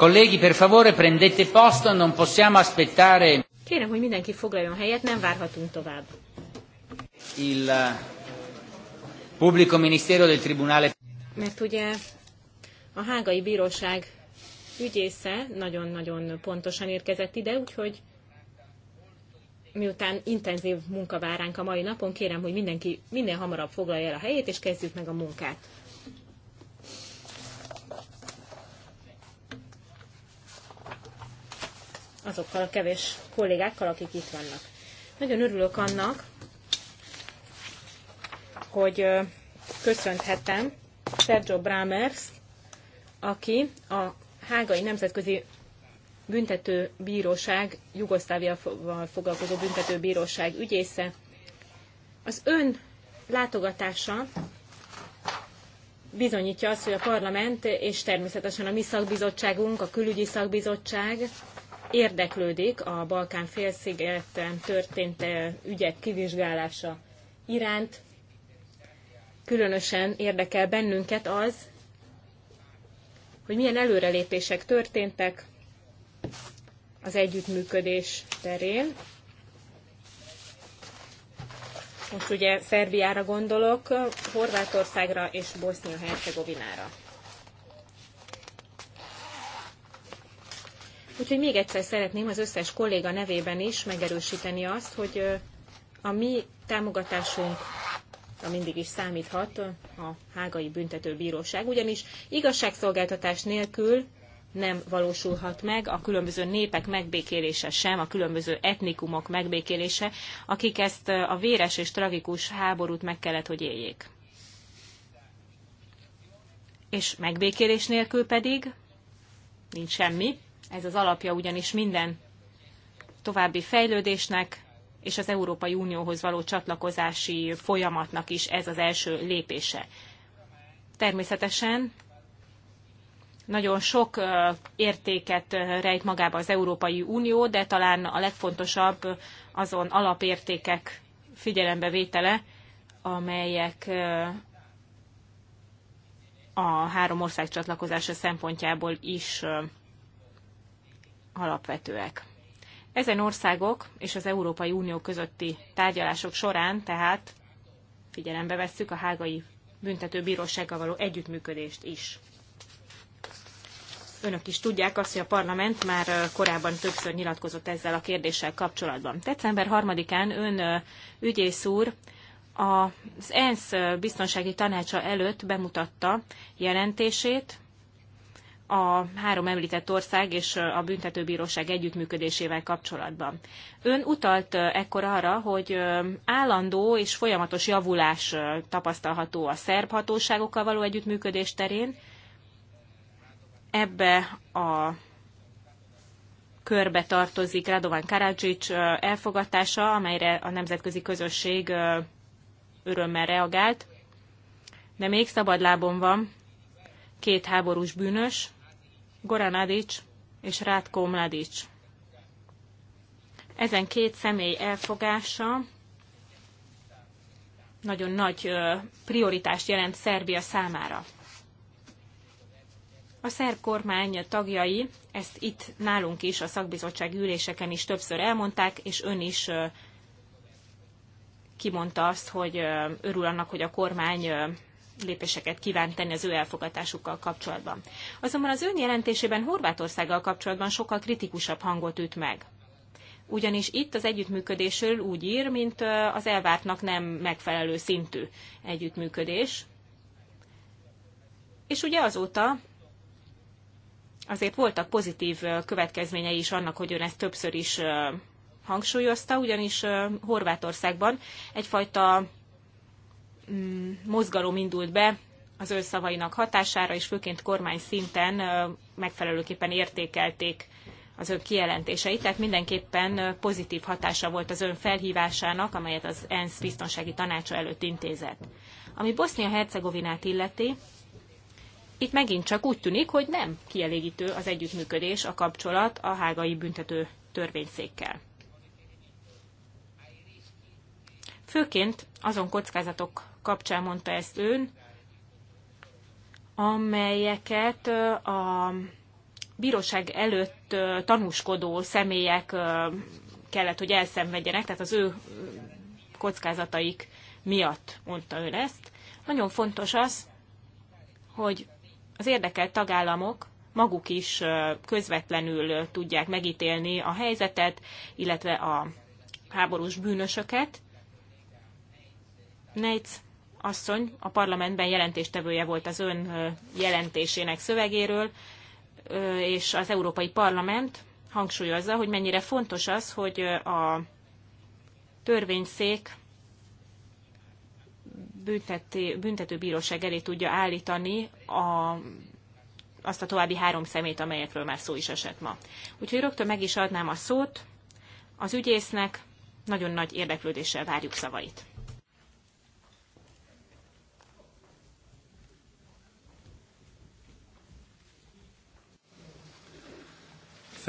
Colleghi, per favore, prendete posto, non possiamo aspettare. Kérem, hogy mindenki foglaljon helyet, nem várhatunk tovább. Il eh, pubblico ministero del tribunale. Mert ugye a hágai bíróság ügyésze nagyon-nagyon pontosan érkezett ide, úgyhogy miután intenzív munka vár ránk a mai napon, kérem, hogy mindenki minél hamarabb foglalja el a helyét, és kezdjük meg a munkát. azokkal a kevés kollégákkal, akik itt vannak. Nagyon örülök annak, hogy köszönhetem Sergio Bramers, aki a Hágai Nemzetközi Büntető Bíróság, Jugoszláviával foglalkozó Büntető Bíróság ügyésze. Az ön látogatása bizonyítja azt, hogy a parlament és természetesen a mi szakbizottságunk, a külügyi szakbizottság érdeklődik a Balkán félszigeten történt eh, ügyek kivizsgálása iránt. Különösen érdekel bennünket az, hogy milyen előrelépések történtek az együttműködés terén. Most ugye Szerbiára gondolok, Horvátországra és Bosznia-Hercegovinára. Úgyhogy még egyszer szeretném az összes kolléga nevében is megerősíteni azt, hogy a mi támogatásunk a mindig is számíthat a hágai büntetőbíróság, ugyanis igazságszolgáltatás nélkül nem valósulhat meg a különböző népek megbékélése sem, a különböző etnikumok megbékélése, akik ezt a véres és tragikus háborút meg kellett, hogy éljék. És megbékélés nélkül pedig nincs semmi, ez az alapja ugyanis minden további fejlődésnek, és az Európai Unióhoz való csatlakozási folyamatnak is ez az első lépése. Természetesen nagyon sok értéket rejt magába az Európai Unió, de talán a legfontosabb azon alapértékek figyelembevétele, amelyek a három ország csatlakozása szempontjából is alapvetőek. Ezen országok és az Európai Unió közötti tárgyalások során tehát figyelembe vesszük a hágai büntetőbírósággal való együttműködést is. Önök is tudják azt, hogy a parlament már korábban többször nyilatkozott ezzel a kérdéssel kapcsolatban. December 3-án ön ügyész úr az ENSZ biztonsági tanácsa előtt bemutatta jelentését, a három említett ország és a büntetőbíróság együttműködésével kapcsolatban. Ön utalt ekkor arra, hogy állandó és folyamatos javulás tapasztalható a szerb hatóságokkal való együttműködés terén. Ebbe a körbe tartozik Radovan Karadzsics elfogatása, amelyre a nemzetközi közösség örömmel reagált, de még szabadlábon van két háborús bűnös, Goran Adics és Rátkó Mladics. Ezen két személy elfogása nagyon nagy prioritást jelent Szerbia számára. A szerb kormány tagjai ezt itt nálunk is, a szakbizottság üléseken is többször elmondták, és ön is kimondta azt, hogy örül annak, hogy a kormány lépéseket kíván tenni az ő elfogatásukkal kapcsolatban. Azonban az ön jelentésében Horvátországgal kapcsolatban sokkal kritikusabb hangot üt meg. Ugyanis itt az együttműködésről úgy ír, mint az elvártnak nem megfelelő szintű együttműködés. És ugye azóta azért voltak pozitív következményei is annak, hogy ön ezt többször is hangsúlyozta, ugyanis Horvátországban egyfajta Mm, mozgalom indult be az ő szavainak hatására, és főként kormány szinten megfelelőképpen értékelték az ön kijelentéseit, tehát mindenképpen pozitív hatása volt az ön felhívásának, amelyet az ENSZ biztonsági tanácsa előtt intézett. Ami Bosznia-Hercegovinát illeti, itt megint csak úgy tűnik, hogy nem kielégítő az együttműködés, a kapcsolat a hágai büntető törvényszékkel. Főként azon kockázatok kapcsán mondta ezt ön, amelyeket a bíróság előtt tanúskodó személyek kellett, hogy elszenvedjenek, tehát az ő kockázataik miatt mondta ő ezt. Nagyon fontos az, hogy az érdekelt tagállamok maguk is közvetlenül tudják megítélni a helyzetet, illetve a háborús bűnösöket. Nejc asszony a parlamentben jelentéstevője volt az ön jelentésének szövegéről, és az Európai Parlament hangsúlyozza, hogy mennyire fontos az, hogy a törvényszék bünteti, büntetőbíróság elé tudja állítani a, azt a további három szemét, amelyekről már szó is esett ma. Úgyhogy rögtön meg is adnám a szót az ügyésznek, nagyon nagy érdeklődéssel várjuk szavait.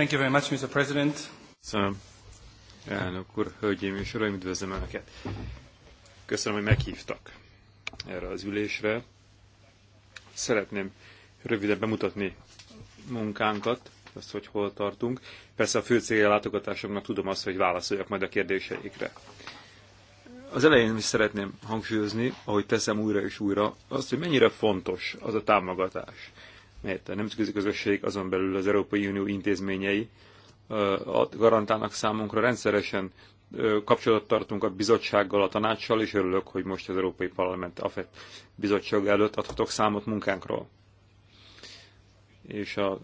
Thank you very much, Mr. President. Köszönöm. Elnök úr, hölgyeim és uraim, üdvözlöm Önöket. Köszönöm, hogy meghívtak erre az ülésre. Szeretném röviden bemutatni munkánkat, azt, hogy hol tartunk. Persze a fő célja a tudom azt, hogy válaszoljak majd a kérdéseikre. Az elején is szeretném hangsúlyozni, ahogy teszem újra és újra, azt, hogy mennyire fontos az a támogatás, melyet a nemzetközi közösség, azon belül az Európai Unió intézményei garantálnak számunkra. Rendszeresen kapcsolatot tartunk a bizottsággal, a tanácssal, és örülök, hogy most az Európai Parlament AFET bizottság előtt adhatok számot munkánkról. És a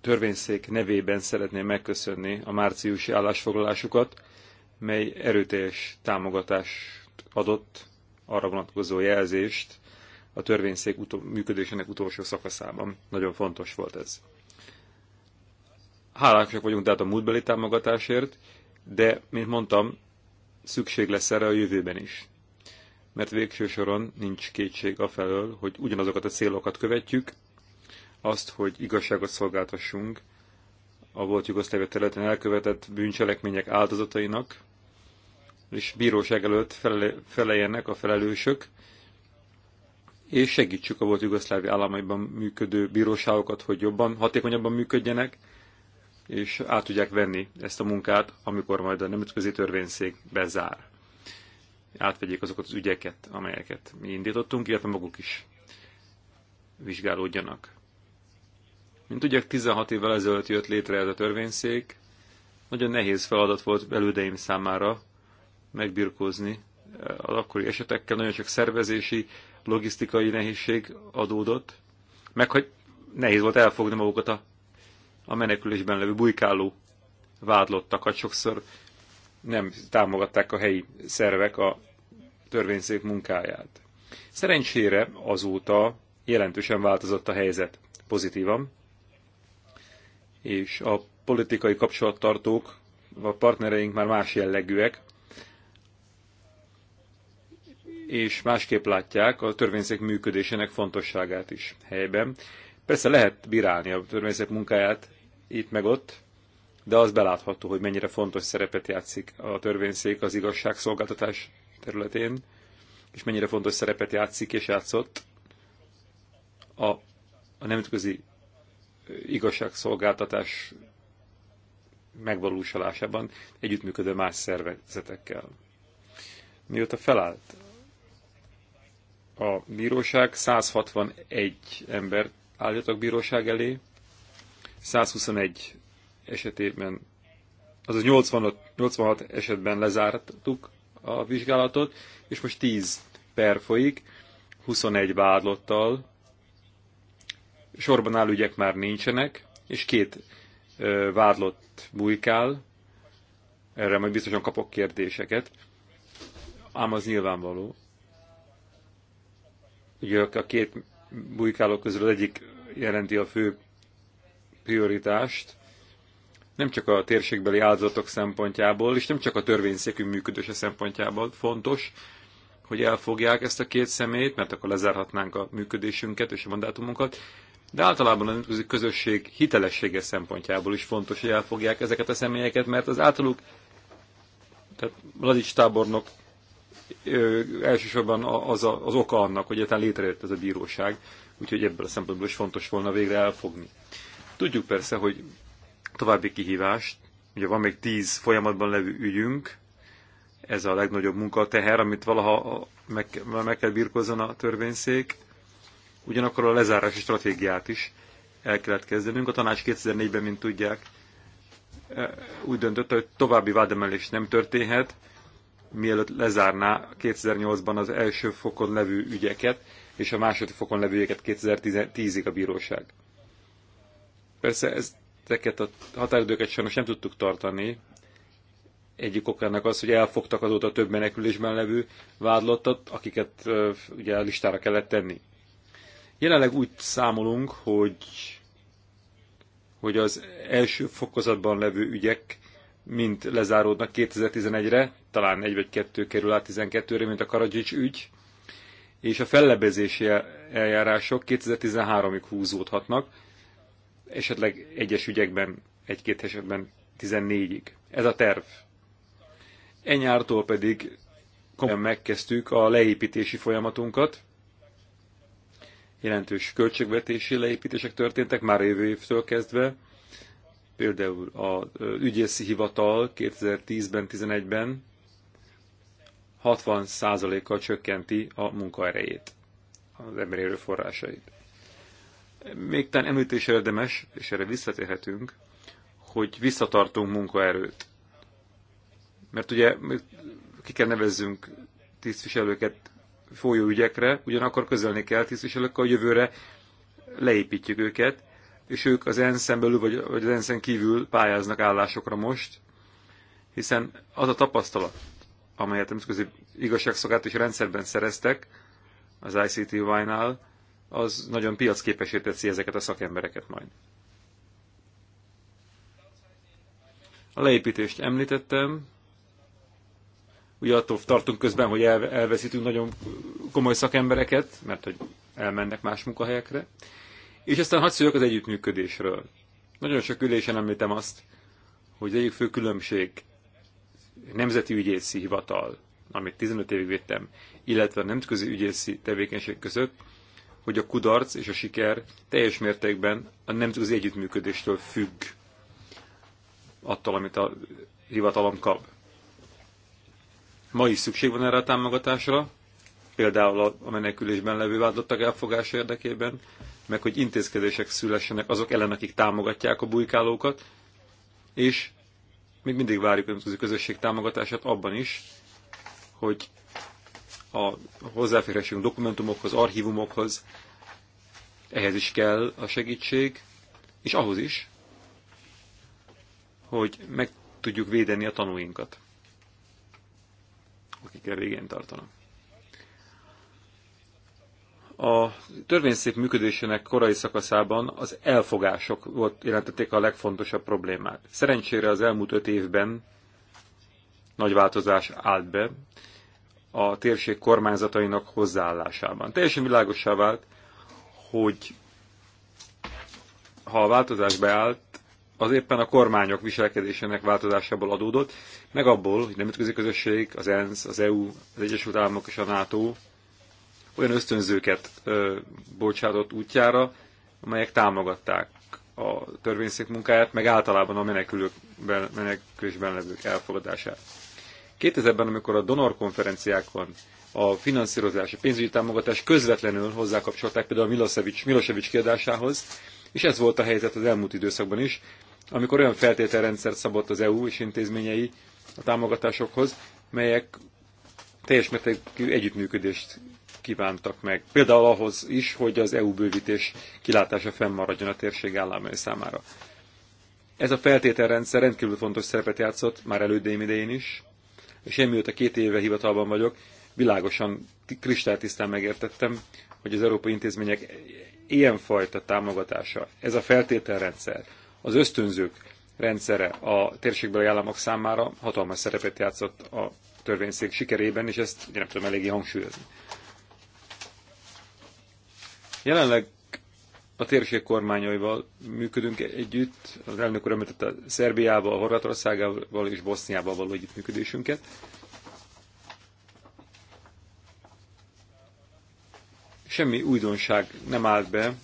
törvényszék nevében szeretném megköszönni a márciusi állásfoglalásukat, mely erőteljes támogatást adott, arra vonatkozó jelzést, a törvényszék utol, működésének utolsó szakaszában. Nagyon fontos volt ez. Hálásak vagyunk tehát a múltbeli támogatásért, de, mint mondtam, szükség lesz erre a jövőben is. Mert végső soron nincs kétség afelől, hogy ugyanazokat a célokat követjük, azt, hogy igazságot szolgáltassunk a volt Jugoszlávia területen elkövetett bűncselekmények áldozatainak, és bíróság előtt feleljenek a felelősök, és segítsük a volt Jugoszlávia államaiban működő bíróságokat, hogy jobban, hatékonyabban működjenek, és át tudják venni ezt a munkát, amikor majd a nemzetközi törvényszék bezár. Átvegyék azokat az ügyeket, amelyeket mi indítottunk, illetve maguk is vizsgálódjanak. Mint tudják, 16 évvel ezelőtt jött létre ez a törvényszék. Nagyon nehéz feladat volt elődeim számára megbirkózni az akkori esetekkel, nagyon csak szervezési logisztikai nehézség adódott, meg hogy nehéz volt elfogni magukat a, a menekülésben levő bujkáló vádlottakat. Sokszor nem támogatták a helyi szervek a törvényszék munkáját. Szerencsére azóta jelentősen változott a helyzet pozitívan, és a politikai kapcsolattartók, a partnereink már más jellegűek, és másképp látják a törvényszék működésének fontosságát is helyben. Persze lehet bírálni a törvényszék munkáját itt meg ott, de az belátható, hogy mennyire fontos szerepet játszik a törvényszék az igazságszolgáltatás területén, és mennyire fontos szerepet játszik és játszott a, a nemzetközi igazságszolgáltatás megvalósulásában együttműködő más szervezetekkel. Mióta felállt a bíróság, 161 ember állítottak bíróság elé, 121 esetében, azaz 85, 86 esetben lezártuk a vizsgálatot, és most 10 per folyik, 21 vádlottal, sorban ügyek már nincsenek, és két ö, vádlott bujkál, erre majd biztosan kapok kérdéseket, ám az nyilvánvaló, Ugye a két bujkáló közül az egyik jelenti a fő prioritást, nem csak a térségbeli áldozatok szempontjából, és nem csak a törvényszékünk működése szempontjából fontos, hogy elfogják ezt a két szemét, mert akkor lezárhatnánk a működésünket és a mandátumunkat, de általában a nemzetközi közösség hitelessége szempontjából is fontos, hogy elfogják ezeket a személyeket, mert az általuk, tehát Ladics tábornok elsősorban az, a, az oka annak, hogy egyáltalán létrejött ez a bíróság, úgyhogy ebből a szempontból is fontos volna végre elfogni. Tudjuk persze, hogy további kihívást, ugye van még tíz folyamatban levő ügyünk, ez a legnagyobb munka teher, amit valaha meg, meg kell birkozzon a törvényszék, ugyanakkor a lezárási stratégiát is el kellett kezdenünk. A tanács 2004-ben, mint tudják, e, úgy döntött, hogy további vádemelés nem történhet, mielőtt lezárná 2008-ban az első fokon levő ügyeket, és a második fokon levő ügyeket 2010-ig a bíróság. Persze ezeket a határidőket sajnos nem tudtuk tartani. Egyik okának az, hogy elfogtak azóta több menekülésben levő vádlottat, akiket ugye listára kellett tenni. Jelenleg úgy számolunk, hogy, hogy az első fokozatban levő ügyek mint lezáródnak 2011-re, talán egy vagy kettő kerül át 12-re, mint a Karadzsics ügy, és a fellebezési eljárások 2013-ig húzódhatnak, esetleg egyes ügyekben, egy-két esetben 14-ig. Ez a terv. Ennyártól pedig komolyan megkezdtük a leépítési folyamatunkat. Jelentős költségvetési leépítések történtek már jövő évtől kezdve, Például az ügyészi hivatal 2010-ben, 11-ben 60%-kal csökkenti a munkaerejét, az emberi erőforrásait. Még talán említés érdemes, és erre visszatérhetünk, hogy visszatartunk munkaerőt. Mert ugye ki kell nevezzünk tisztviselőket folyó ügyekre, ugyanakkor közölni kell tisztviselőkkel, a jövőre leépítjük őket, és ők az ENSZ-en belül, vagy, vagy az ensz kívül pályáznak állásokra most, hiszen az a tapasztalat, amelyet a igazságszolgált és rendszerben szereztek az ict nál az nagyon piacképesé teszi ezeket a szakembereket majd. A leépítést említettem, ugye attól tartunk közben, hogy elveszítünk nagyon komoly szakembereket, mert hogy elmennek más munkahelyekre. És aztán hadd szóljak az együttműködésről. Nagyon sok ülésen említem azt, hogy az egyik fő különbség nemzeti ügyészi hivatal, amit 15 évig vettem, illetve a nemzetközi ügyészi tevékenység között, hogy a kudarc és a siker teljes mértékben a nemzetközi együttműködéstől függ attól, amit a hivatalom kap. Ma is szükség van erre a támogatásra, például a menekülésben levő vádlottak elfogása érdekében, meg hogy intézkedések szülessenek azok ellen, akik támogatják a bujkálókat, és még mindig várjuk a közösség támogatását abban is, hogy a hozzáférhessünk dokumentumokhoz, archívumokhoz, ehhez is kell a segítség, és ahhoz is, hogy meg tudjuk védeni a tanúinkat, akikre végén tartanak. A törvényszék működésének korai szakaszában az elfogások volt, jelentették a legfontosabb problémát. Szerencsére az elmúlt öt évben nagy változás állt be a térség kormányzatainak hozzáállásában. Teljesen világosá vált, hogy ha a változás beállt, az éppen a kormányok viselkedésének változásából adódott, meg abból, hogy nemzetközi közösség, az ENSZ, az EU, az Egyesült Államok és a NATO olyan ösztönzőket ö, bocsátott útjára, amelyek támogatták a törvényszék munkáját, meg általában a menekülőkben, menekülésben levők elfogadását. 2000-ben, amikor a donor konferenciákon a finanszírozás, a pénzügyi támogatás közvetlenül hozzákapcsolták például Milosevic, Milosevic kiadásához, és ez volt a helyzet az elmúlt időszakban is, amikor olyan feltételrendszert szabott az EU és intézményei a támogatásokhoz, melyek teljes mértékű együttműködést kívántak meg. Például ahhoz is, hogy az EU bővítés kilátása fennmaradjon a térség államai számára. Ez a feltételrendszer rendkívül fontos szerepet játszott, már elődém idején is, és én mióta két éve hivatalban vagyok, világosan, kristálytisztán megértettem, hogy az európai intézmények ilyenfajta támogatása, ez a feltételrendszer, az ösztönzők rendszere a térségbeli államok számára hatalmas szerepet játszott a törvényszék sikerében, és ezt én nem tudom eléggé hangsúlyozni. Jelenleg a térség kormányaival működünk együtt, az elnök úr említette Szerbiával, Horvátországával és Boszniával való együttműködésünket. Semmi újdonság nem állt be,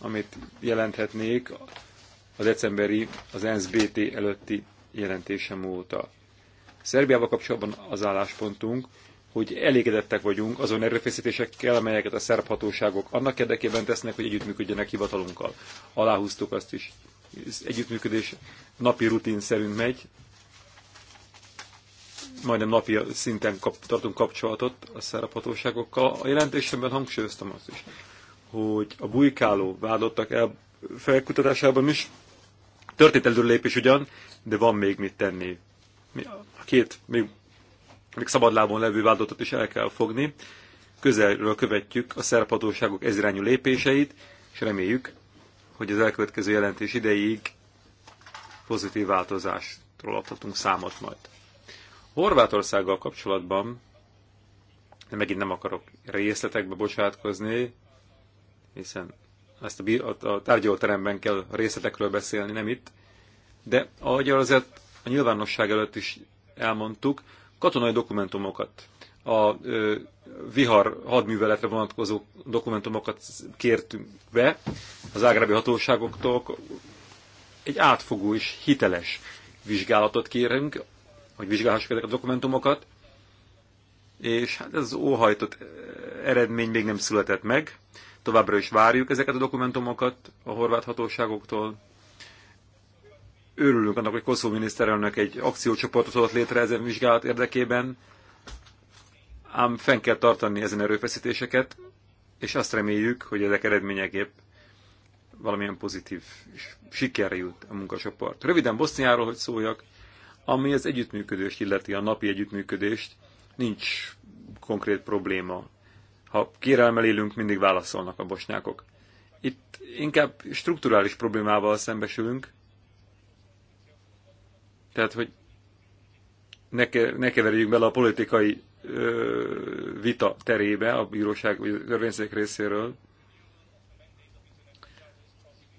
amit jelenthetnék a decemberi, az NSBT előtti jelentésem óta. Szerbiával kapcsolatban az álláspontunk, hogy elégedettek vagyunk azon erőfeszítésekkel, amelyeket a szerb hatóságok annak érdekében tesznek, hogy együttműködjenek hivatalunkkal. Aláhúztuk azt is. Ez együttműködés napi rutin szerint megy, majdnem napi szinten kap, tartunk kapcsolatot a szerb hatóságokkal. A jelentésemben hangsúlyoztam azt is, hogy a bujkáló vádottak el felkutatásában is történt előlépés ugyan, de van még mit tenni. A két még még szabadlábon levő vádlottat is el kell fogni. Közelről követjük a szerpadóságok ezirányú lépéseit, és reméljük, hogy az elkövetkező jelentés ideig pozitív változásról adhatunk számot majd. Horvátországgal kapcsolatban, de megint nem akarok részletekbe bocsátkozni, hiszen ezt a, a, a tárgyalóteremben kell részletekről beszélni, nem itt, de ahogy azért a nyilvánosság előtt is elmondtuk, katonai dokumentumokat, a ö, vihar hadműveletre vonatkozó dokumentumokat kértünk be az ágrábi hatóságoktól, egy átfogó és hiteles vizsgálatot kérünk, hogy vizsgálhassuk ezeket a dokumentumokat, és hát ez az óhajtott eredmény még nem született meg. Továbbra is várjuk ezeket a dokumentumokat a horvát hatóságoktól, örülünk annak, hogy Koszovó miniszterelnök egy akciócsoportot adott létre ezen vizsgálat érdekében, ám fenn kell tartani ezen erőfeszítéseket, és azt reméljük, hogy ezek eredményeképp valamilyen pozitív sikerre jut a munkacsoport. Röviden Boszniáról, hogy szóljak, ami az együttműködést illeti, a napi együttműködést, nincs konkrét probléma. Ha kérelmel élünk, mindig válaszolnak a bosnyákok. Itt inkább strukturális problémával szembesülünk, tehát, hogy ne, ne keverjük bele a politikai ö, vita terébe a bíróság vagy a törvényszék részéről.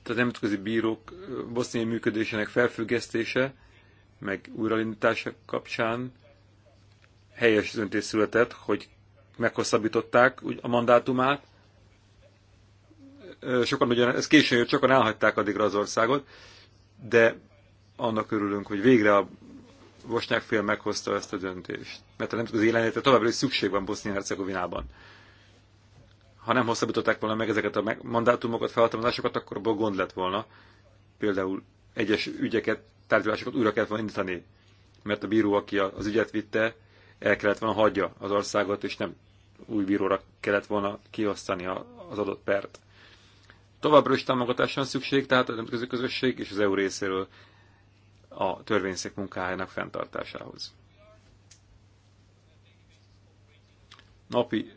Tehát nemzetközi bírók boszniai működésének felfüggesztése, meg újraindítása kapcsán helyes döntés született, hogy meghosszabbították a mandátumát. Sokan ugyan, ez későn jött, sokan elhagyták addigra az országot, de annak örülünk, hogy végre a Vosnyák fél meghozta ezt a döntést. Mert a nemzetközi jelenlétre továbbra is szükség van Bosznia-Hercegovinában. Ha nem hosszabbították volna meg ezeket a mandátumokat, felhatalmazásokat, akkor abból gond lett volna. Például egyes ügyeket, tárgyalásokat újra kellett volna indítani, mert a bíró, aki az ügyet vitte, el kellett volna hagyja az országot, és nem új bíróra kellett volna kiosztani az adott pert. Továbbra is támogatásra szükség, tehát a nemzetközi közösség és az EU részéről a törvényszék munkájának fenntartásához. Napi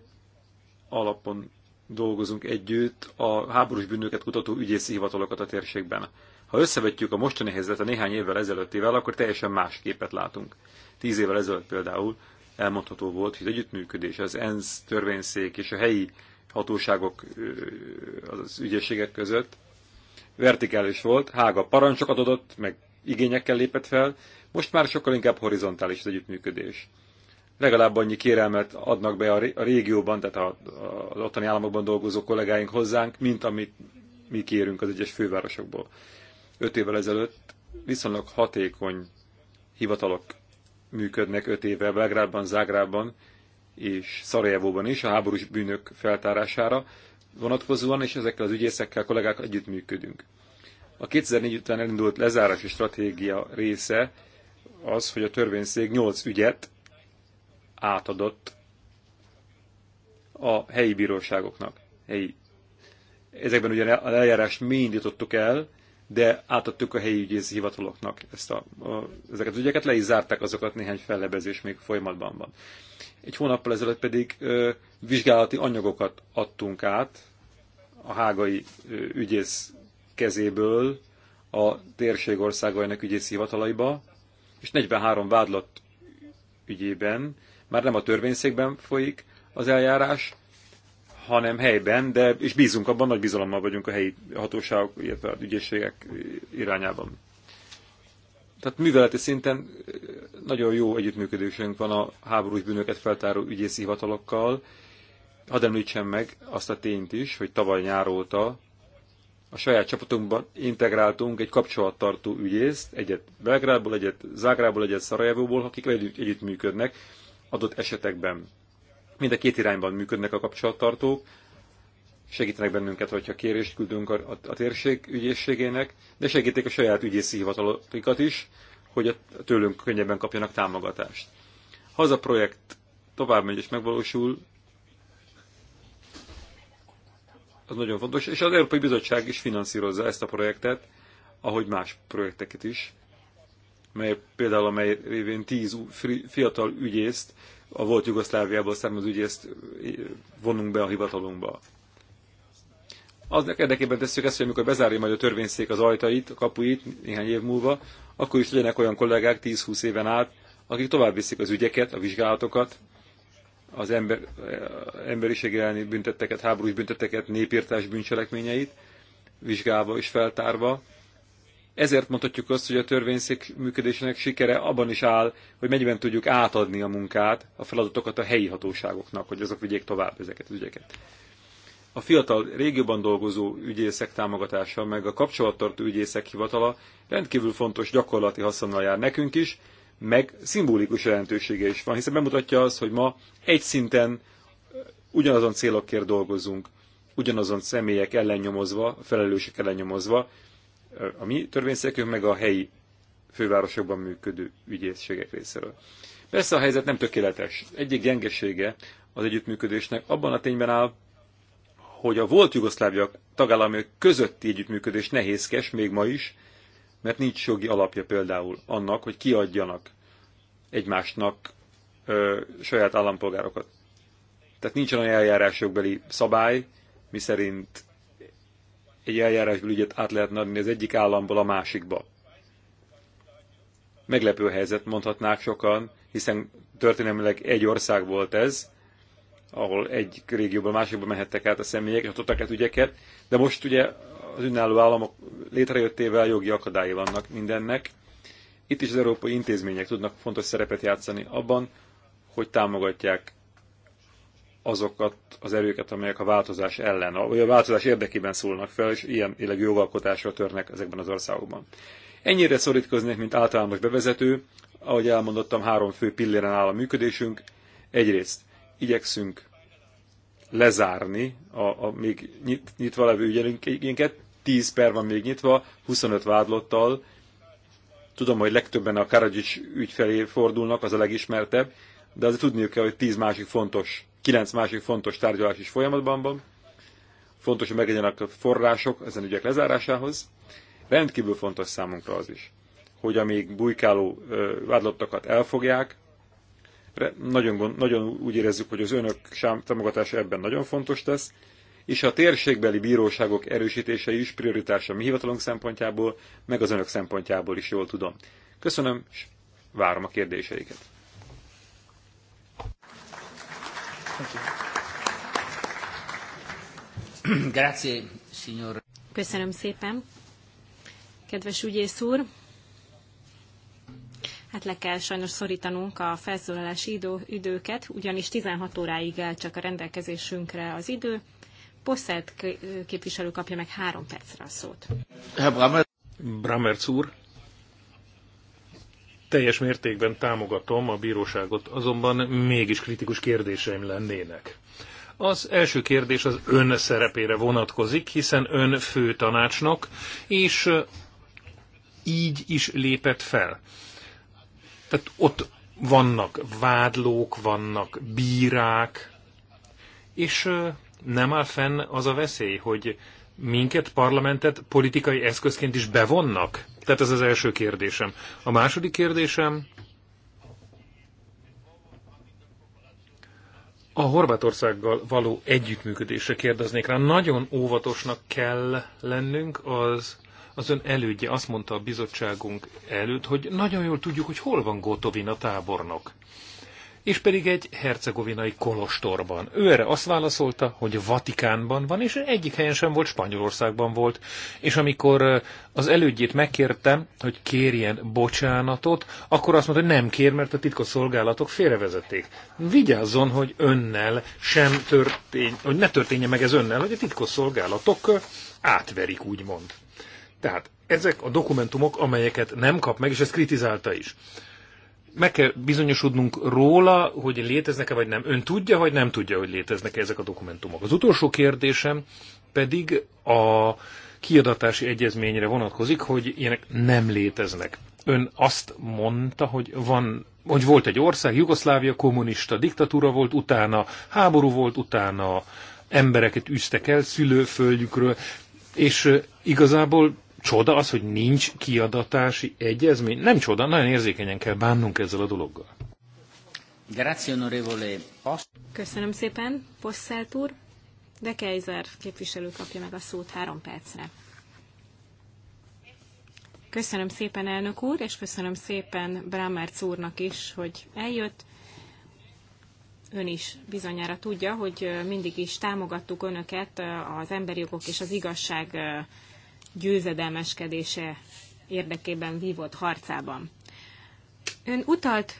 alapon dolgozunk együtt a háborús bűnöket kutató ügyészi hivatalokat a térségben. Ha összevetjük a mostani helyzetet a néhány évvel ezelőttével, akkor teljesen más képet látunk. Tíz évvel ezelőtt például elmondható volt, hogy együttműködés az ENSZ törvényszék és a helyi hatóságok az ügyességek között vertikális volt, Hága parancsokat adott, meg igényekkel lépett fel, most már sokkal inkább horizontális az együttműködés. Legalább annyi kérelmet adnak be a régióban, tehát az ottani államokban dolgozó kollégáink hozzánk, mint amit mi kérünk az egyes fővárosokból. Öt évvel ezelőtt viszonylag hatékony hivatalok működnek öt éve Belgrádban, Zágrában és Szarajevóban is a háborús bűnök feltárására vonatkozóan, és ezekkel az ügyészekkel, kollégákkal együttműködünk. A 2004 után elindult lezárási stratégia része az, hogy a törvényszék 8 ügyet átadott a helyi bíróságoknak. Helyi. Ezekben ugyan a eljárást mi indítottuk el, de átadtuk a helyi ügyész hivataloknak ezt a, a, ezeket az ügyeket, le is zárták azokat, néhány fellebezés még folyamatban van. Egy hónappal ezelőtt pedig ö, vizsgálati anyagokat adtunk át a hágai ö, ügyész kezéből a térség országainak ügyész hivatalaiba, és 43 vádlat ügyében már nem a törvényszékben folyik az eljárás, hanem helyben, de és bízunk abban, nagy bizalommal vagyunk a helyi hatóságok, illetve az ügyészségek irányában. Tehát műveleti szinten eh, nagyon jó együttműködésünk van a háborús bűnöket feltáró ügyészi hivatalokkal. Hadd említsem meg azt a tényt is, hogy tavaly nyár óta a saját csapatunkban integráltunk egy kapcsolattartó ügyészt, egyet Belgrádból, egyet Zágrából, egyet Szarajevóból, akik együtt, együtt működnek adott esetekben. Mind a két irányban működnek a kapcsolattartók, segítenek bennünket, hogyha kérést küldünk a, a, a térség ügyészségének, de segítik a saját ügyészi hivatalokat is, hogy a, tőlünk könnyebben kapjanak támogatást. Ha az a projekt tovább megy és megvalósul, az nagyon fontos, és az Európai Bizottság is finanszírozza ezt a projektet, ahogy más projekteket is, mely például amely révén tíz fiatal ügyészt, a volt Jugoszláviából származó ügyészt vonunk be a hivatalunkba. Aznak érdekében tesszük ezt, hogy amikor bezárja majd a törvényszék az ajtait, a kapuit néhány év múlva, akkor is legyenek olyan kollégák 10-20 éven át, akik tovább viszik az ügyeket, a vizsgálatokat, az ember, emberiség elleni büntetteket, háborús büntetteket, népírtás bűncselekményeit vizsgálva és feltárva. Ezért mondhatjuk azt, hogy a törvényszék működésének sikere abban is áll, hogy mennyiben tudjuk átadni a munkát, a feladatokat a helyi hatóságoknak, hogy azok vigyék tovább ezeket az ügyeket. A fiatal régióban dolgozó ügyészek támogatása, meg a kapcsolattartó ügyészek hivatala rendkívül fontos gyakorlati haszonnal jár nekünk is, meg szimbolikus jelentősége is van, hiszen bemutatja az, hogy ma egy szinten ugyanazon célokért dolgozunk, ugyanazon személyek ellennyomozva, felelősök ellennyomozva, a mi törvényszékünk meg a helyi fővárosokban működő ügyészségek részéről. Persze a helyzet nem tökéletes. Egyik gyengesége az együttműködésnek abban a tényben áll, hogy a volt Jugoszlávia tagállamok közötti együttműködés nehézkes, még ma is, mert nincs jogi alapja például annak, hogy kiadjanak egymásnak ö, saját állampolgárokat. Tehát nincs olyan eljárásjogbeli szabály, miszerint egy eljárásból ügyet át lehet adni az egyik államból a másikba. Meglepő helyzet mondhatnák sokan, hiszen történelmileg egy ország volt ez, ahol egy régióból másikba mehettek át a személyek, hatottak át ügyeket, de most ugye az önálló államok létrejöttével jogi akadályai vannak mindennek. Itt is az európai intézmények tudnak fontos szerepet játszani abban, hogy támogatják azokat az erőket, amelyek a változás ellen, vagy a változás érdekében szólnak fel, és ilyen illegű jogalkotásra törnek ezekben az országokban. Ennyire szorítkoznék, mint általános bevezető, ahogy elmondottam, három fő pilléren áll a működésünk. Egyrészt igyekszünk lezárni a, a még nyit, nyitva levő ügyeinket, 10 per van még nyitva, 25 vádlottal. Tudom, hogy legtöbben a Karadzsics ügy felé fordulnak, az a legismertebb, de azért tudniuk kell, hogy 10 másik fontos, 9 másik fontos tárgyalás is folyamatban van. Fontos, hogy megegyenek a források ezen ügyek lezárásához. Rendkívül fontos számunkra az is, hogy amíg bujkáló vádlottakat elfogják, nagyon, nagyon úgy érezzük, hogy az önök támogatása ebben nagyon fontos tesz, és a térségbeli bíróságok erősítése is prioritása mi hivatalunk szempontjából, meg az önök szempontjából is jól tudom. Köszönöm, és várom a kérdéseiket. Grazie, Köszönöm szépen. Kedves ügyész úr, hát le kell sajnos szorítanunk a felszólalási idő, időket, ugyanis 16 óráig el csak a rendelkezésünkre az idő. Posselt képviselő kapja meg három percre a szót. Bramert úr, teljes mértékben támogatom a bíróságot, azonban mégis kritikus kérdéseim lennének. Az első kérdés az ön szerepére vonatkozik, hiszen ön fő tanácsnak, és így is lépett fel. Tehát ott vannak vádlók, vannak bírák, és nem áll fenn az a veszély, hogy minket, parlamentet politikai eszközként is bevonnak? Tehát ez az első kérdésem. A második kérdésem, a Horvátországgal való együttműködésre kérdeznék rá. Nagyon óvatosnak kell lennünk az az ön elődje azt mondta a bizottságunk előtt, hogy nagyon jól tudjuk, hogy hol van Gotovin a tábornok és pedig egy hercegovinai kolostorban. Ő erre azt válaszolta, hogy Vatikánban van, és egyik helyen sem volt, Spanyolországban volt. És amikor az elődjét megkértem, hogy kérjen bocsánatot, akkor azt mondta, hogy nem kér, mert a titkos szolgálatok félrevezették. Vigyázzon, hogy önnel sem történ, hogy ne történje meg ez önnel, hogy a titkos szolgálatok átverik, úgymond. Tehát ezek a dokumentumok, amelyeket nem kap meg, és ezt kritizálta is meg kell bizonyosodnunk róla, hogy léteznek-e vagy nem. Ön tudja, vagy nem tudja, hogy léteznek -e ezek a dokumentumok. Az utolsó kérdésem pedig a kiadatási egyezményre vonatkozik, hogy ilyenek nem léteznek. Ön azt mondta, hogy van hogy volt egy ország, Jugoszlávia kommunista diktatúra volt, utána háború volt, utána embereket üztek el szülőföldjükről, és igazából csoda az, hogy nincs kiadatási egyezmény? Nem csoda, nagyon érzékenyen kell bánnunk ezzel a dologgal. Köszönöm szépen, Posszelt úr. De Kejzer képviselő kapja meg a szót három percre. Köszönöm szépen, elnök úr, és köszönöm szépen Brámárc úrnak is, hogy eljött. Ön is bizonyára tudja, hogy mindig is támogattuk önöket az emberi jogok és az igazság győzedelmeskedése érdekében vívott harcában. Ön utalt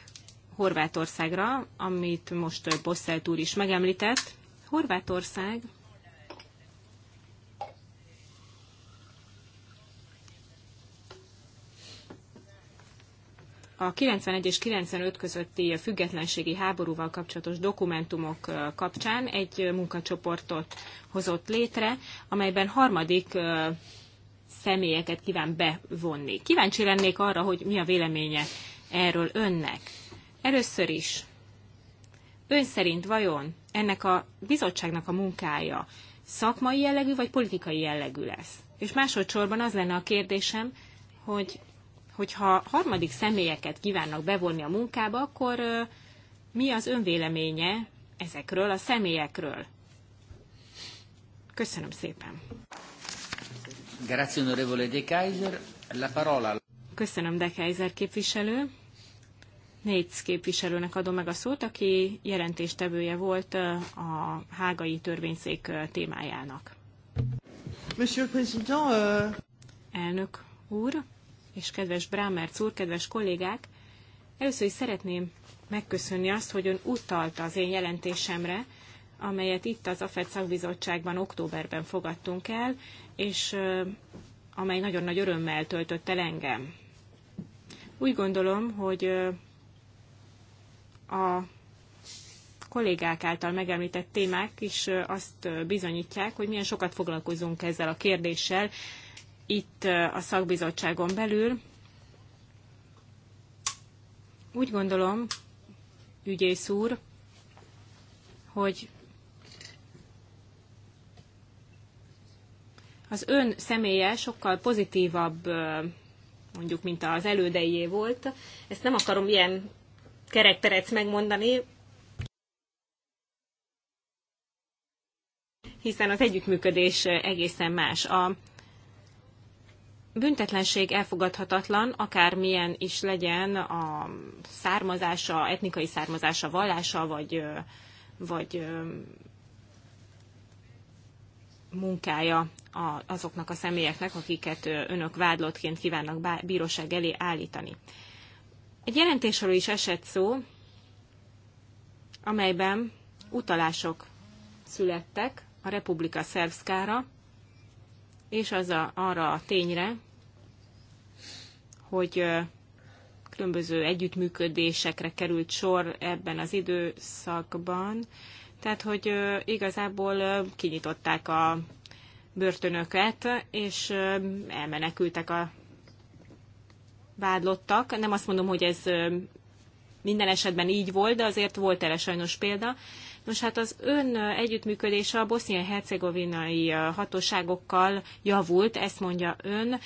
Horvátországra, amit most Bosszelt úr is megemlített. Horvátország a 91 és 95 közötti függetlenségi háborúval kapcsolatos dokumentumok kapcsán egy munkacsoportot hozott létre, amelyben harmadik személyeket kíván bevonni. Kíváncsi lennék arra, hogy mi a véleménye erről önnek. Először is, ön szerint vajon ennek a bizottságnak a munkája szakmai jellegű vagy politikai jellegű lesz? És másodszorban az lenne a kérdésem, hogy hogyha harmadik személyeket kívánnak bevonni a munkába, akkor mi az önvéleménye ezekről a személyekről? Köszönöm szépen! Köszönöm, De Kaiser képviselő. Négy képviselőnek adom meg a szót, aki jelentéstevője volt a hágai törvényszék témájának. Monsieur le Président, euh, Elnök úr, és kedves Brámerc úr, kedves kollégák, először is szeretném megköszönni azt, hogy ön utalta az én jelentésemre, amelyet itt az AFED szakbizottságban októberben fogadtunk el és amely nagyon nagy örömmel töltött el engem. Úgy gondolom, hogy a kollégák által megemlített témák is azt bizonyítják, hogy milyen sokat foglalkozunk ezzel a kérdéssel itt a szakbizottságon belül. Úgy gondolom, ügyész úr, hogy az ön személye sokkal pozitívabb, mondjuk, mint az elődeié volt. Ezt nem akarom ilyen kerekperec megmondani, hiszen az együttműködés egészen más. A büntetlenség elfogadhatatlan, akármilyen is legyen a származása, etnikai származása, vallása, vagy, vagy munkája a, azoknak a személyeknek, akiket önök vádlottként kívánnak bíróság elé állítani. Egy jelentésről is esett szó, amelyben utalások születtek a Republika Szervszkára, és az a, arra a tényre, hogy különböző együttműködésekre került sor ebben az időszakban, tehát, hogy igazából kinyitották a börtönöket, és elmenekültek a vádlottak. Nem azt mondom, hogy ez minden esetben így volt, de azért volt erre sajnos példa. Nos, hát az ön együttműködése a bosznia-hercegovinai hatóságokkal javult, ezt mondja ön.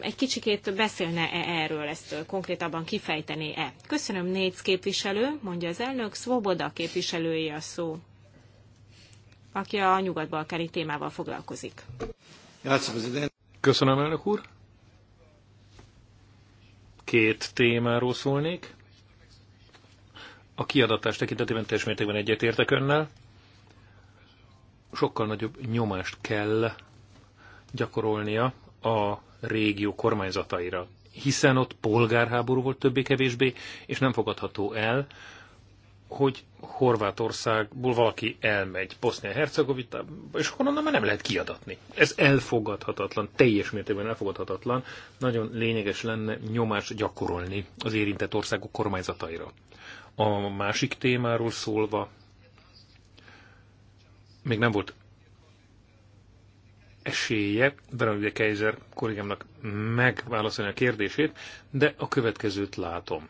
Egy kicsikét beszélne-e erről, ezt konkrétabban kifejtené-e? Köszönöm, négy képviselő, mondja az elnök, Svoboda képviselője a szó aki a nyugat-balkáni témával foglalkozik. Köszönöm, elnök úr. Két témáról szólnék. A kiadatás tekintetében teljes mértékben egyetértek önnel. Sokkal nagyobb nyomást kell gyakorolnia a régió kormányzataira, hiszen ott polgárháború volt többé-kevésbé, és nem fogadható el, hogy Horvátországból valaki elmegy Bosznia-Hercegovitába, és akkor már nem lehet kiadatni. Ez elfogadhatatlan, teljes mértékben elfogadhatatlan. Nagyon lényeges lenne nyomást gyakorolni az érintett országok kormányzataira. A másik témáról szólva, még nem volt esélye Veronika Kaiser kollégámnak megválaszolni a kérdését, de a következőt látom.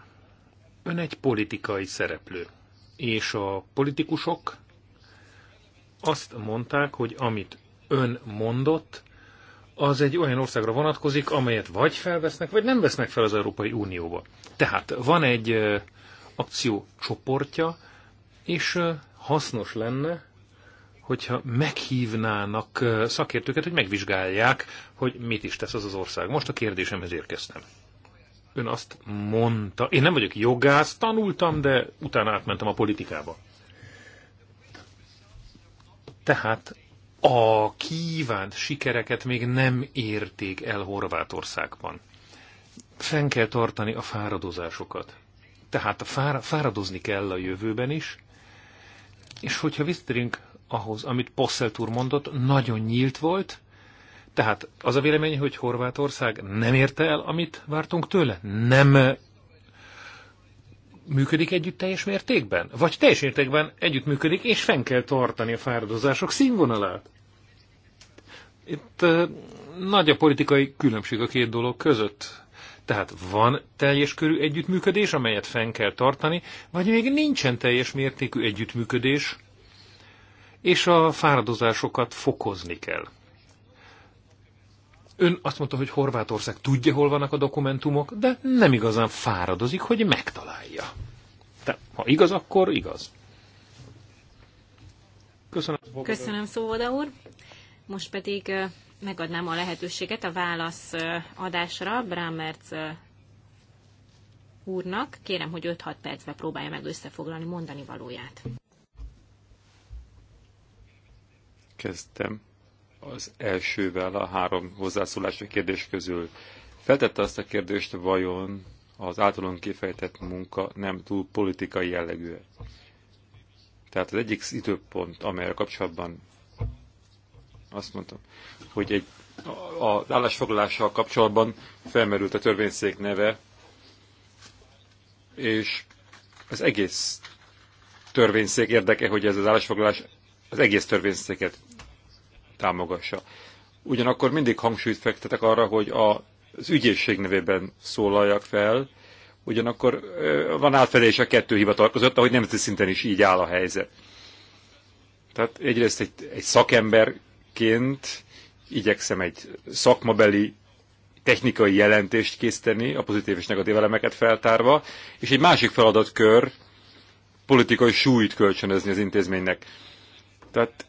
Ön egy politikai szereplő és a politikusok azt mondták, hogy amit ön mondott, az egy olyan országra vonatkozik, amelyet vagy felvesznek, vagy nem vesznek fel az Európai Unióba. Tehát van egy akció csoportja, és hasznos lenne, hogyha meghívnának szakértőket, hogy megvizsgálják, hogy mit is tesz az az ország. Most a kérdésemhez érkeztem ön azt mondta, én nem vagyok jogász, tanultam, de utána átmentem a politikába. Tehát a kívánt sikereket még nem érték el Horvátországban. Fenn kell tartani a fáradozásokat. Tehát a fára, fáradozni kell a jövőben is, és hogyha visszatérünk ahhoz, amit Posselt mondott, nagyon nyílt volt, tehát az a vélemény, hogy Horvátország nem érte el, amit vártunk tőle? Nem eh, működik együtt teljes mértékben? Vagy teljes mértékben együtt működik és fenn kell tartani a fáradozások színvonalát? Itt uh, nagy a politikai különbség a két dolog között. Tehát van teljes körű együttműködés, amelyet fenn kell tartani, vagy még nincsen teljes mértékű együttműködés, és a fáradozásokat fokozni kell. Ön azt mondta, hogy Horvátország tudja, hol vannak a dokumentumok, de nem igazán fáradozik, hogy megtalálja. De ha igaz, akkor igaz. Köszönöm, Köszönöm, Szóvoda úr. Most pedig megadnám a lehetőséget a válasz adásra Brámerc úrnak. Kérem, hogy 5-6 percbe próbálja meg összefoglalni mondani valóját. Kezdtem az elsővel a három hozzászólási kérdés közül. Feltette azt a kérdést, vajon az általunk kifejtett munka nem túl politikai jellegű. Tehát az egyik időpont, amelyre kapcsolatban azt mondtam, hogy egy, az állásfoglalással kapcsolatban felmerült a törvényszék neve, és az egész törvényszék érdeke, hogy ez az állásfoglalás az egész törvényszéket támogassa. Ugyanakkor mindig hangsúlyt fektetek arra, hogy a, az ügyészség nevében szólaljak fel, ugyanakkor van átfedés a kettő hivatal között, ahogy nemzeti szinten is így áll a helyzet. Tehát egyrészt egy, egy szakemberként igyekszem egy szakmabeli technikai jelentést készíteni, a pozitív és negatív elemeket feltárva, és egy másik feladatkör politikai súlyt kölcsönözni az intézménynek. Tehát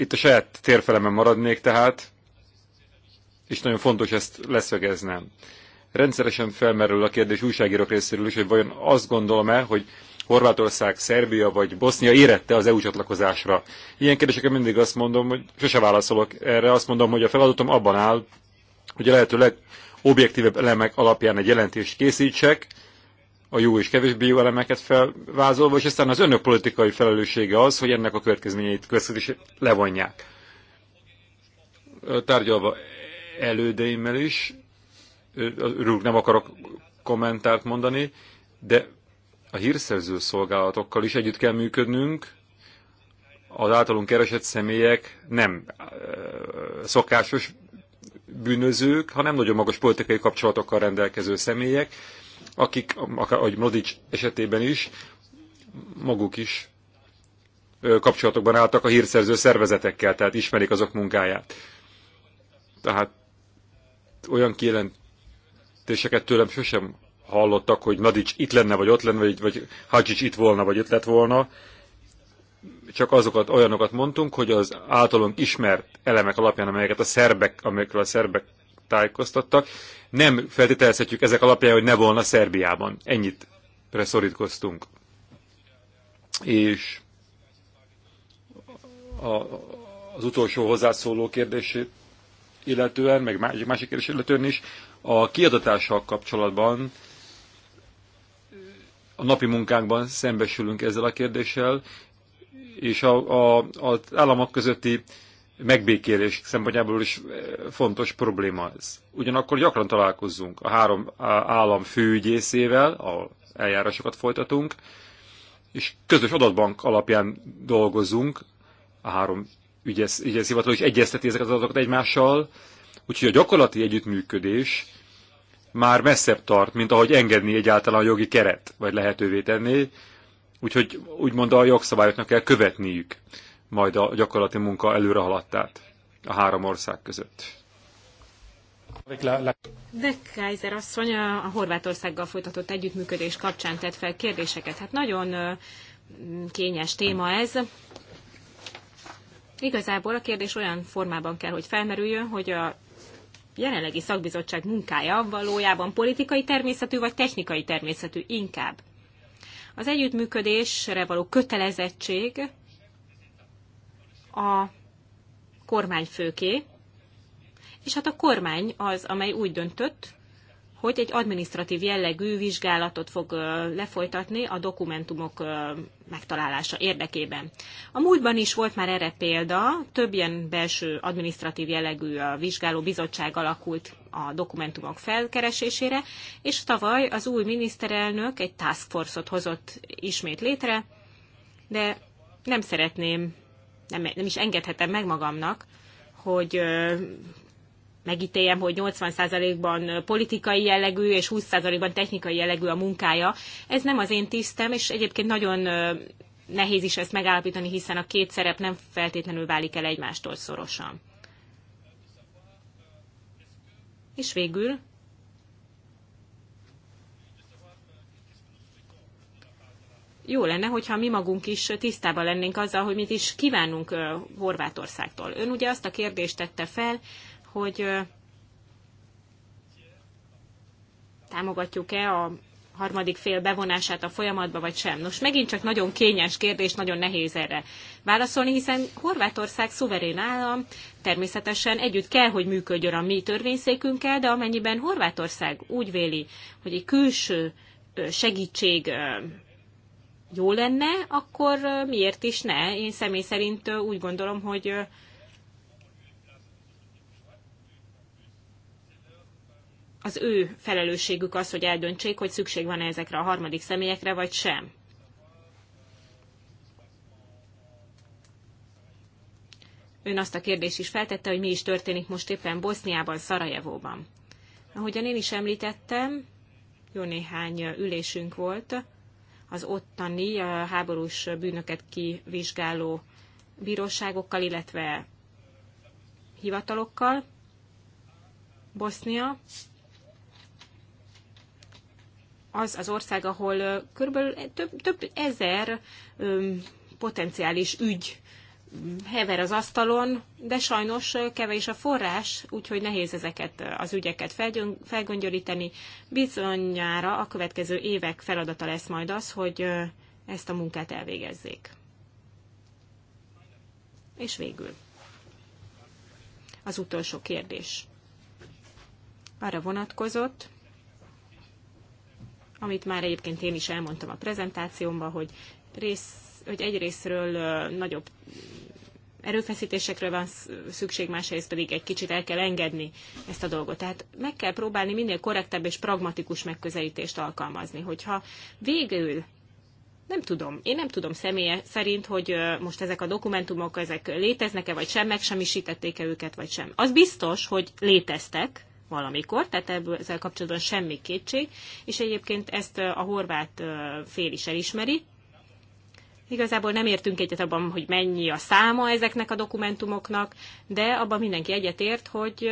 itt a saját térfelemen maradnék tehát, és nagyon fontos ezt leszögeznem. Rendszeresen felmerül a kérdés újságírók részéről is, hogy vajon azt gondolom-e, hogy Horvátország, Szerbia vagy Bosznia érette az EU csatlakozásra. Ilyen kérdésekre mindig azt mondom, hogy sose válaszolok erre, azt mondom, hogy a feladatom abban áll, hogy a lehető legobjektívebb elemek alapján egy jelentést készítsek, a jó és kevés bioelemeket felvázolva, és aztán az önök politikai felelőssége az, hogy ennek a következményeit is levonják. Tárgyalva elődeimmel is, rúg nem akarok kommentárt mondani, de a hírszerző szolgálatokkal is együtt kell működnünk, az általunk keresett személyek nem szokásos bűnözők, hanem nagyon magas politikai kapcsolatokkal rendelkező személyek, akik, ahogy Mladic esetében is, maguk is kapcsolatokban álltak a hírszerző szervezetekkel, tehát ismerik azok munkáját. Tehát olyan kijelentéseket tőlem sosem hallottak, hogy Mladic itt lenne, vagy ott lenne, vagy, vagy Hadzsics itt volna, vagy ott lett volna. Csak azokat, olyanokat mondtunk, hogy az általunk ismert elemek alapján, amelyeket a szerbek, amelyekről a szerbek tájékoztattak. Nem feltételezhetjük ezek alapján, hogy ne volna Szerbiában. Ennyit preszorítkoztunk. És a, az utolsó hozzászóló kérdését illetően, meg másik, másik kérdés illetően is, a kiadatással kapcsolatban a napi munkánkban szembesülünk ezzel a kérdéssel, és a, a, az államok közötti megbékélés szempontjából is eh, fontos probléma ez. Ugyanakkor gyakran találkozzunk a három állam főügyészével, ahol eljárásokat folytatunk, és közös adatbank alapján dolgozunk, a három ügyész, ügyész hivatal is egyezteti ezeket az adatokat egymással, úgyhogy a gyakorlati együttműködés már messzebb tart, mint ahogy engedni egyáltalán a jogi keret, vagy lehetővé tenni, úgyhogy úgymond a jogszabályoknak kell követniük majd a gyakorlati munka előrehaladtát a három ország között. De Kaiser asszony a Horvátországgal folytatott együttműködés kapcsán tett fel kérdéseket. Hát nagyon kényes téma ez. Igazából a kérdés olyan formában kell, hogy felmerüljön, hogy a jelenlegi szakbizottság munkája valójában politikai természetű vagy technikai természetű inkább. Az együttműködésre való kötelezettség a kormányfőké, és hát a kormány az, amely úgy döntött, hogy egy administratív jellegű vizsgálatot fog lefolytatni a dokumentumok megtalálása érdekében. A múltban is volt már erre példa, több ilyen belső administratív jellegű vizsgáló bizottság alakult a dokumentumok felkeresésére, és tavaly az új miniszterelnök egy task force-ot hozott ismét létre, de nem szeretném nem, nem is engedhetem meg magamnak, hogy megítéljem, hogy 80%-ban politikai jellegű és 20%-ban technikai jellegű a munkája. Ez nem az én tisztem, és egyébként nagyon nehéz is ezt megállapítani, hiszen a két szerep nem feltétlenül válik el egymástól szorosan. És végül jó lenne, hogyha mi magunk is tisztában lennénk azzal, hogy mit is kívánunk Horvátországtól. Ön ugye azt a kérdést tette fel, hogy támogatjuk-e a harmadik fél bevonását a folyamatba, vagy sem. Nos, megint csak nagyon kényes kérdés, nagyon nehéz erre válaszolni, hiszen Horvátország szuverén állam, természetesen együtt kell, hogy működjön a mi törvényszékünkkel, de amennyiben Horvátország úgy véli, hogy egy külső segítség jó lenne, akkor miért is ne? Én személy szerint úgy gondolom, hogy az ő felelősségük az, hogy eldöntsék, hogy szükség van-e ezekre a harmadik személyekre, vagy sem. Ön azt a kérdést is feltette, hogy mi is történik most éppen Boszniában, Szarajevóban. Ahogyan én is említettem, jó néhány ülésünk volt az ottani háborús bűnöket kivizsgáló bíróságokkal, illetve hivatalokkal. Bosznia az az ország, ahol körülbelül több, több ezer potenciális ügy hever az asztalon, de sajnos kevés a forrás, úgyhogy nehéz ezeket az ügyeket felgöngyölíteni. Bizonyára a következő évek feladata lesz majd az, hogy ezt a munkát elvégezzék. És végül az utolsó kérdés. Arra vonatkozott, amit már egyébként én is elmondtam a prezentációmban, hogy rész hogy egyrésztről nagyobb erőfeszítésekre van szükség, másrészt pedig egy kicsit el kell engedni ezt a dolgot. Tehát meg kell próbálni minél korrektebb és pragmatikus megközelítést alkalmazni, hogyha végül nem tudom, én nem tudom személy szerint, hogy most ezek a dokumentumok, ezek léteznek-e, vagy sem, megsemmisítették-e őket, vagy sem. Az biztos, hogy léteztek valamikor, tehát ebből ezzel kapcsolatban semmi kétség, és egyébként ezt a horvát fél is elismeri, Igazából nem értünk egyet abban, hogy mennyi a száma ezeknek a dokumentumoknak, de abban mindenki egyetért, hogy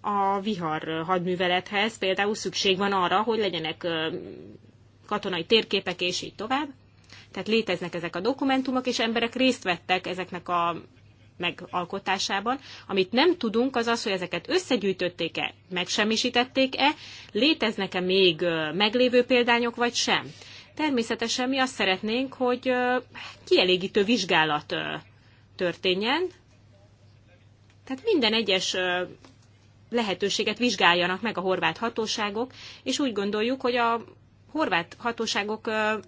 a vihar hadművelethez például szükség van arra, hogy legyenek katonai térképek, és így tovább. Tehát léteznek ezek a dokumentumok, és emberek részt vettek ezeknek a megalkotásában. Amit nem tudunk, az az, hogy ezeket összegyűjtötték-e, megsemmisítették-e, léteznek-e még meglévő példányok, vagy sem. Természetesen mi azt szeretnénk, hogy kielégítő vizsgálat történjen, tehát minden egyes lehetőséget vizsgáljanak meg a horvát hatóságok, és úgy gondoljuk, hogy a horvát hatóságok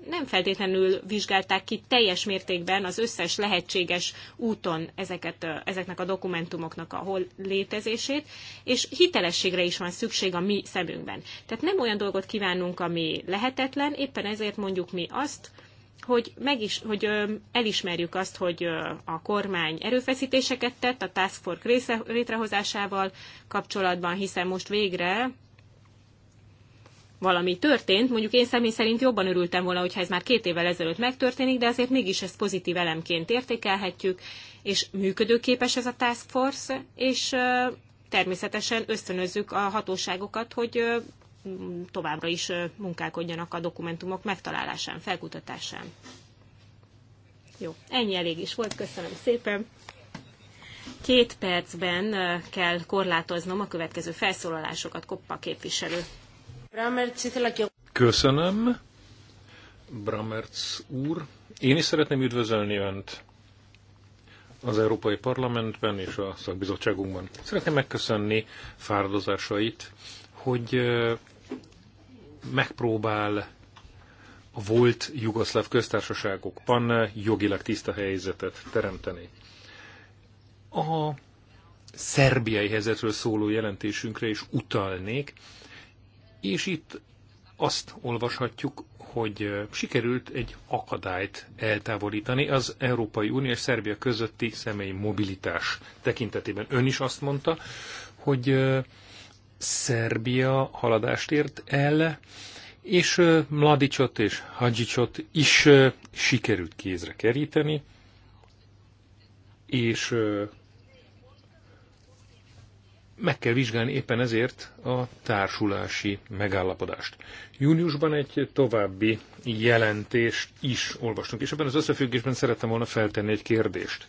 nem feltétlenül vizsgálták ki teljes mértékben az összes lehetséges úton ezeket, ezeknek a dokumentumoknak a hol létezését, és hitelességre is van szükség a mi szemünkben. Tehát nem olyan dolgot kívánunk, ami lehetetlen, éppen ezért mondjuk mi azt, hogy, meg is, hogy elismerjük azt, hogy a kormány erőfeszítéseket tett a Task Force létrehozásával kapcsolatban, hiszen most végre valami történt. Mondjuk én személy szerint jobban örültem volna, hogyha ez már két évvel ezelőtt megtörténik, de azért mégis ezt pozitív elemként értékelhetjük, és működőképes ez a task force, és természetesen ösztönözzük a hatóságokat, hogy továbbra is munkálkodjanak a dokumentumok megtalálásán, felkutatásán. Jó, ennyi elég is volt, köszönöm szépen. Két percben kell korlátoznom a következő felszólalásokat, Koppa képviselő. Köszönöm, Bramertz úr. Én is szeretném üdvözölni Önt az Európai Parlamentben és a szakbizottságunkban. Szeretném megköszönni fáradozásait, hogy megpróbál a volt jugoszláv köztársaságokban jogilag tiszta helyzetet teremteni. A szerbiai helyzetről szóló jelentésünkre is utalnék, és itt azt olvashatjuk, hogy sikerült egy akadályt eltávolítani az Európai Unió és Szerbia közötti személyi mobilitás tekintetében. Ön is azt mondta, hogy Szerbia haladást ért el, és Mladicsot és Hadzsicsot is sikerült kézre keríteni, és meg kell vizsgálni éppen ezért a társulási megállapodást. Júniusban egy további jelentést is olvastunk, és ebben az összefüggésben szerettem volna feltenni egy kérdést.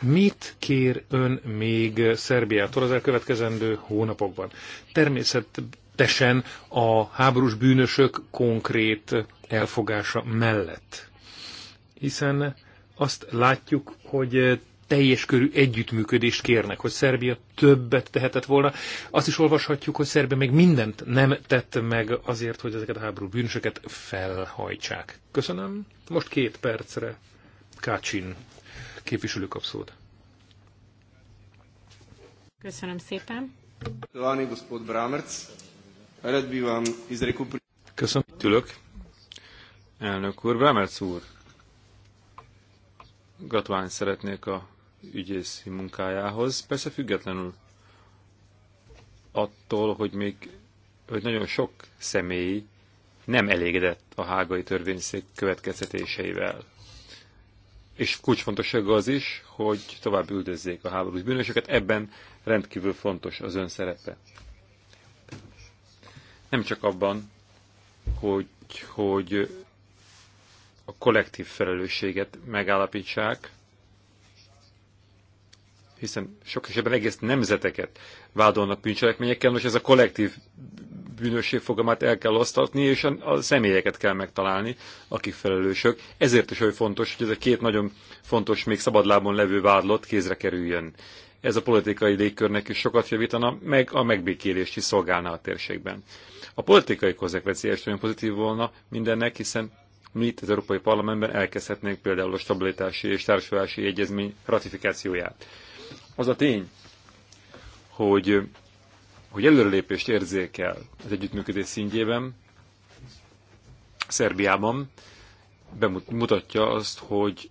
Mit kér ön még Szerbiától az elkövetkezendő hónapokban? Természetesen a háborús bűnösök konkrét elfogása mellett. Hiszen azt látjuk, hogy teljes körű együttműködést kérnek, hogy Szerbia többet tehetett volna. Azt is olvashatjuk, hogy Szerbia még mindent nem tette meg azért, hogy ezeket a háború bűnösöket felhajtsák. Köszönöm. Most két percre Kácsin képviselő kap szót. Köszönöm szépen. Lani gospod Bramerc, eredbi izrekupri... Köszönöm. Tülök. Elnök úr, Bramerc úr. Gatvány szeretnék a ügyészi munkájához, persze függetlenül attól, hogy még hogy nagyon sok személy nem elégedett a hágai törvényszék következtetéseivel. És kulcsfontossága az is, hogy tovább üldözzék a háborús bűnösöket, ebben rendkívül fontos az ön szerepe. Nem csak abban, hogy, hogy a kollektív felelősséget megállapítsák, hiszen sok esetben egész nemzeteket vádolnak bűncselekményekkel, most ez a kollektív bűnösség fogamát el kell osztatni, és a személyeket kell megtalálni, akik felelősök. Ezért is olyan fontos, hogy ez a két nagyon fontos, még szabadlábon levő vádlott kézre kerüljön. Ez a politikai légkörnek is sokat javítana, meg a megbékélést is szolgálna a térségben. A politikai konzekvenciás nagyon pozitív volna mindennek, hiszen mi itt az Európai Parlamentben elkezdhetnénk például a stabilitási és társulási egyezmény ratifikációját az a tény, hogy, hogy előrelépést érzékel az együttműködés szintjében, Szerbiában, bemutatja azt, hogy,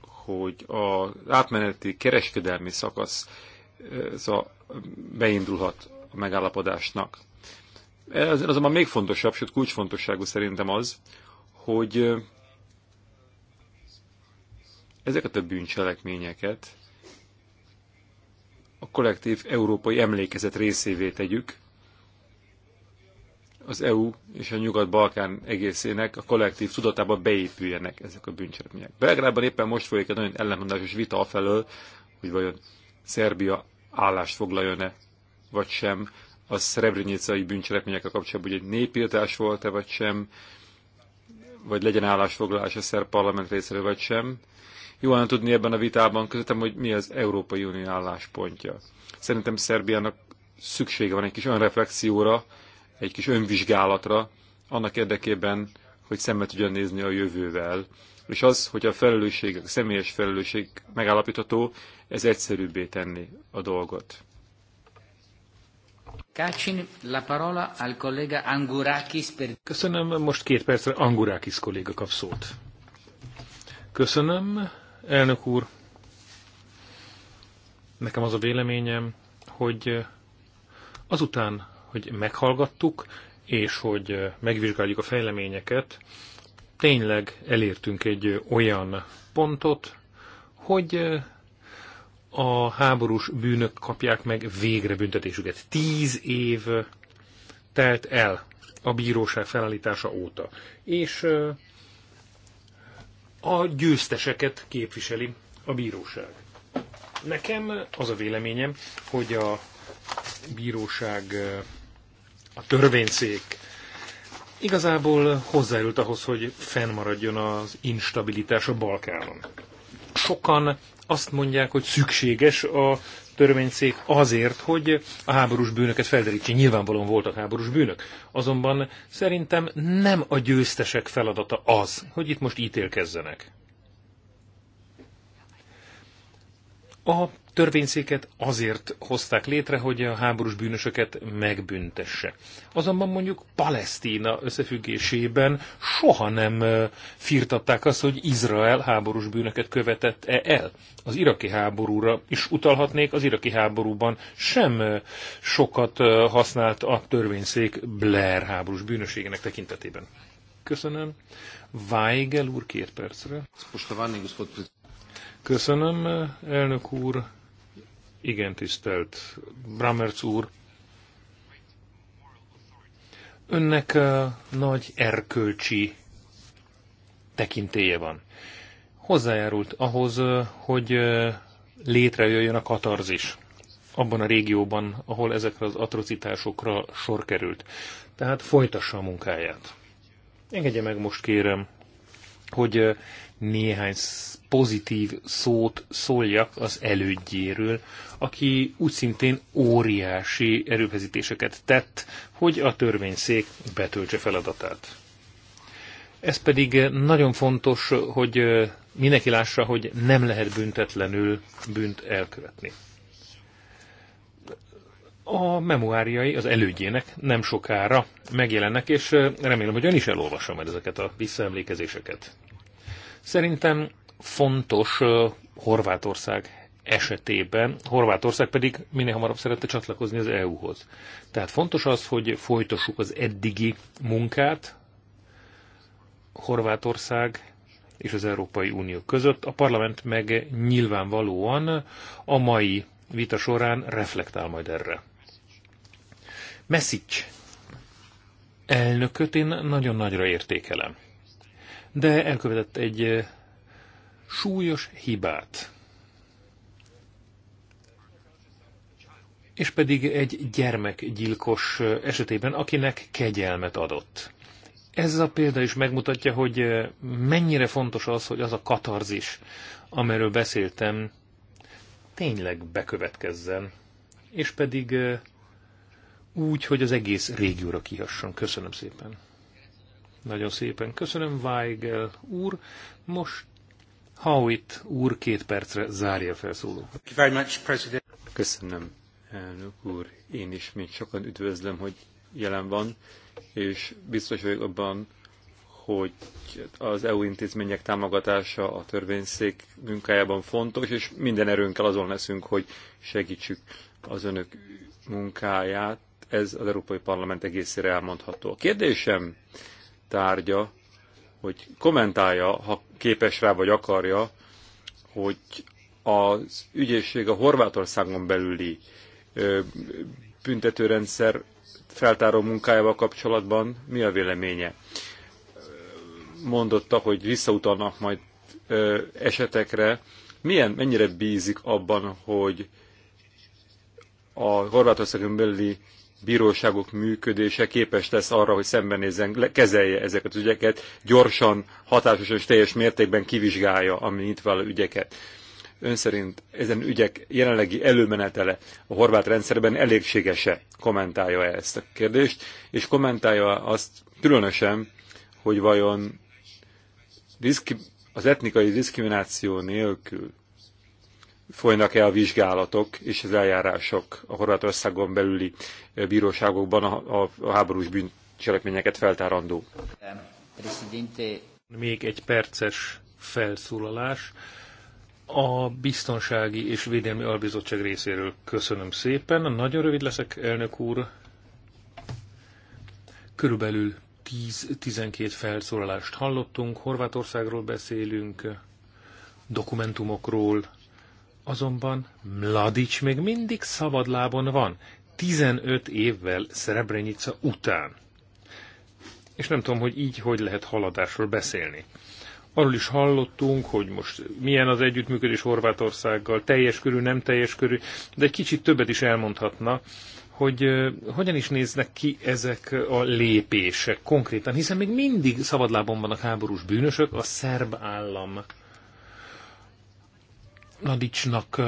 hogy az átmeneti kereskedelmi szakasz ez eh, a, beindulhat a megállapodásnak. Ez azonban még fontosabb, sőt kulcsfontosságú szerintem az, hogy Ezeket a bűncselekményeket a kollektív európai emlékezet részévé tegyük, az EU és a Nyugat-Balkán egészének a kollektív tudatába beépüljenek ezek a bűncselekmények. Belgrádban éppen most folyik egy nagyon ellentmondásos vita afelől, hogy vajon Szerbia állást foglaljon-e, vagy sem, a szrebrenicai bűncselekményekkel kapcsolatban, hogy egy népírtás volt-e, vagy sem, vagy legyen állásfoglalás a szerb parlament részéről, vagy sem. Jó lenne tudni ebben a vitában közöttem, hogy mi az Európai Unió álláspontja. Szerintem Szerbiának szüksége van egy kis önreflexióra, egy kis önvizsgálatra, annak érdekében, hogy szembe tudjon nézni a jövővel. És az, hogy a felelősség, a személyes felelősség megállapítható, ez egyszerűbbé tenni a dolgot. Kácsin, la parola al collega Angurakis per... Köszönöm, most két percre Angurakis kolléga kap szót. Köszönöm, Elnök úr, nekem az a véleményem, hogy azután, hogy meghallgattuk, és hogy megvizsgáljuk a fejleményeket, tényleg elértünk egy olyan pontot, hogy a háborús bűnök kapják meg végre büntetésüket. Tíz év telt el a bíróság felállítása óta. És a győzteseket képviseli a bíróság. Nekem az a véleményem, hogy a bíróság, a törvényszék igazából hozzájárult ahhoz, hogy fennmaradjon az instabilitás a Balkánon. Sokan azt mondják, hogy szükséges a törvényszék azért, hogy a háborús bűnöket felderítse. Nyilvánvalóan voltak háborús bűnök. Azonban szerintem nem a győztesek feladata az, hogy itt most ítélkezzenek. A törvényszéket azért hozták létre, hogy a háborús bűnösöket megbüntesse. Azonban mondjuk Palesztína összefüggésében soha nem firtatták azt, hogy Izrael háborús bűnöket követett -e el. Az iraki háborúra is utalhatnék, az iraki háborúban sem sokat használt a törvényszék Blair háborús bűnöségének tekintetében. Köszönöm. Weigel úr két percre. Köszönöm, elnök úr. Igen, tisztelt Bramertz úr. Önnek eh, nagy erkölcsi tekintéje van. Hozzájárult ahhoz, eh, hogy eh, létrejöjjön a katarzis abban a régióban, ahol ezekre az atrocitásokra sor került. Tehát folytassa a munkáját. Engedje meg most kérem, hogy néhány pozitív szót szóljak az elődjéről, aki úgy szintén óriási erőfezítéseket tett, hogy a törvényszék betöltse feladatát. Ez pedig nagyon fontos, hogy mindenki lássa, hogy nem lehet büntetlenül bűnt elkövetni a memoáriai az elődjének nem sokára megjelennek, és remélem, hogy ön is elolvassa majd ezeket a visszaemlékezéseket. Szerintem fontos Horvátország esetében, Horvátország pedig minél hamarabb szerette csatlakozni az EU-hoz. Tehát fontos az, hogy folytassuk az eddigi munkát Horvátország és az Európai Unió között. A parlament meg nyilvánvalóan a mai vita során reflektál majd erre. Message elnököt én nagyon nagyra értékelem. De elkövetett egy súlyos hibát. És pedig egy gyermekgyilkos esetében, akinek kegyelmet adott. Ez a példa is megmutatja, hogy mennyire fontos az, hogy az a katarzis, amiről beszéltem, tényleg bekövetkezzen. És pedig úgy, hogy az egész régióra kihasson. Köszönöm szépen. Nagyon szépen köszönöm, Weigel úr. Most Howitt úr két percre zárja felszóló. Köszönöm, elnök úr. Én is, még sokan üdvözlöm, hogy jelen van, és biztos vagyok abban, hogy az EU intézmények támogatása a törvényszék munkájában fontos, és minden erőnkkel azon leszünk, hogy segítsük az önök munkáját, ez az Európai Parlament egészére elmondható. A kérdésem tárgya, hogy kommentálja, ha képes rá vagy akarja, hogy az ügyészség a Horvátországon belüli büntetőrendszer feltáró munkájával kapcsolatban mi a véleménye? Mondotta, hogy visszautalnak majd ö, esetekre. Milyen, mennyire bízik abban, hogy a Horvátországon belüli bíróságok működése képes lesz arra, hogy szembenézzen, kezelje ezeket az ügyeket, gyorsan, hatásosan és teljes mértékben kivizsgálja a nyitváló ügyeket. Ön szerint ezen ügyek jelenlegi előmenetele a horvát rendszerben elégségese? Kommentálja -e ezt a kérdést, és kommentálja azt különösen, hogy vajon az etnikai diszkrimináció nélkül folynak el a vizsgálatok és az eljárások a Horvátországon belüli eh, bíróságokban a, a, a háborús bűncselekményeket feltárandó. Még egy perces felszólalás a Biztonsági és Védelmi Albizottság részéről. Köszönöm szépen. Nagyon rövid leszek, elnök úr. Körülbelül 10-12 felszólalást hallottunk, Horvátországról beszélünk, dokumentumokról, Azonban Mladic még mindig szabadlábon van, 15 évvel Szerebrenica után. És nem tudom, hogy így hogy lehet haladásról beszélni. Arról is hallottunk, hogy most milyen az együttműködés Horvátországgal, teljes körű, nem teljes körű, de egy kicsit többet is elmondhatna, hogy hogyan is néznek ki ezek a lépések konkrétan, hiszen még mindig szabadlábon vannak háborús bűnösök, a szerb állam Nadicsnak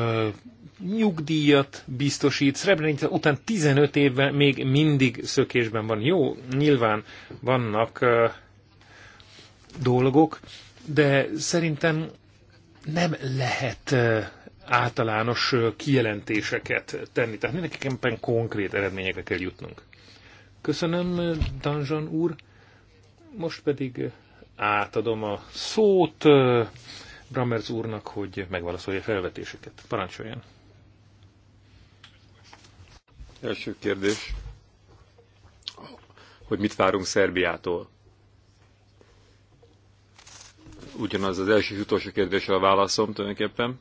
nyugdíjat biztosít. Srebrenica után 15 évvel még mindig szökésben van. Jó, nyilván vannak dolgok, de szerintem nem lehet általános kijelentéseket tenni. Tehát mindenképpen konkrét eredményekre kell jutnunk. Köszönöm, Danzsan úr. Most pedig átadom a szót Brammerz úrnak, hogy megválaszolja felvetéseket. Parancsoljon! Első kérdés, hogy mit várunk Szerbiától? Ugyanaz az első és utolsó kérdésre a válaszom tulajdonképpen.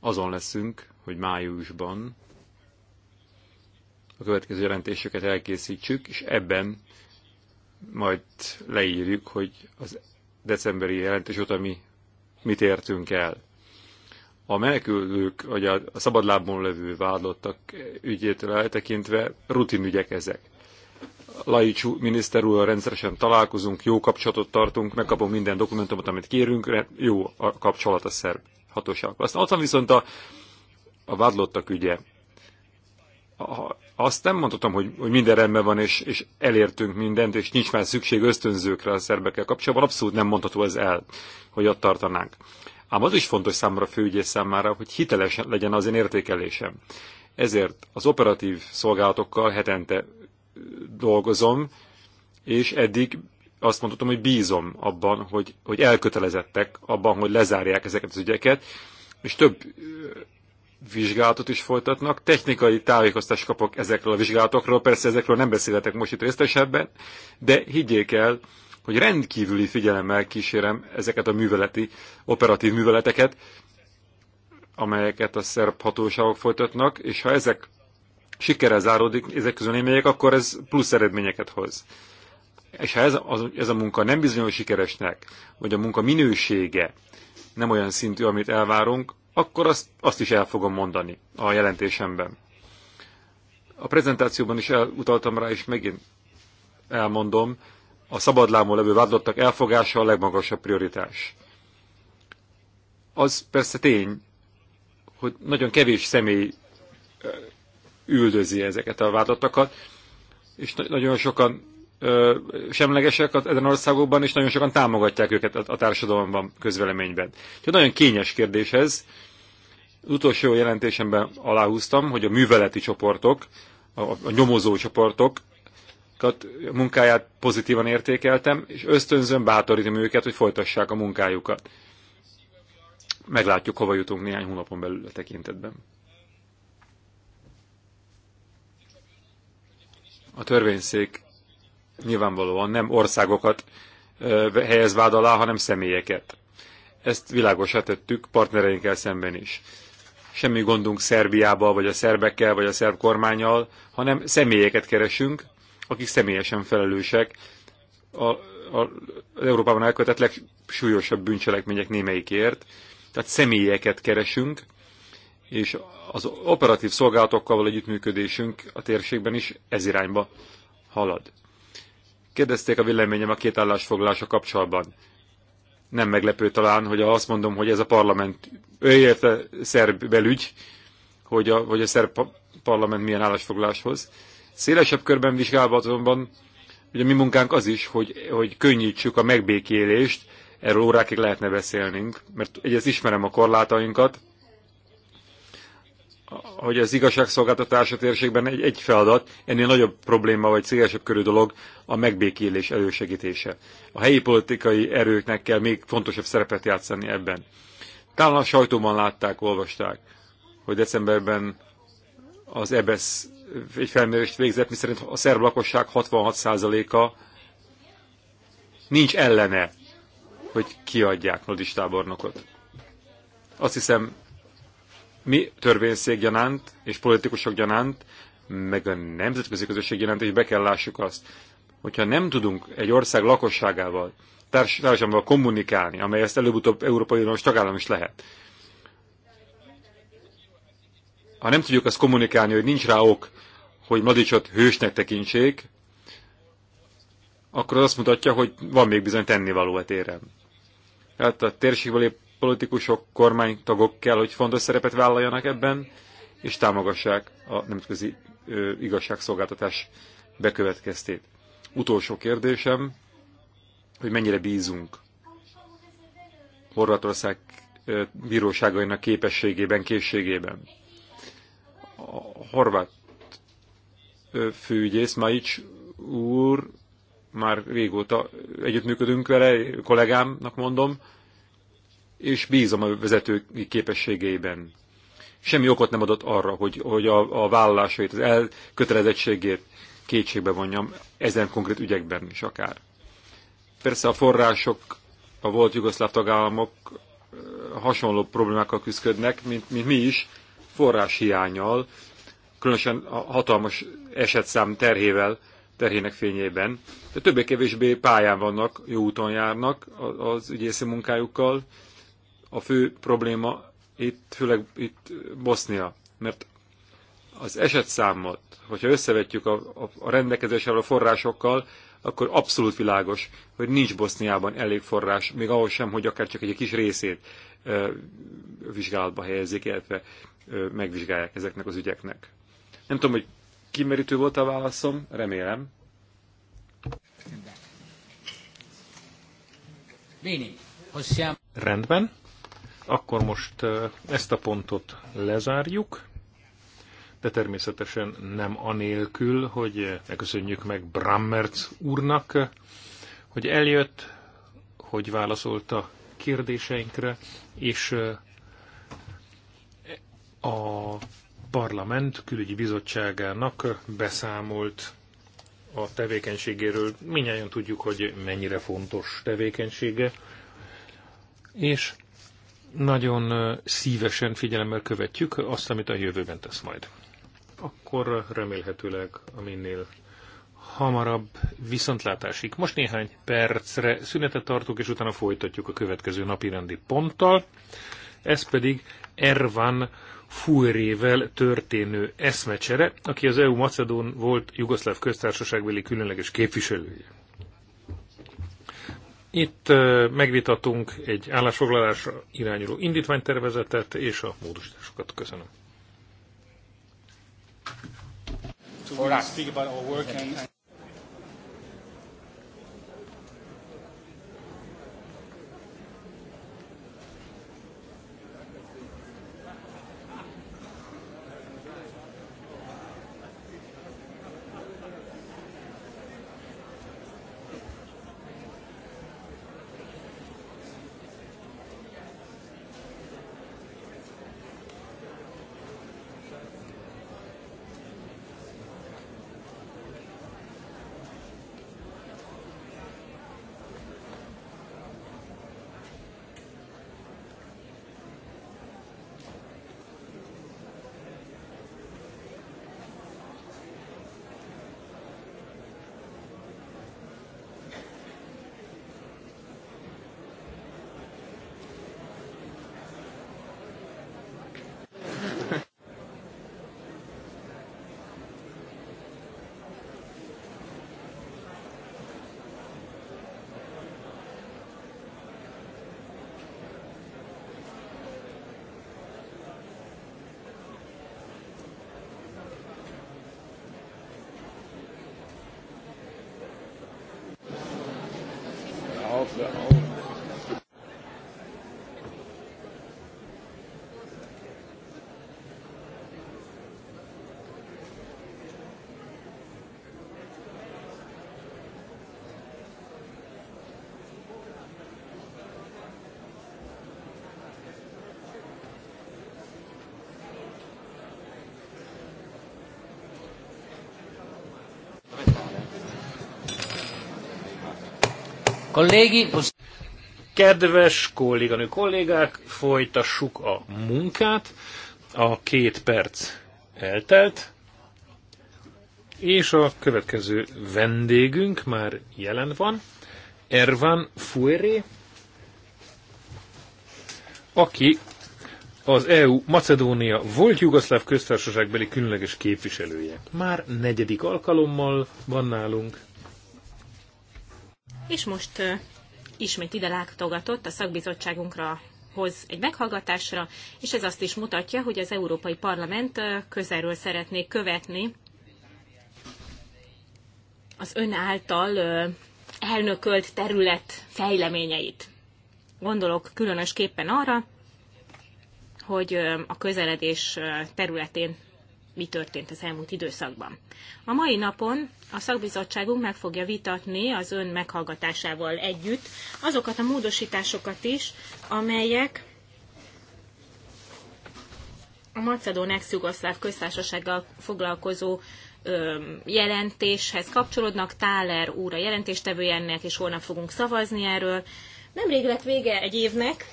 Azon leszünk, hogy májusban a következő jelentéseket elkészítsük, és ebben majd leírjuk, hogy az decemberi jelentés óta mi mit értünk el. A menekülők, vagy a szabadlábon levő vádlottak ügyétől eltekintve rutin ügyek ezek. Lajics miniszter úr, rendszeresen találkozunk, jó kapcsolatot tartunk, megkapom minden dokumentumot, amit kérünk, jó a kapcsolat a szerb hatóság. Aztán ott van viszont a, a vádlottak ügye. A, azt nem mondhatom, hogy, hogy minden rendben van, és, és elértünk mindent, és nincs már szükség ösztönzőkre a szerbekkel kapcsolatban. Abszolút nem mondható ez el, hogy ott tartanánk. Ám az is fontos számomra, főügyész számára, hogy hiteles legyen az én értékelésem. Ezért az operatív szolgálatokkal hetente dolgozom, és eddig azt mondhatom, hogy bízom abban, hogy, hogy elkötelezettek abban, hogy lezárják ezeket az ügyeket, és több vizsgálatot is folytatnak. Technikai tájékoztást kapok ezekről a vizsgálatokról, persze ezekről nem beszéletek most itt részletesebben, de higgyék el, hogy rendkívüli figyelemmel kísérem ezeket a műveleti, operatív műveleteket, amelyeket a szerb hatóságok folytatnak, és ha ezek sikerrel záródik, ezek közül némelyek, akkor ez plusz eredményeket hoz. És ha ez, az, ez a munka nem bizonyos sikeresnek, vagy a munka minősége nem olyan szintű, amit elvárunk, akkor azt, azt is el fogom mondani a jelentésemben. A prezentációban is elutaltam rá, és megint elmondom, a szabadlámon levő vádlottak elfogása a legmagasabb prioritás. Az persze tény, hogy nagyon kevés személy üldözi ezeket a vádlottakat, és nagyon sokan semlegesek az ezen országokban, és nagyon sokan támogatják őket a társadalomban, közveleményben. Úgyhogy nagyon kényes kérdés ez. Az utolsó jelentésemben aláhúztam, hogy a műveleti csoportok, a, a nyomozó csoportok munkáját pozitívan értékeltem, és ösztönzöm, bátorítom őket, hogy folytassák a munkájukat. Meglátjuk, hova jutunk néhány hónapon belül a tekintetben. A törvényszék nyilvánvalóan nem országokat helyez vád alá, hanem személyeket. Ezt világosra tettük partnereinkkel szemben is. Semmi gondunk Szerbiával, vagy a szerbekkel, vagy a szerb kormányal, hanem személyeket keresünk, akik személyesen felelősek a, a Európában elkövetett legsúlyosabb bűncselekmények némelyikért. Tehát személyeket keresünk, és az operatív szolgálatokkal való együttműködésünk a térségben is ez irányba halad. Kérdezték a véleményem a két állásfoglalása kapcsolatban. Nem meglepő talán, hogy azt mondom, hogy ez a parlament, ő érte szerb belügy, hogy a, hogy a szerb parlament milyen állásfogláshoz. Szélesebb körben vizsgálva azonban, a mi munkánk az is, hogy, hogy könnyítsük a megbékélést, erről órákig lehetne beszélnünk, mert egyrészt ismerem a korlátainkat, hogy az igazságszolgáltatás a térségben egy, egy feladat, ennél nagyobb probléma vagy szélesebb körű dolog a megbékélés elősegítése. A helyi politikai erőknek kell még fontosabb szerepet játszani ebben. Talán a sajtóban látták, olvasták, hogy decemberben az EBESZ egy felmérést végzett, miszerint a szerb lakosság 66%-a nincs ellene, hogy kiadják Nodis tábornokot. Azt hiszem, mi törvényszék gyanánt és politikusok gyanánt, meg a nemzetközi közösség gyanánt is be kell lássuk azt, hogyha nem tudunk egy ország lakosságával, társadalmával kommunikálni, amely ezt előbb-utóbb Európai Uniós tagállam is lehet, ha nem tudjuk azt kommunikálni, hogy nincs rá ok, hogy Mladicsot hősnek tekintsék, akkor az azt mutatja, hogy van még bizony tennivaló a téren. Tehát a térségbeli politikusok, kormánytagok kell, hogy fontos szerepet vállaljanak ebben, és támogassák a nemzetközi igazságszolgáltatás bekövetkeztét. Utolsó kérdésem, hogy mennyire bízunk Horvátország bíróságainak képességében, készségében. A horvát főügyész Maics úr, már régóta együttműködünk vele, kollégámnak mondom, és bízom a vezető képességeiben. Semmi okot nem adott arra, hogy, hogy a, a vállalásait, az elkötelezettségét kétségbe vonjam ezen konkrét ügyekben is akár. Persze a források, a volt jugoszláv tagállamok eh, hasonló problémákkal küzdködnek, mint, mint mi is, hiányal, különösen a hatalmas esetszám terhével, terhének fényében. De többé-kevésbé pályán vannak, jó úton járnak az ügyészi munkájukkal, a fő probléma itt, főleg itt Bosznia, mert az esetszámot, hogyha összevetjük a, a, a rendelkezésre a forrásokkal, akkor abszolút világos, hogy nincs Boszniában elég forrás, még ahhoz sem, hogy akár csak egy kis részét ö, vizsgálatba helyezzék, illetve ö, megvizsgálják ezeknek az ügyeknek. Nem tudom, hogy kimerítő volt a válaszom, remélem. Rendben. Akkor most ezt a pontot lezárjuk, de természetesen nem anélkül, hogy megköszönjük meg Brammertz úrnak, hogy eljött, hogy válaszolta kérdéseinkre, és a parlament külügyi bizottságának beszámolt a tevékenységéről. Minnyáján tudjuk, hogy mennyire fontos tevékenysége. És nagyon szívesen figyelemmel követjük azt, amit a jövőben tesz majd. Akkor remélhetőleg a minél hamarabb viszontlátásig. Most néhány percre szünetet tartunk, és utána folytatjuk a következő napi rendi ponttal. Ez pedig Ervan Fúrével történő eszmecsere, aki az EU Macedón volt Jugoszláv köztársaságbeli különleges képviselője. Itt megvitatunk egy állásfoglalásra irányuló indítványtervezetet és a módosításokat. Köszönöm. Kollégi, Kedves kolléganő kollégák, folytassuk a munkát. A két perc eltelt, és a következő vendégünk már jelen van, Ervan Fuere, aki az EU Macedónia volt Jugoszláv köztársaságbeli különleges képviselője. Már negyedik alkalommal van nálunk, és most ismét ide látogatott a szakbizottságunkra hoz egy meghallgatásra, és ez azt is mutatja, hogy az Európai Parlament közelről szeretné követni az ön által elnökölt terület fejleményeit. Gondolok különösképpen arra, hogy a közeledés területén mi történt az elmúlt időszakban. A mai napon a szakbizottságunk meg fogja vitatni az ön meghallgatásával együtt azokat a módosításokat is, amelyek a Macedón ex-Jugoszláv köztársasággal foglalkozó jelentéshez kapcsolódnak. Táler úr a jelentéstevője ennek, és holnap fogunk szavazni erről. Nemrég lett vége egy évnek,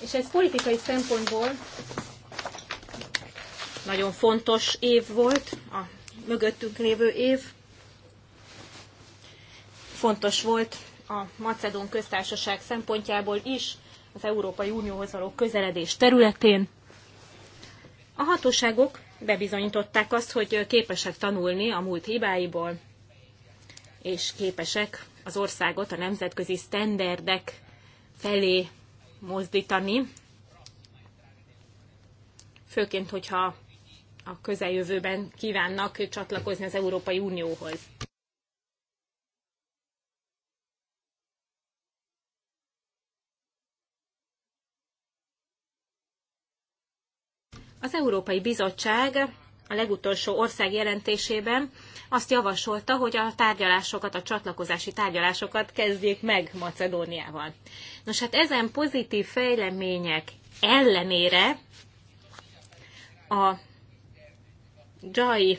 és ez politikai szempontból nagyon fontos év volt, a mögöttünk lévő év. Fontos volt a Macedón köztársaság szempontjából is az Európai Unióhoz való közeledés területén. A hatóságok bebizonyították azt, hogy képesek tanulni a múlt hibáiból, és képesek az országot a nemzetközi sztenderdek felé mozdítani, főként, hogyha a közeljövőben kívánnak csatlakozni az Európai Unióhoz. Az Európai Bizottság a legutolsó ország jelentésében azt javasolta, hogy a tárgyalásokat, a csatlakozási tárgyalásokat kezdjék meg Macedóniával. Nos hát ezen pozitív fejlemények ellenére a Jai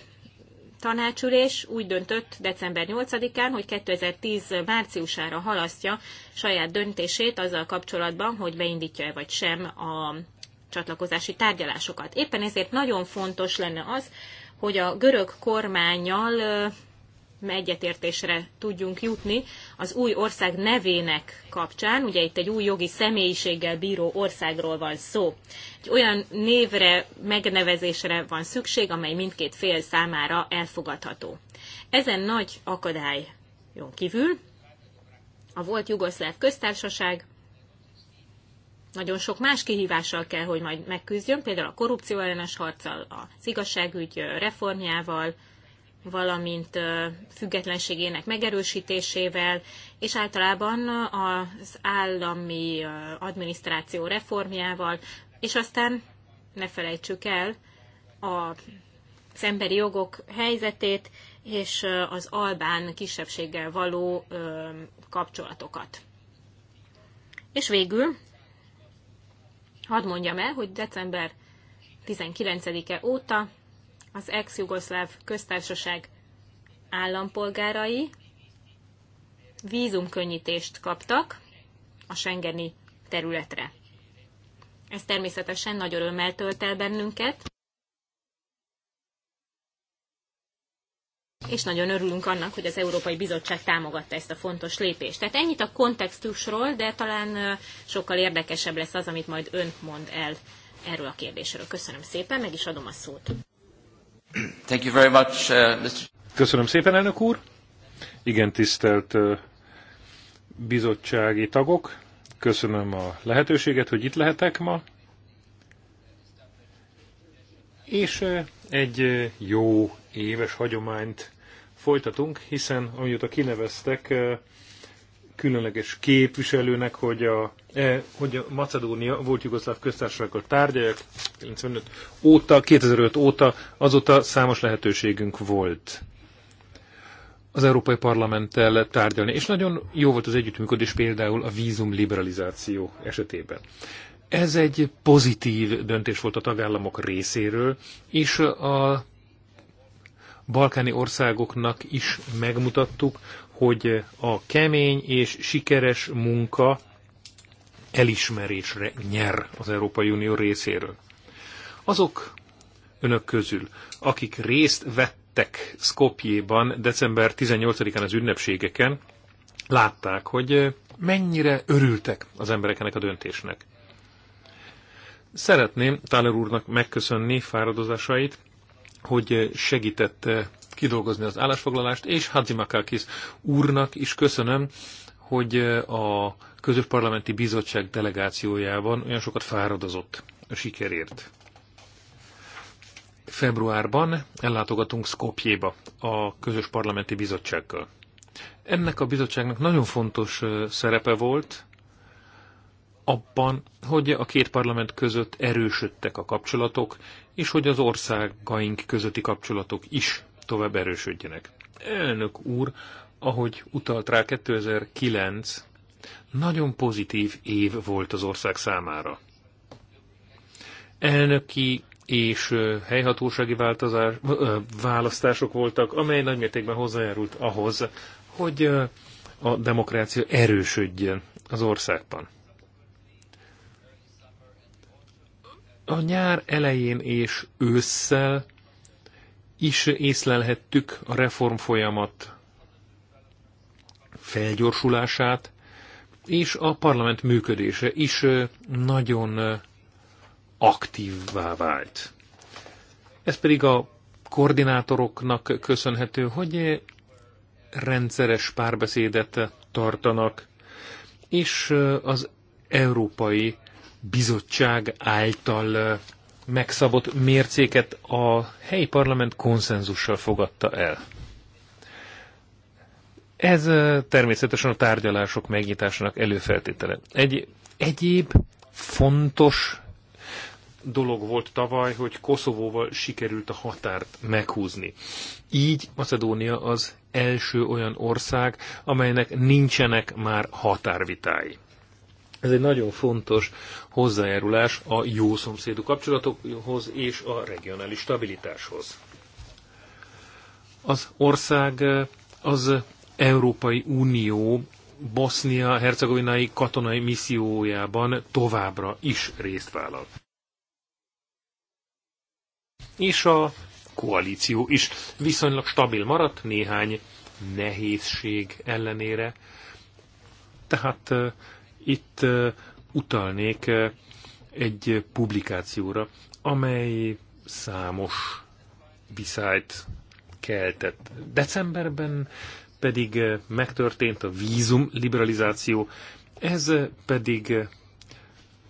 tanácsülés úgy döntött december 8-án, hogy 2010 márciusára halasztja saját döntését azzal kapcsolatban, hogy beindítja-e vagy sem a csatlakozási tárgyalásokat. Éppen ezért nagyon fontos lenne az, hogy a görög kormányjal egyetértésre tudjunk jutni az új ország nevének kapcsán. Ugye itt egy új jogi személyiséggel bíró országról van szó. Egy olyan névre, megnevezésre van szükség, amely mindkét fél számára elfogadható. Ezen nagy akadály jön kívül a volt Jugoszláv köztársaság nagyon sok más kihívással kell, hogy majd megküzdjön, például a korrupció ellenes harccal, az igazságügy reformjával, valamint függetlenségének megerősítésével, és általában az állami adminisztráció reformjával, és aztán ne felejtsük el az emberi jogok helyzetét és az albán kisebbséggel való kapcsolatokat. És végül, hadd mondjam el, hogy december 19-e óta az ex-jugoszláv köztársaság állampolgárai vízumkönnyítést kaptak a Schengeni területre. Ez természetesen nagy örömmel tölt el bennünket, és nagyon örülünk annak, hogy az Európai Bizottság támogatta ezt a fontos lépést. Tehát ennyit a kontextusról, de talán sokkal érdekesebb lesz az, amit majd ön mond el erről a kérdésről. Köszönöm szépen, meg is adom a szót. Thank you very much, uh, Mr. Köszönöm szépen, elnök úr. Igen, tisztelt uh, bizottsági tagok, köszönöm a lehetőséget, hogy itt lehetek ma. És uh, egy uh, jó éves hagyományt folytatunk, hiszen amióta kineveztek különleges képviselőnek, hogy a, eh, hogy a Macedónia volt Jugoszláv köztársasággal tárgyaljak 95 óta, 2005 óta, azóta számos lehetőségünk volt az Európai Parlamenttel tárgyalni, és nagyon jó volt az együttműködés például a vízum liberalizáció esetében. Ez egy pozitív döntés volt a tagállamok részéről, és a balkáni országoknak is megmutattuk, hogy a kemény és sikeres munka elismerésre nyer az Európai Unió részéről. Azok önök közül, akik részt vettek Skopjéban december 18-án az ünnepségeken, látták, hogy mennyire örültek az embereknek a döntésnek. Szeretném Tyler úrnak megköszönni fáradozásait, hogy segítette kidolgozni az állásfoglalást, és Hadzimakakis úrnak is köszönöm, hogy a közös parlamenti bizottság delegációjában olyan sokat fáradozott a sikerért. Februárban ellátogatunk Skopjéba a közös parlamenti bizottsággal. Ennek a bizottságnak nagyon fontos szerepe volt abban, hogy a két parlament között erősödtek a kapcsolatok, és hogy az országaink közötti kapcsolatok is tovább erősödjenek. Elnök úr, ahogy utalt rá 2009, nagyon pozitív év volt az ország számára. Elnöki és helyhatósági változás, választások voltak, amely nagymértékben hozzájárult ahhoz, hogy a demokrácia erősödjön az országban. A nyár elején és ősszel is észlelhettük a reform folyamat felgyorsulását, és a parlament működése is nagyon aktívvá vált. Ez pedig a koordinátoroknak köszönhető, hogy rendszeres párbeszédet tartanak, és az Európai Bizottság által megszabott mércéket a helyi parlament konszenzussal fogadta el. Ez természetesen a tárgyalások megnyitásának előfeltétele. Egy egyéb fontos dolog volt tavaly, hogy Koszovóval sikerült a határt meghúzni. Így Macedónia az első olyan ország, amelynek nincsenek már határvitái. Ez egy nagyon fontos hozzájárulás a jó szomszédú kapcsolatokhoz és a regionális stabilitáshoz. Az ország az Európai Unió Bosznia-Hercegovinai katonai missziójában továbbra is részt vállal. És a koalíció is viszonylag stabil maradt néhány nehézség ellenére. Tehát itt utalnék egy publikációra, amely számos viszályt keltett. Decemberben pedig megtörtént a vízum liberalizáció, ez pedig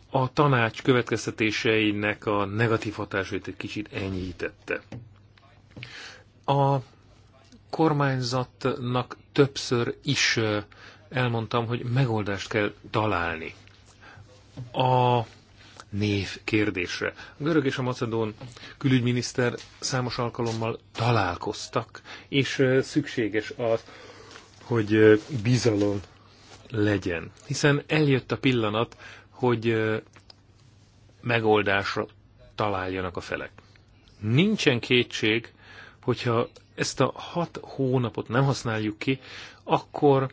a tanács következtetéseinek a negatív hatásait egy kicsit enyhítette. A kormányzatnak többször is elmondtam, hogy megoldást kell találni a név kérdésre. A görög és a macedón külügyminiszter számos alkalommal találkoztak, és szükséges az, hogy bizalom legyen. Hiszen eljött a pillanat, hogy megoldásra találjanak a felek. Nincsen kétség, hogyha ezt a hat hónapot nem használjuk ki, akkor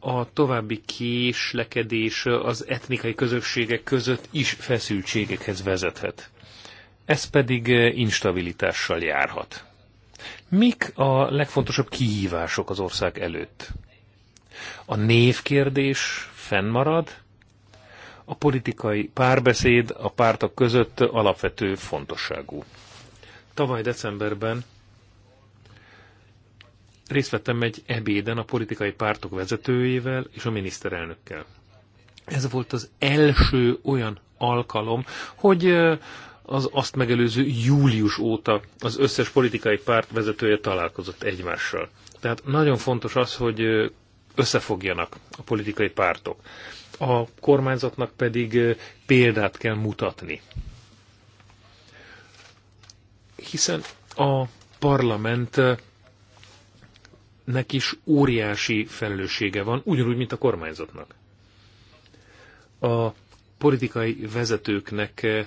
a további késlekedés az etnikai közösségek között is feszültségekhez vezethet. Ez pedig instabilitással járhat. Mik a legfontosabb kihívások az ország előtt? A névkérdés fennmarad, a politikai párbeszéd a pártok között alapvető fontosságú. Tavaly decemberben részt vettem egy ebéden a politikai pártok vezetőjével és a miniszterelnökkel. Ez volt az első olyan alkalom, hogy az azt megelőző július óta az összes politikai párt vezetője találkozott egymással. Tehát nagyon fontos az, hogy összefogjanak a politikai pártok. A kormányzatnak pedig példát kell mutatni. Hiszen a parlament nek is óriási felelőssége van, ugyanúgy, mint a kormányzatnak. A politikai vezetőknek eh,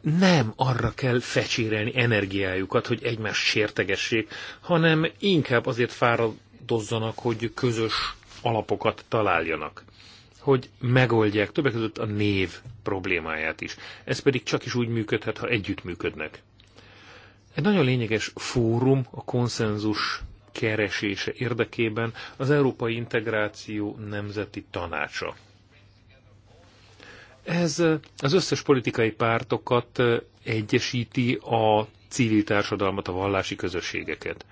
nem arra kell fecsérelni energiájukat, hogy egymást sértegessék, hanem inkább azért fáradozzanak, hogy közös alapokat találjanak hogy megoldják többek között a név problémáját is. Ez pedig csak is úgy működhet, ha együttműködnek. Egy nagyon lényeges fórum a konszenzus keresése érdekében az Európai Integráció Nemzeti Tanácsa. Ez az összes politikai pártokat egyesíti a civil társadalmat, a vallási közösségeket.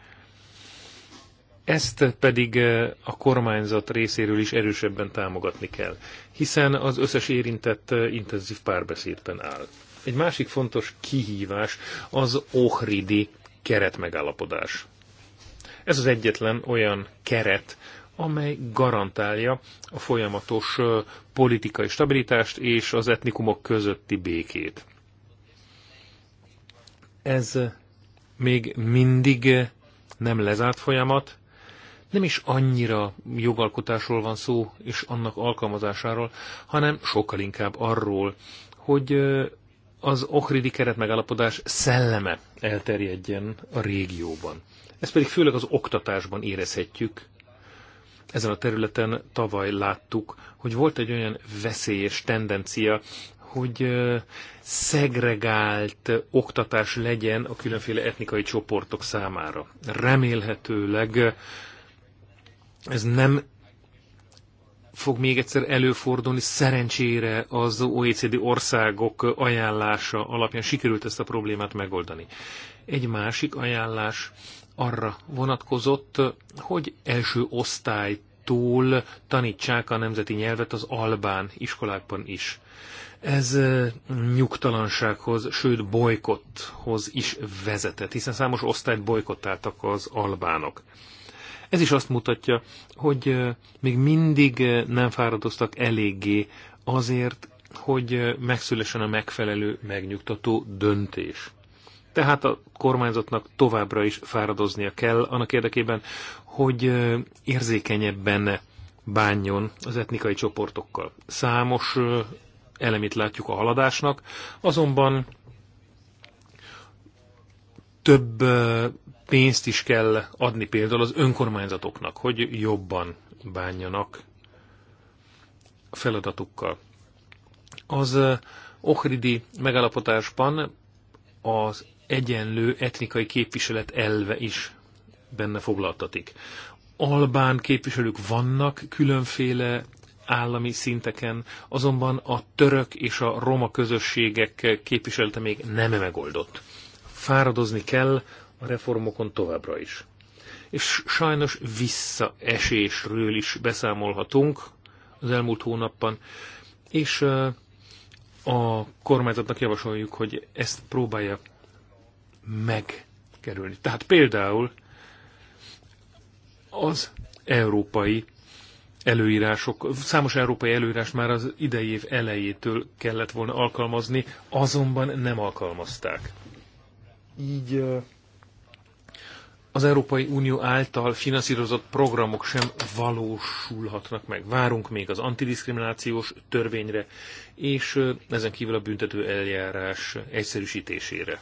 Ezt pedig a kormányzat részéről is erősebben támogatni kell, hiszen az összes érintett intenzív párbeszédben áll. Egy másik fontos kihívás az Ohridi keretmegállapodás. Ez az egyetlen olyan keret, amely garantálja a folyamatos politikai stabilitást és az etnikumok közötti békét. Ez még mindig nem lezárt folyamat, nem is annyira jogalkotásról van szó és annak alkalmazásáról, hanem sokkal inkább arról, hogy az ohridi keretmegállapodás szelleme elterjedjen a régióban. Ezt pedig főleg az oktatásban érezhetjük. Ezen a területen tavaly láttuk, hogy volt egy olyan veszélyes tendencia, hogy szegregált oktatás legyen a különféle etnikai csoportok számára. Remélhetőleg ez nem fog még egyszer előfordulni. Szerencsére az OECD országok ajánlása alapján sikerült ezt a problémát megoldani. Egy másik ajánlás arra vonatkozott, hogy első osztálytól tanítsák a nemzeti nyelvet az albán iskolákban is. Ez eh, nyugtalansághoz, sőt bolykotthoz is vezetett, hiszen számos osztályt bolykottáltak az albánok. Ez is azt mutatja, hogy eh, még mindig eh, nem fáradoztak eléggé azért, hogy megszülessen a megfelelő, megnyugtató döntés. Tehát a kormányzatnak továbbra is fáradoznia kell annak érdekében, hogy érzékenyebben bánjon az etnikai csoportokkal. Számos elemét látjuk a haladásnak, azonban több pénzt is kell adni például az önkormányzatoknak, hogy jobban bánjanak a feladatukkal. Az Ohridi megállapotásban az egyenlő etnikai képviselet elve is benne foglaltatik. Albán képviselők vannak különféle állami szinteken, azonban a török és a roma közösségek képviselete még nem megoldott. Fáradozni kell a reformokon továbbra is. És sajnos visszaesésről is beszámolhatunk az elmúlt hónapban, és a kormányzatnak javasoljuk, hogy ezt próbálja megkerülni. Tehát például az európai előírások, számos európai előírás már az idei év elejétől kellett volna alkalmazni, azonban nem alkalmazták. Így az Európai Unió által finanszírozott programok sem valósulhatnak meg. Várunk még az antidiszkriminációs törvényre, és ezen kívül a büntető eljárás egyszerűsítésére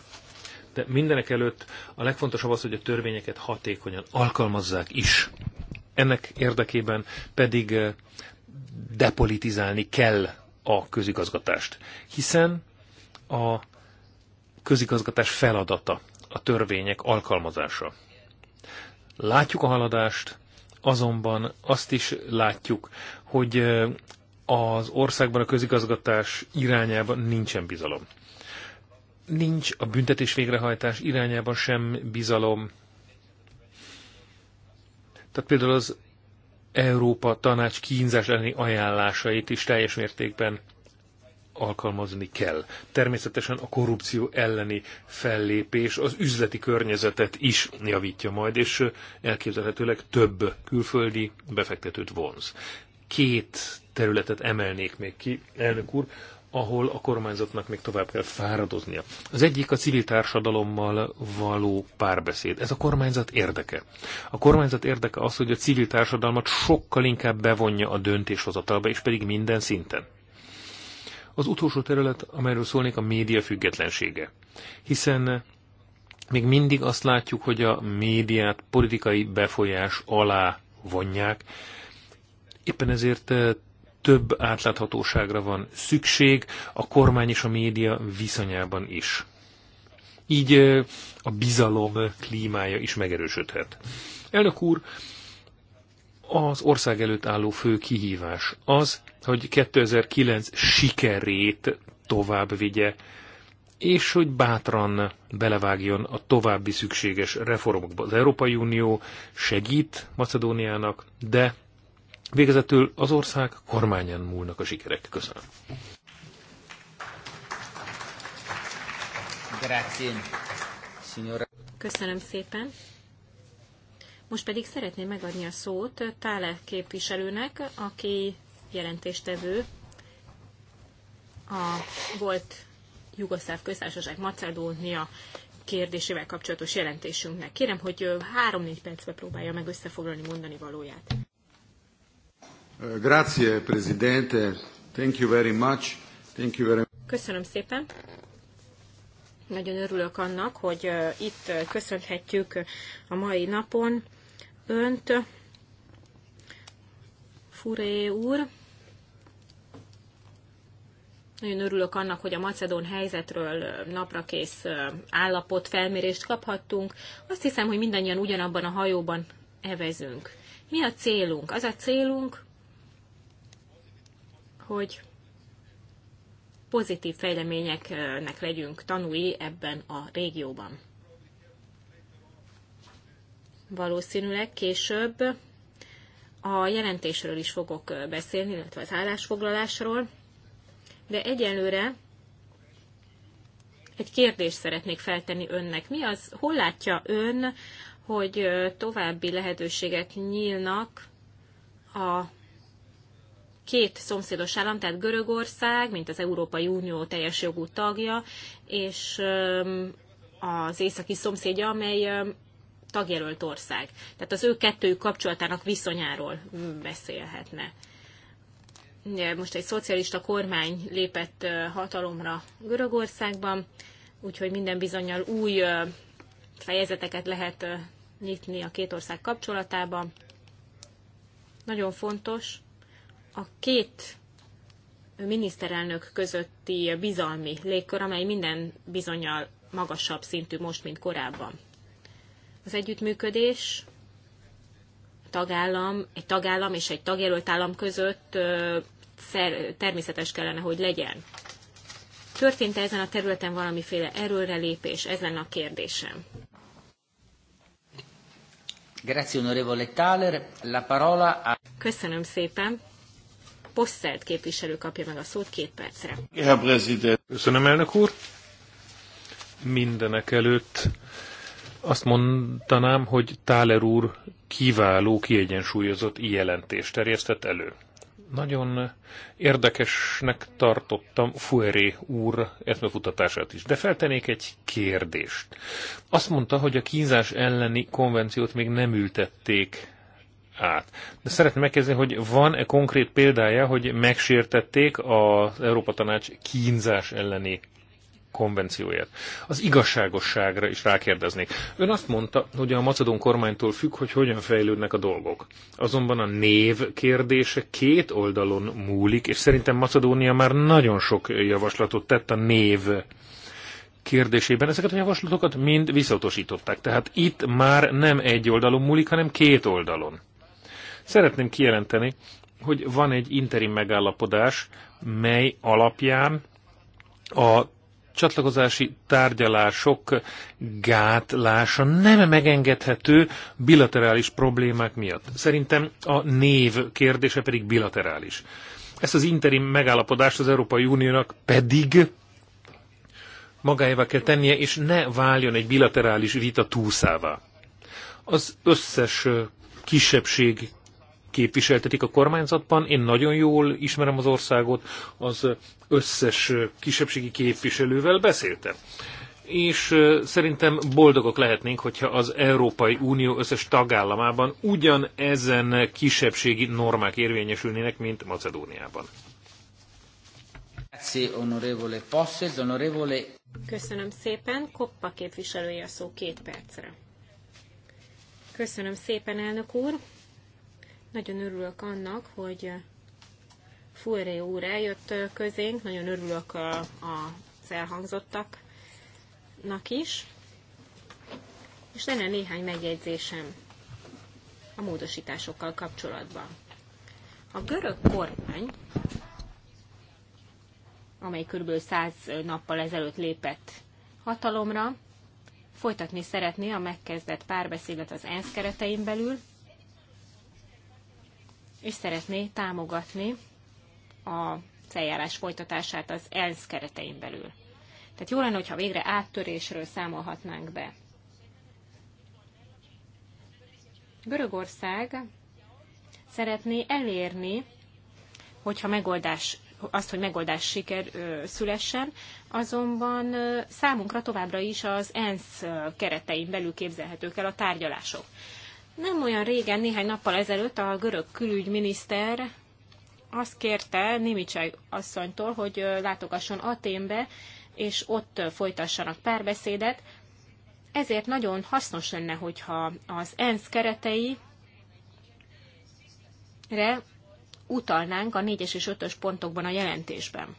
de mindenek előtt a legfontosabb az, hogy a törvényeket hatékonyan alkalmazzák is. Ennek érdekében pedig eh, depolitizálni kell a közigazgatást, hiszen a közigazgatás feladata a törvények alkalmazása. Látjuk a haladást, azonban azt is látjuk, hogy eh, az országban a közigazgatás irányában nincsen bizalom. Nincs a büntetés végrehajtás irányában sem bizalom. Tehát például az Európa Tanács kínzás elleni ajánlásait is teljes mértékben alkalmazni kell. Természetesen a korrupció elleni fellépés az üzleti környezetet is javítja majd, és elképzelhetőleg több külföldi befektetőt vonz. Két területet emelnék még ki, elnök úr, ahol a kormányzatnak még tovább kell fáradoznia. Az egyik a civil társadalommal való párbeszéd. Ez a kormányzat érdeke. A kormányzat érdeke az, hogy a civil társadalmat sokkal inkább bevonja a döntéshozatalba, és pedig minden szinten. Az utolsó terület, amelyről szólnék, a média függetlensége. Hiszen még mindig azt látjuk, hogy a médiát politikai befolyás alá vonják, éppen ezért eh, több átláthatóságra van szükség a kormány és a média viszonyában is. Így a bizalom klímája is megerősödhet. Elnök úr, az ország előtt álló fő kihívás az, hogy 2009 sikerét tovább vigye, és hogy bátran belevágjon a további szükséges reformokba. Az Európai Unió segít Macedóniának, de Végezetül az ország kormányán múlnak a sikerek. Köszönöm. Köszönöm szépen. Most pedig szeretném megadni a szót Tále képviselőnek, aki jelentéstevő a volt Jugoszláv köztársaság Macedónia kérdésével kapcsolatos jelentésünknek. Kérem, hogy 3-4 percbe próbálja meg összefoglalni mondani valóját. Uh, grazie, Presidente. Thank you very much. Thank you very Köszönöm szépen. Nagyon örülök annak, hogy uh, itt uh, köszönhetjük a mai napon önt, Furé úr. Nagyon örülök annak, hogy a macedón helyzetről naprakész állapot felmérést kaphattunk. Azt hiszem, hogy mindannyian ugyanabban a hajóban evezünk. Mi a célunk? Az a célunk, hogy pozitív fejleményeknek legyünk tanúi ebben a régióban. Valószínűleg később a jelentésről is fogok beszélni, illetve az állásfoglalásról, de egyelőre egy kérdést szeretnék feltenni önnek. Mi az, hol látja ön, hogy további lehetőségek nyílnak a két szomszédos állam, tehát Görögország, mint az Európai Unió teljes jogú tagja, és az északi szomszédja, amely tagjelölt ország. Tehát az ő kettőjük kapcsolatának viszonyáról hm, beszélhetne. Most egy szocialista kormány lépett hatalomra Görögországban, úgyhogy minden bizonyal új fejezeteket lehet nyitni a két ország kapcsolatában. Nagyon fontos, a két miniszterelnök közötti bizalmi légkör, amely minden bizonyal magasabb szintű most, mint korábban. Az együttműködés tagállam, egy tagállam és egy tagjelölt állam között természetes kellene, hogy legyen. Történt -e ezen a területen valamiféle erőrelépés? Ez lenne a kérdésem. Grazie, onorevole Thaler. La parola a... Köszönöm szépen. Posselt képviselő kapja meg a szót két percre. Köszönöm, elnök úr. Mindenek előtt azt mondanám, hogy Táler úr kiváló, kiegyensúlyozott jelentést terjesztett elő. Nagyon érdekesnek tartottam Fueré úr eszmefutatását is, de feltenék egy kérdést. Azt mondta, hogy a kínzás elleni konvenciót még nem ültették át. De szeretném megkérdezni, hogy van-e konkrét példája, hogy megsértették az Európa Tanács kínzás elleni konvencióját. Az igazságosságra is rákérdeznék. Ön azt mondta, hogy a macedón kormánytól függ, hogy hogyan fejlődnek a dolgok. Azonban a név kérdése két oldalon múlik, és szerintem Macedónia már nagyon sok javaslatot tett a név kérdésében. Ezeket a javaslatokat mind visszautasították. Tehát itt már nem egy oldalon múlik, hanem két oldalon. Szeretném kijelenteni, hogy van egy interim megállapodás, mely alapján a csatlakozási tárgyalások gátlása nem megengedhető bilaterális problémák miatt. Szerintem a név kérdése pedig bilaterális. Ezt az interim megállapodást az Európai Uniónak pedig magáévá kell tennie, és ne váljon egy bilaterális vita túlszává. Az összes kisebbség képviseltetik a kormányzatban. Én nagyon jól ismerem az országot, az összes kisebbségi képviselővel beszéltem. És szerintem boldogok lehetnénk, hogyha az Európai Unió összes tagállamában ugyan ezen kisebbségi normák érvényesülnének, mint Macedóniában. Köszönöm szépen. Koppa képviselője a szó két percre. Köszönöm szépen, elnök úr. Nagyon örülök annak, hogy Furé úr eljött közénk, nagyon örülök az elhangzottaknak is, és lenne néhány megjegyzésem a módosításokkal kapcsolatban. A görög kormány, amely kb. 100 nappal ezelőtt lépett hatalomra, folytatni szeretné a megkezdett párbeszédet az ENSZ keretein belül, és szeretné támogatni a eljárás folytatását az ENSZ keretein belül. Tehát jó lenne, hogyha végre áttörésről számolhatnánk be. Görögország szeretné elérni, hogyha megoldás, azt, hogy megoldás siker ö, szülessen, azonban ö, számunkra továbbra is az ENSZ keretein belül képzelhetők el a tárgyalások. Nem olyan régen, néhány nappal ezelőtt a görög külügyminiszter azt kérte Nimicsaj asszonytól, hogy látogasson Aténbe, és ott folytassanak párbeszédet. Ezért nagyon hasznos lenne, hogyha az ENSZ kereteire utalnánk a 4-es és 5-ös pontokban a jelentésben.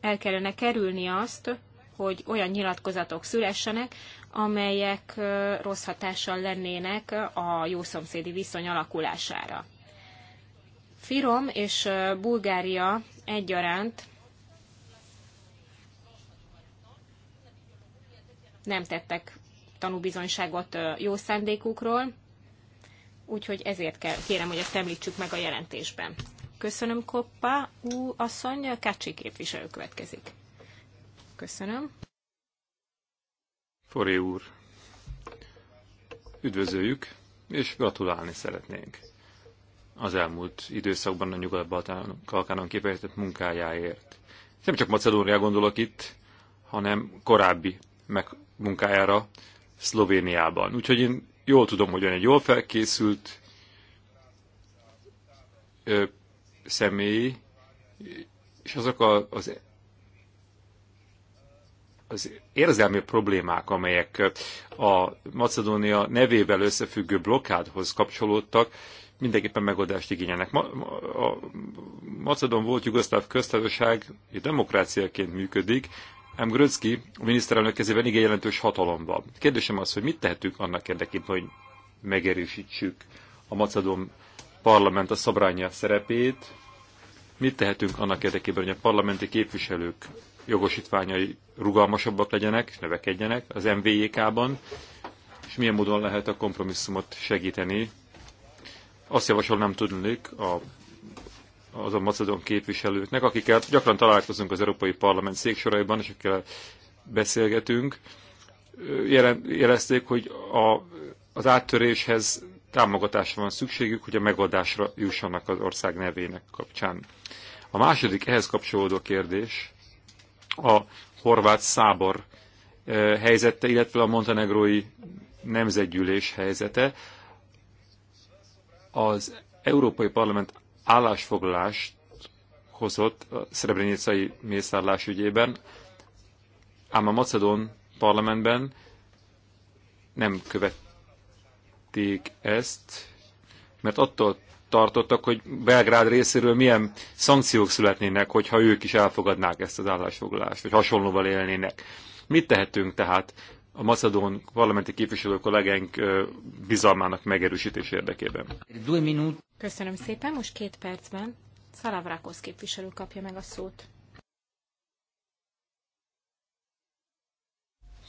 El kellene kerülni azt, hogy olyan nyilatkozatok szülessenek, amelyek rossz hatással lennének a jószomszédi viszony alakulására. Firom és Bulgária egyaránt nem tettek tanúbizonyságot jó szándékukról, úgyhogy ezért kell, kérem, hogy ezt említsük meg a jelentésben. Köszönöm, Koppa. Ú, asszony, Kácsi képviselő következik. Köszönöm. Foré úr, üdvözöljük, és gratulálni szeretnénk az elmúlt időszakban a Nyugat-Balkánon kifejezett munkájáért. Nem csak Macedóniára gondolok itt, hanem korábbi meg munkájára Szlovéniában. Úgyhogy én jól tudom, hogy ön egy jól felkészült ö, személy, és azok a, az az érzelmi problémák, amelyek a Macedónia nevével összefüggő blokkádhoz kapcsolódtak, mindenképpen megoldást igényelnek. Ma, a Macedon volt jugoszláv köztársaság egy demokráciaként működik, ám Gröcki a miniszterelnök kezében igen jelentős hatalom van. Kérdésem az, hogy mit tehetünk annak érdekében, hogy megerősítsük a Macedon parlament a szabránya szerepét, mit tehetünk annak érdekében, hogy a parlamenti képviselők jogosítványai rugalmasabbak legyenek, és növekedjenek az MVJK-ban, és milyen módon lehet a kompromisszumot segíteni. Azt javasolnám tudnék a az a macedon képviselőknek, akikkel gyakran találkozunk az Európai Parlament széksoraiban, és akikkel beszélgetünk, jelezték, hogy a, az áttöréshez támogatásra van szükségük, hogy a megoldásra jussanak az ország nevének kapcsán. A második ehhez kapcsolódó kérdés a horvát szábor eh, helyzete, illetve a montenegrói nemzetgyűlés helyzete. Az Európai Parlament állásfoglalást hozott a szrebrenicai mészárlás ügyében, ám a macedón parlamentben nem követték ezt, mert attól tartottak, hogy Belgrád részéről milyen szankciók születnének, hogyha ők is elfogadnák ezt az állásfoglalást, vagy hasonlóval élnének. Mit tehetünk tehát a macedón parlamenti képviselő kollégánk bizalmának megerősítés érdekében? Köszönöm szépen, most két percben Szalavrákosz képviselő kapja meg a szót.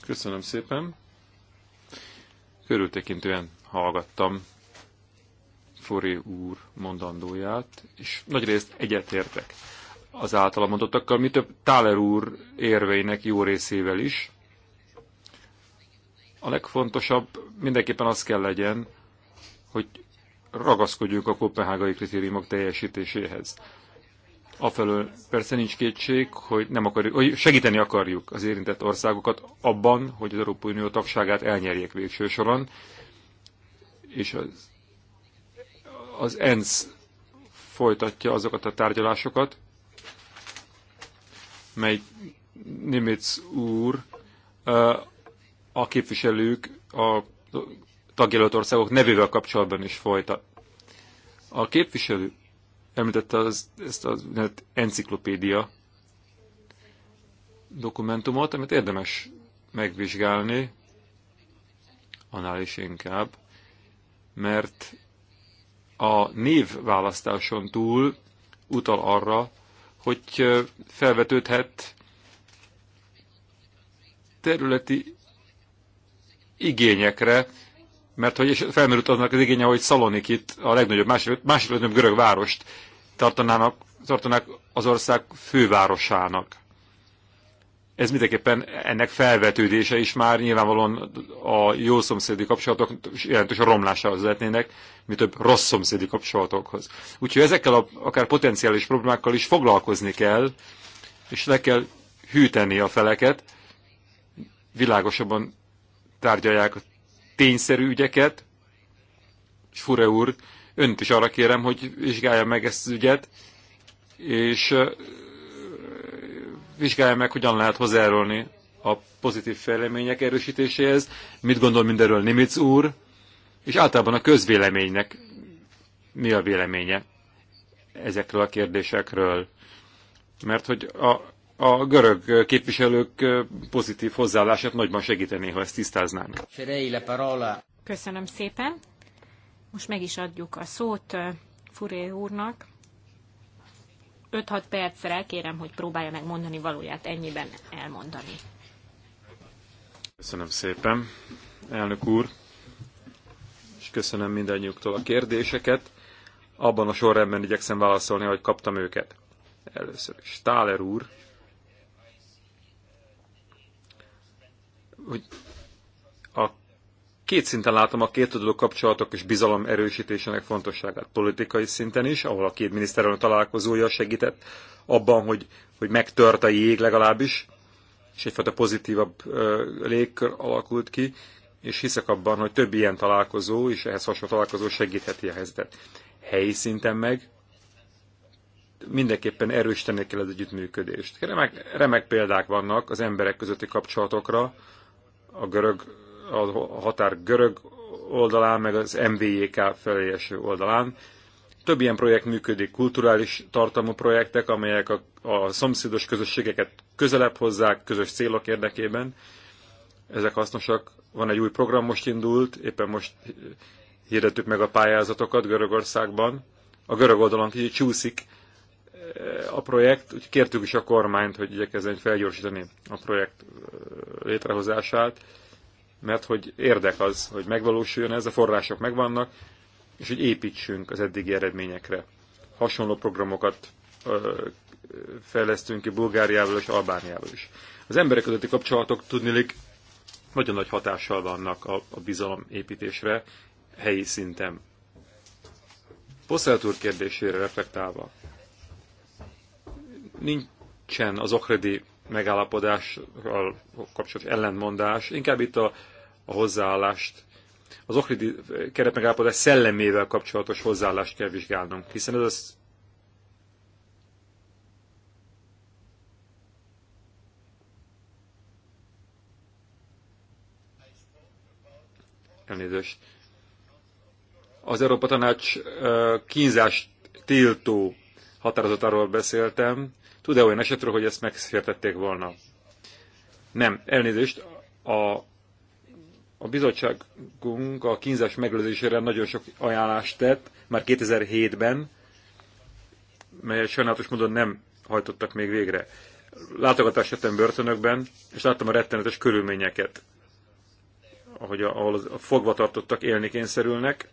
Köszönöm szépen. Körültekintően hallgattam Foré úr mondandóját, és nagyrészt egyetértek az általam mondottakkal, mi több Táler úr érveinek jó részével is. A legfontosabb mindenképpen az kell legyen, hogy ragaszkodjunk a kopenhágai kritériumok teljesítéséhez. Afelől persze nincs kétség, hogy, nem akarjuk, hogy segíteni akarjuk az érintett országokat abban, hogy az Európai Unió tagságát elnyerjék végső soron, és az az ENSZ folytatja azokat a tárgyalásokat, mely Nimitz úr a képviselők a tagjelölt országok nevével kapcsolatban is folytat. A képviselő említette az, ezt az enciklopédia dokumentumot, amit érdemes megvizsgálni, annál is inkább, mert a névválasztáson túl utal arra, hogy felvetődhet területi igényekre, mert hogy felmerült aznak az igénye, hogy Szalonikit, a legnagyobb, másik legnagyobb görög várost tartanának, tartanák az ország fővárosának ez mindenképpen ennek felvetődése is már nyilvánvalóan a jó szomszédi kapcsolatok jelentős romlásához vezetnének, mint több rossz szomszédi kapcsolatokhoz. Úgyhogy ezekkel a, akár potenciális problémákkal is foglalkozni kell, és le kell hűteni a feleket, világosabban tárgyalják a tényszerű ügyeket, és Fure úr, önt is arra kérem, hogy vizsgálja meg ezt az ügyet, és vizsgálja meg, hogyan lehet hozzájárulni a pozitív fejlemények erősítéséhez, mit gondol mindenről Nimitz úr, és általában a közvéleménynek mi a véleménye ezekről a kérdésekről. Mert hogy a, a görög képviselők pozitív hozzáállását nagyban segítené, ha ezt tisztáznánk. Köszönöm szépen. Most meg is adjuk a szót eh, Furé úrnak. 5-6 percre kérem, hogy próbálja meg mondani valóját ennyiben elmondani. Köszönöm szépen, elnök úr, és köszönöm mindannyiuktól a kérdéseket. Abban a sorrendben igyekszem válaszolni, hogy kaptam őket. Először is Stáler úr, hogy a Két szinten látom a két tudó kapcsolatok és bizalom erősítésének fontosságát. Politikai szinten is, ahol a két miniszterelnök találkozója segített abban, hogy, hogy megtört a jég legalábbis, és egyfajta pozitívabb légkör alakult ki, és hiszek abban, hogy több ilyen találkozó és ehhez hasonló találkozó segítheti a helyzetet. Helyi szinten meg mindenképpen erősíteni kell az együttműködést. Remek, remek példák vannak az emberek közötti kapcsolatokra, a görög a határ görög oldalán, meg az MVJK feléjeső oldalán. Több ilyen projekt működik, kulturális tartalmú projektek, amelyek a, a szomszédos közösségeket közelebb hozzák közös célok érdekében. Ezek hasznosak. Van egy új program, most indult, éppen most hirdettük meg a pályázatokat Görögországban. A görög oldalon kicsit csúszik eh, a projekt, úgy kértük is a kormányt, hogy igyekezzen felgyorsítani a projekt eh, létrehozását mert hogy érdek az, hogy megvalósuljon ez, a források megvannak, és hogy építsünk az eddigi eredményekre. Hasonló programokat fejlesztünk ki Bulgáriával és Albániával is. Az emberek közötti kapcsolatok tudnilik nagyon nagy hatással vannak a, a bizalom építésre helyi szinten. Poszelt úr kérdésére reflektálva, nincsen az okredi megállapodással kapcsolatos ellentmondás, inkább itt a a hozzáállást, az okridi keretmegállapodás szellemével kapcsolatos hozzáállást kell vizsgálnunk, hiszen ez az elnézést. Az Európa Tanács kínzást tiltó határozatáról beszéltem. Tud-e olyan esetről, hogy ezt megszértették volna? Nem, elnézést. A a bizottságunk a kínzás megelőzésére nagyon sok ajánlást tett, már 2007-ben, melyet sajnálatos módon nem hajtottak még végre. Látogatást tettem börtönökben, és láttam a rettenetes körülményeket, ahogy a, ahol a fogvatartottak élni kényszerülnek.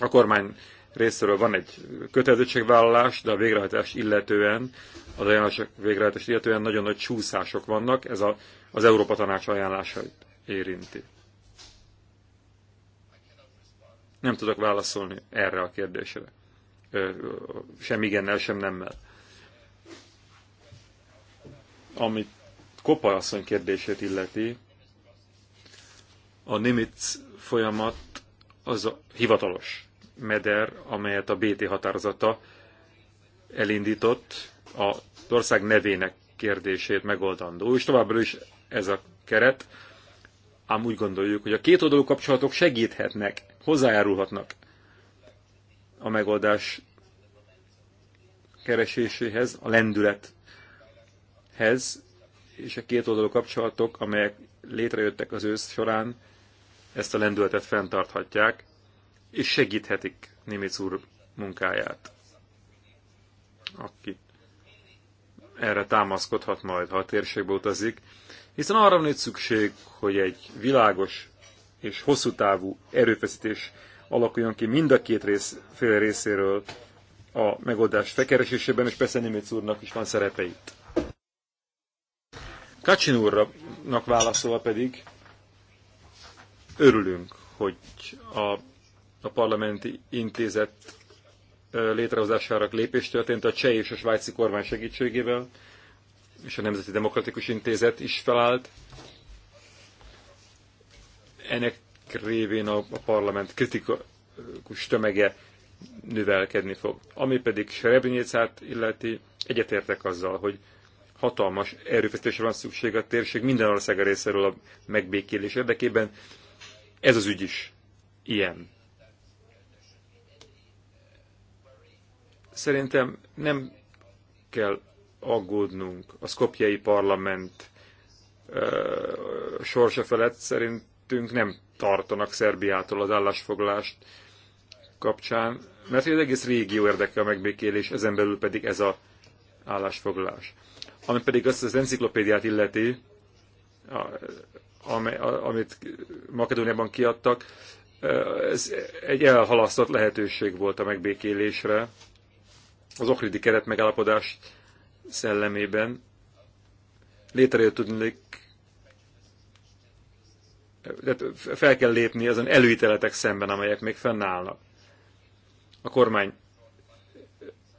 A kormány részéről van egy kötelezettségvállalás, de a végrehajtás illetően, az ajánlások végrehajtás illetően nagyon nagy csúszások vannak, ez a, az Európa Tanács ajánlásait érinti. Nem tudok válaszolni erre a kérdésre. Sem igennel, sem nemmel. Amit Kopa asszony kérdését illeti, a Nimitz folyamat az a hivatalos meder, amelyet a BT határozata elindított az ország nevének kérdését megoldandó, és továbbra is ez a keret, ám úgy gondoljuk, hogy a két oldalú kapcsolatok segíthetnek, hozzájárulhatnak a megoldás kereséséhez, a lendülethez, és a két oldalú kapcsolatok, amelyek létrejöttek az ősz során, ezt a lendületet fenntarthatják, és segíthetik Nimitz úr munkáját, aki erre támaszkodhat majd, ha a térségbe utazik, hiszen arra van itt szükség, hogy egy világos és hosszú távú erőfeszítés alakuljon ki mind a két rész, fél részéről a megoldás fekeresésében, és persze Nimitz úrnak is van szerepe itt. Kacsin úrnak válaszolva pedig örülünk, hogy a, a parlamenti intézet létrehozására lépés történt a cseh és a svájci kormány segítségével, és a Nemzeti Demokratikus Intézet is felállt. Ennek révén a, a parlament kritikus tömege növelkedni fog. Ami pedig Serebrinyécát illeti, egyetértek azzal, hogy hatalmas erőfeszítésre van szükség a térség minden ország részéről a megbékélés érdekében. Ez az ügy is ilyen. Szerintem nem kell aggódnunk. A szkopjai parlament ö, sorsa felett szerintünk nem tartanak Szerbiától az állásfoglalást kapcsán, mert az egész régió érdekel a megbékélés, ezen belül pedig ez a állásfoglalás. Ami pedig azt az enciklopédiát illeti, amit Makedóniában kiadtak, ez egy elhalasztott lehetőség volt a megbékélésre. Az okridi keret megállapodást szellemében létrejött tudni, tehát fel kell lépni azon előíteletek szemben, amelyek még fennállnak. A kormány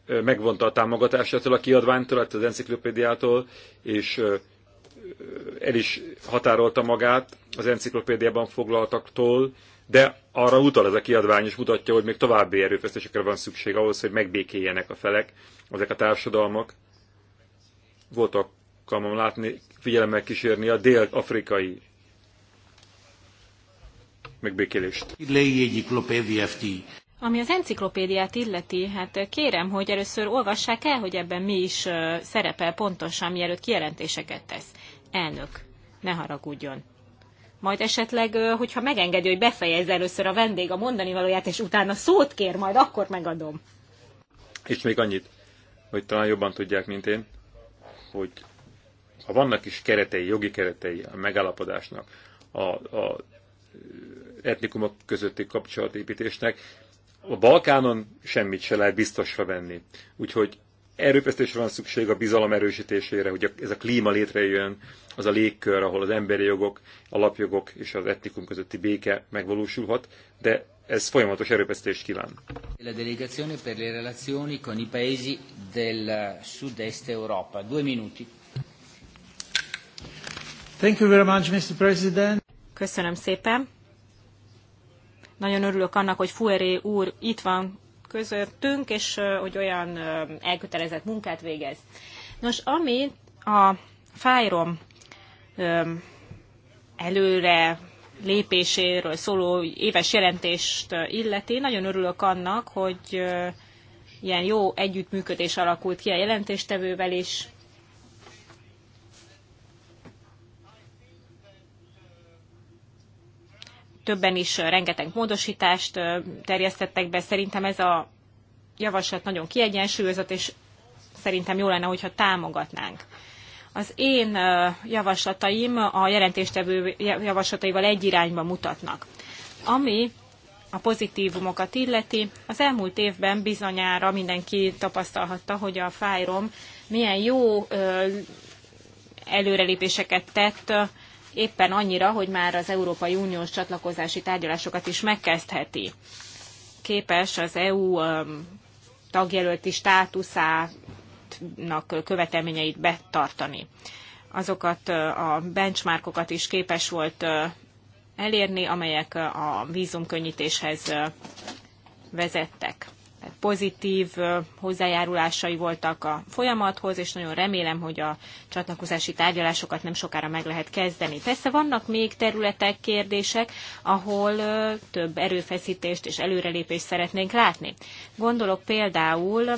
megvonta a támogatásától a kiadványtól, hát az enciklopédiától, és el is határolta magát az enciklopédiában foglaltaktól, de arra utal ez a kiadvány, és mutatja, hogy még további erőfeszítésekre van szükség ahhoz, hogy megbékéljenek a felek, ezek a társadalmak, volt alkalmam látni, figyelemmel kísérni a dél-afrikai megbékélést. Ami az enciklopédiát illeti, hát kérem, hogy először olvassák el, hogy ebben mi is szerepel pontosan, mielőtt kijelentéseket tesz. Elnök, ne haragudjon. Majd esetleg, hogyha megengedi, hogy befejezze először a vendég a mondani valóját, és utána szót kér, majd akkor megadom. És még annyit, hogy talán jobban tudják, mint én, hogy ha vannak is keretei, jogi keretei a megállapodásnak, a, a etnikumok közötti kapcsolatépítésnek, a Balkánon semmit se lehet biztosra venni. Úgyhogy erőfeszítésre van szükség a bizalom erősítésére, hogy ez a klíma létrejön, az a légkör, ahol az emberi jogok, alapjogok és az etnikum közötti béke megvalósulhat, de ez folyamatos erőfeszítést kíván. La delegazione per le relazioni con i paesi del sud-est Europa. Due minuti. Thank you very much, Mr. President. Köszönöm szépen. Nagyon örülök annak, hogy Fueré úr itt van közöttünk, és hogy olyan elkötelezett munkát végez. Nos, ami a fájrom előre lépéséről szóló éves jelentést illeti. Nagyon örülök annak, hogy ilyen jó együttműködés alakult ki a jelentéstevővel is. Többen is rengeteg módosítást terjesztettek be. Szerintem ez a javaslat nagyon kiegyensúlyozott, és szerintem jó lenne, hogyha támogatnánk. Az én javaslataim a jelentéstevő javaslataival egy irányba mutatnak. Ami a pozitívumokat illeti, az elmúlt évben bizonyára mindenki tapasztalhatta, hogy a fájrom milyen jó előrelépéseket tett, éppen annyira, hogy már az Európai Uniós csatlakozási tárgyalásokat is megkezdheti. Képes az EU tagjelölti státuszá bizottságnak követelményeit betartani. Azokat a benchmarkokat is képes volt elérni, amelyek a vízumkönnyítéshez vezettek. Pozitív hozzájárulásai voltak a folyamathoz, és nagyon remélem, hogy a csatlakozási tárgyalásokat nem sokára meg lehet kezdeni. Persze vannak még területek, kérdések, ahol több erőfeszítést és előrelépést szeretnénk látni. Gondolok például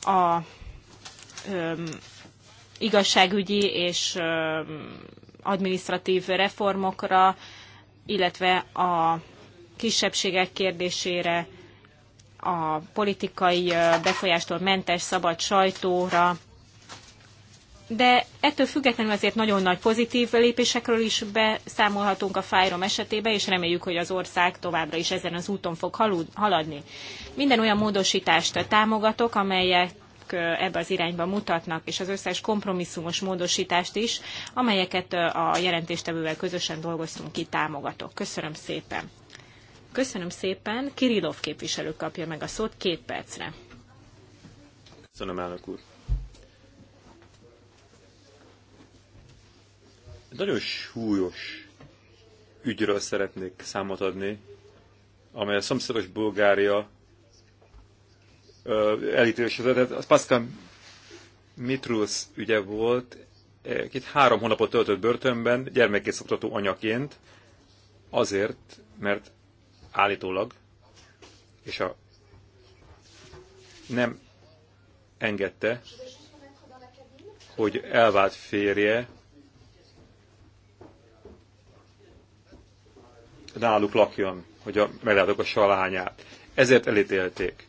a igazságügyi és administratív reformokra, illetve a kisebbségek kérdésére, a politikai befolyástól mentes szabad sajtóra, de ettől függetlenül azért nagyon nagy pozitív lépésekről is beszámolhatunk a fájrom esetébe, és reméljük, hogy az ország továbbra is ezen az úton fog haladni. Minden olyan módosítást támogatok, amelyek ebbe az irányba mutatnak, és az összes kompromisszumos módosítást is, amelyeket a jelentéstevővel közösen dolgoztunk ki, támogatok. Köszönöm szépen! Köszönöm szépen, Kirillov képviselő kapja meg a szót két percre. Köszönöm, elnök úr. Nagyon súlyos ügyről szeretnék számot adni, amely a szomszédos Bulgária elítélésre. Tehát az Pascal Mitrus ügye volt, két három hónapot töltött börtönben gyermekészoktató anyaként, azért, mert állítólag, és a nem engedte, hogy elvált férje náluk lakjon, hogy a, meglátok a salányát. Ezért elítélték.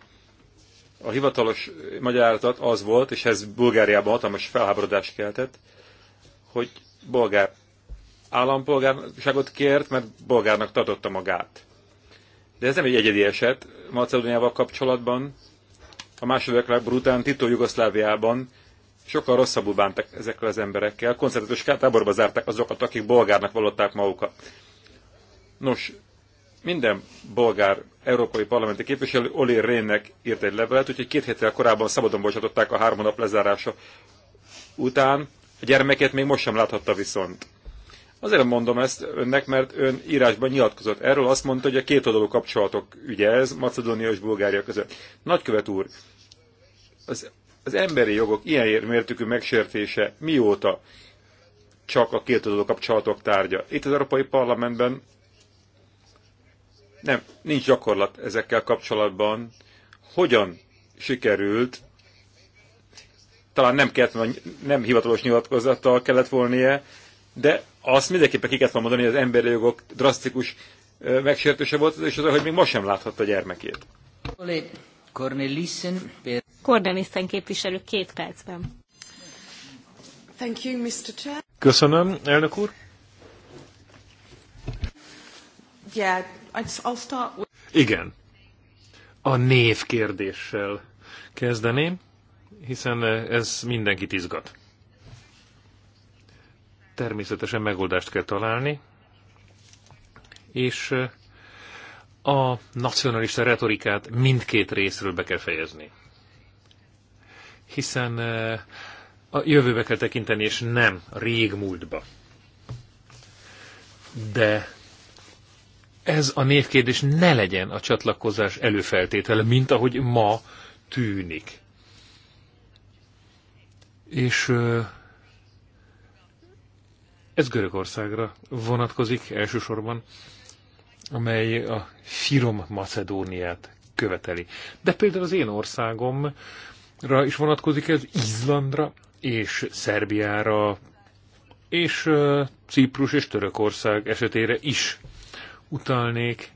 A hivatalos magyarázat az volt, és ez Bulgáriában hatalmas felháborodást keltett, hogy bolgár állampolgárságot kért, mert bolgárnak tartotta magát. De ez nem egy egyedi eset Macedóniával kapcsolatban. A második világháború Tito Jugoszláviában sokkal rosszabbul bántak ezekkel az emberekkel. Koncentrációs táborba zárták azokat, akik bolgárnak vallották magukat. Nos, minden bolgár európai parlamenti képviselő Oli Rénnek írt egy levelet, úgyhogy két héttel korábban szabadon bocsátották a három nap lezárása után. A gyermeket még most sem láthatta viszont. Azért mondom ezt önnek, mert ön írásban nyilatkozott erről, azt mondta, hogy a két oldalú kapcsolatok ügye ez, Macedónia és Bulgária között. Nagykövet úr, az, az emberi jogok ilyen mértékű megsértése mióta csak a két oldalú kapcsolatok tárgya? Itt az Európai Parlamentben nem, nincs gyakorlat ezekkel kapcsolatban. Hogyan sikerült, talán nem, kellett, nem hivatalos nyilatkozattal kellett volnie, de azt mindenképpen ki kellett mondani, hogy az emberi jogok drasztikus megsértése volt, és az, hogy még ma sem láthatta a gyermekét. Cornelissen képviselő két percben. Thank you, Mr. Chair. Köszönöm, elnök úr. Yeah, igen. A név kérdéssel kezdeném, hiszen ez mindenkit izgat. Természetesen megoldást kell találni, és a nacionalista retorikát mindkét részről be kell fejezni. Hiszen eh, a jövőbe kell tekinteni, és nem a régmúltba. De ez a névkérdés ne legyen a csatlakozás előfeltétele, mint ahogy ma tűnik. És ez Görögországra vonatkozik elsősorban, amely a Firom Macedóniát követeli. De például az én országomra is vonatkozik ez, Izlandra és Szerbiára, és Ciprus és Törökország esetére is utalnék,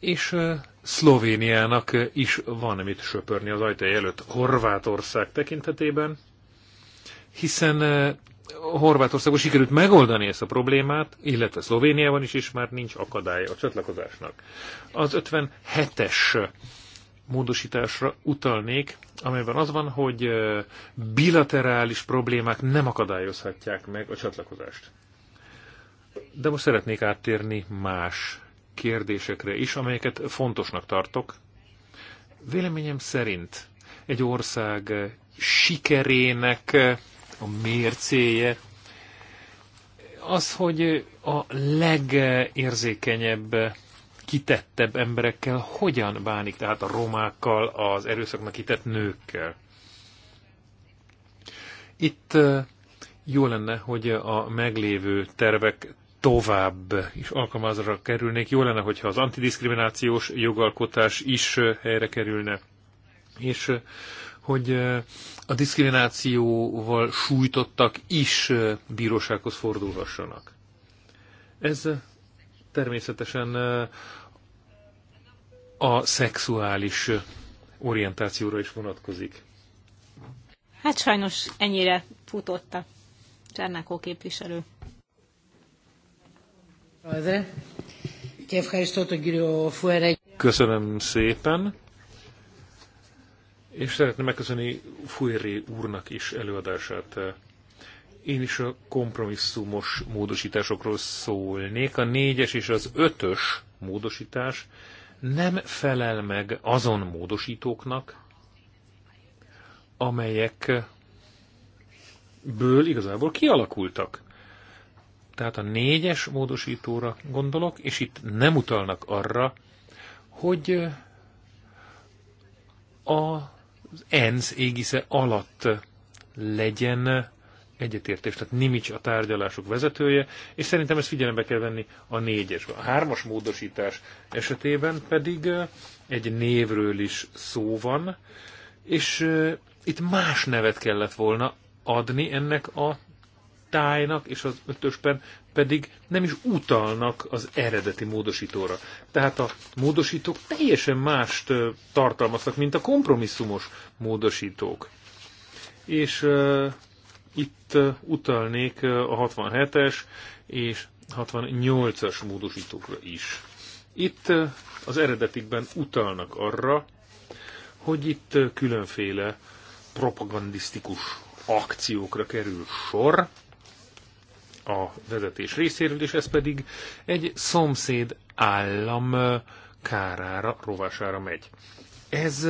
és Szlovéniának is van mit söpörni az ajtaj előtt Horvátország tekintetében, hiszen Horvátországban sikerült megoldani ezt a problémát, illetve Szlovéniában is, is már nincs akadály a csatlakozásnak. Az 57-es módosításra utalnék, amelyben az van, hogy bilaterális problémák nem akadályozhatják meg a csatlakozást. De most szeretnék áttérni más kérdésekre is, amelyeket fontosnak tartok. Véleményem szerint egy ország sikerének a mércéje az, hogy a legérzékenyebb, kitettebb emberekkel hogyan bánik, tehát a romákkal, az erőszaknak kitett nőkkel. Itt jó lenne, hogy a meglévő tervek tovább is alkalmazra kerülnék. Jó lenne, hogyha az antidiszkriminációs jogalkotás is helyre kerülne, és hogy a diszkriminációval sújtottak is bírósághoz fordulhassanak. Ez természetesen a szexuális orientációra is vonatkozik. Hát sajnos ennyire futotta Csernákó képviselő. Köszönöm szépen, és szeretném megköszönni Fuéré úrnak is előadását. Én is a kompromisszumos módosításokról szólnék. A négyes és az ötös módosítás nem felel meg azon módosítóknak, amelyekből igazából kialakultak tehát a négyes módosítóra gondolok, és itt nem utalnak arra, hogy az ENSZ égisze alatt legyen egyetértés. Tehát Nimics a tárgyalások vezetője, és szerintem ezt figyelembe kell venni a négyes, A hármas módosítás esetében pedig egy névről is szó van, és itt más nevet kellett volna adni ennek a tájnak, és az ötösben pedig nem is utalnak az eredeti módosítóra. Tehát a módosítók teljesen mást tartalmaznak, mint a kompromisszumos módosítók. És uh, itt uh, utalnék a 67-es és 68-as módosítókra is. Itt uh, az eredetikben utalnak arra, hogy itt különféle propagandisztikus akciókra kerül sor, a vezetés részéről, és ez pedig egy szomszéd állam kárára, rovására megy. Ez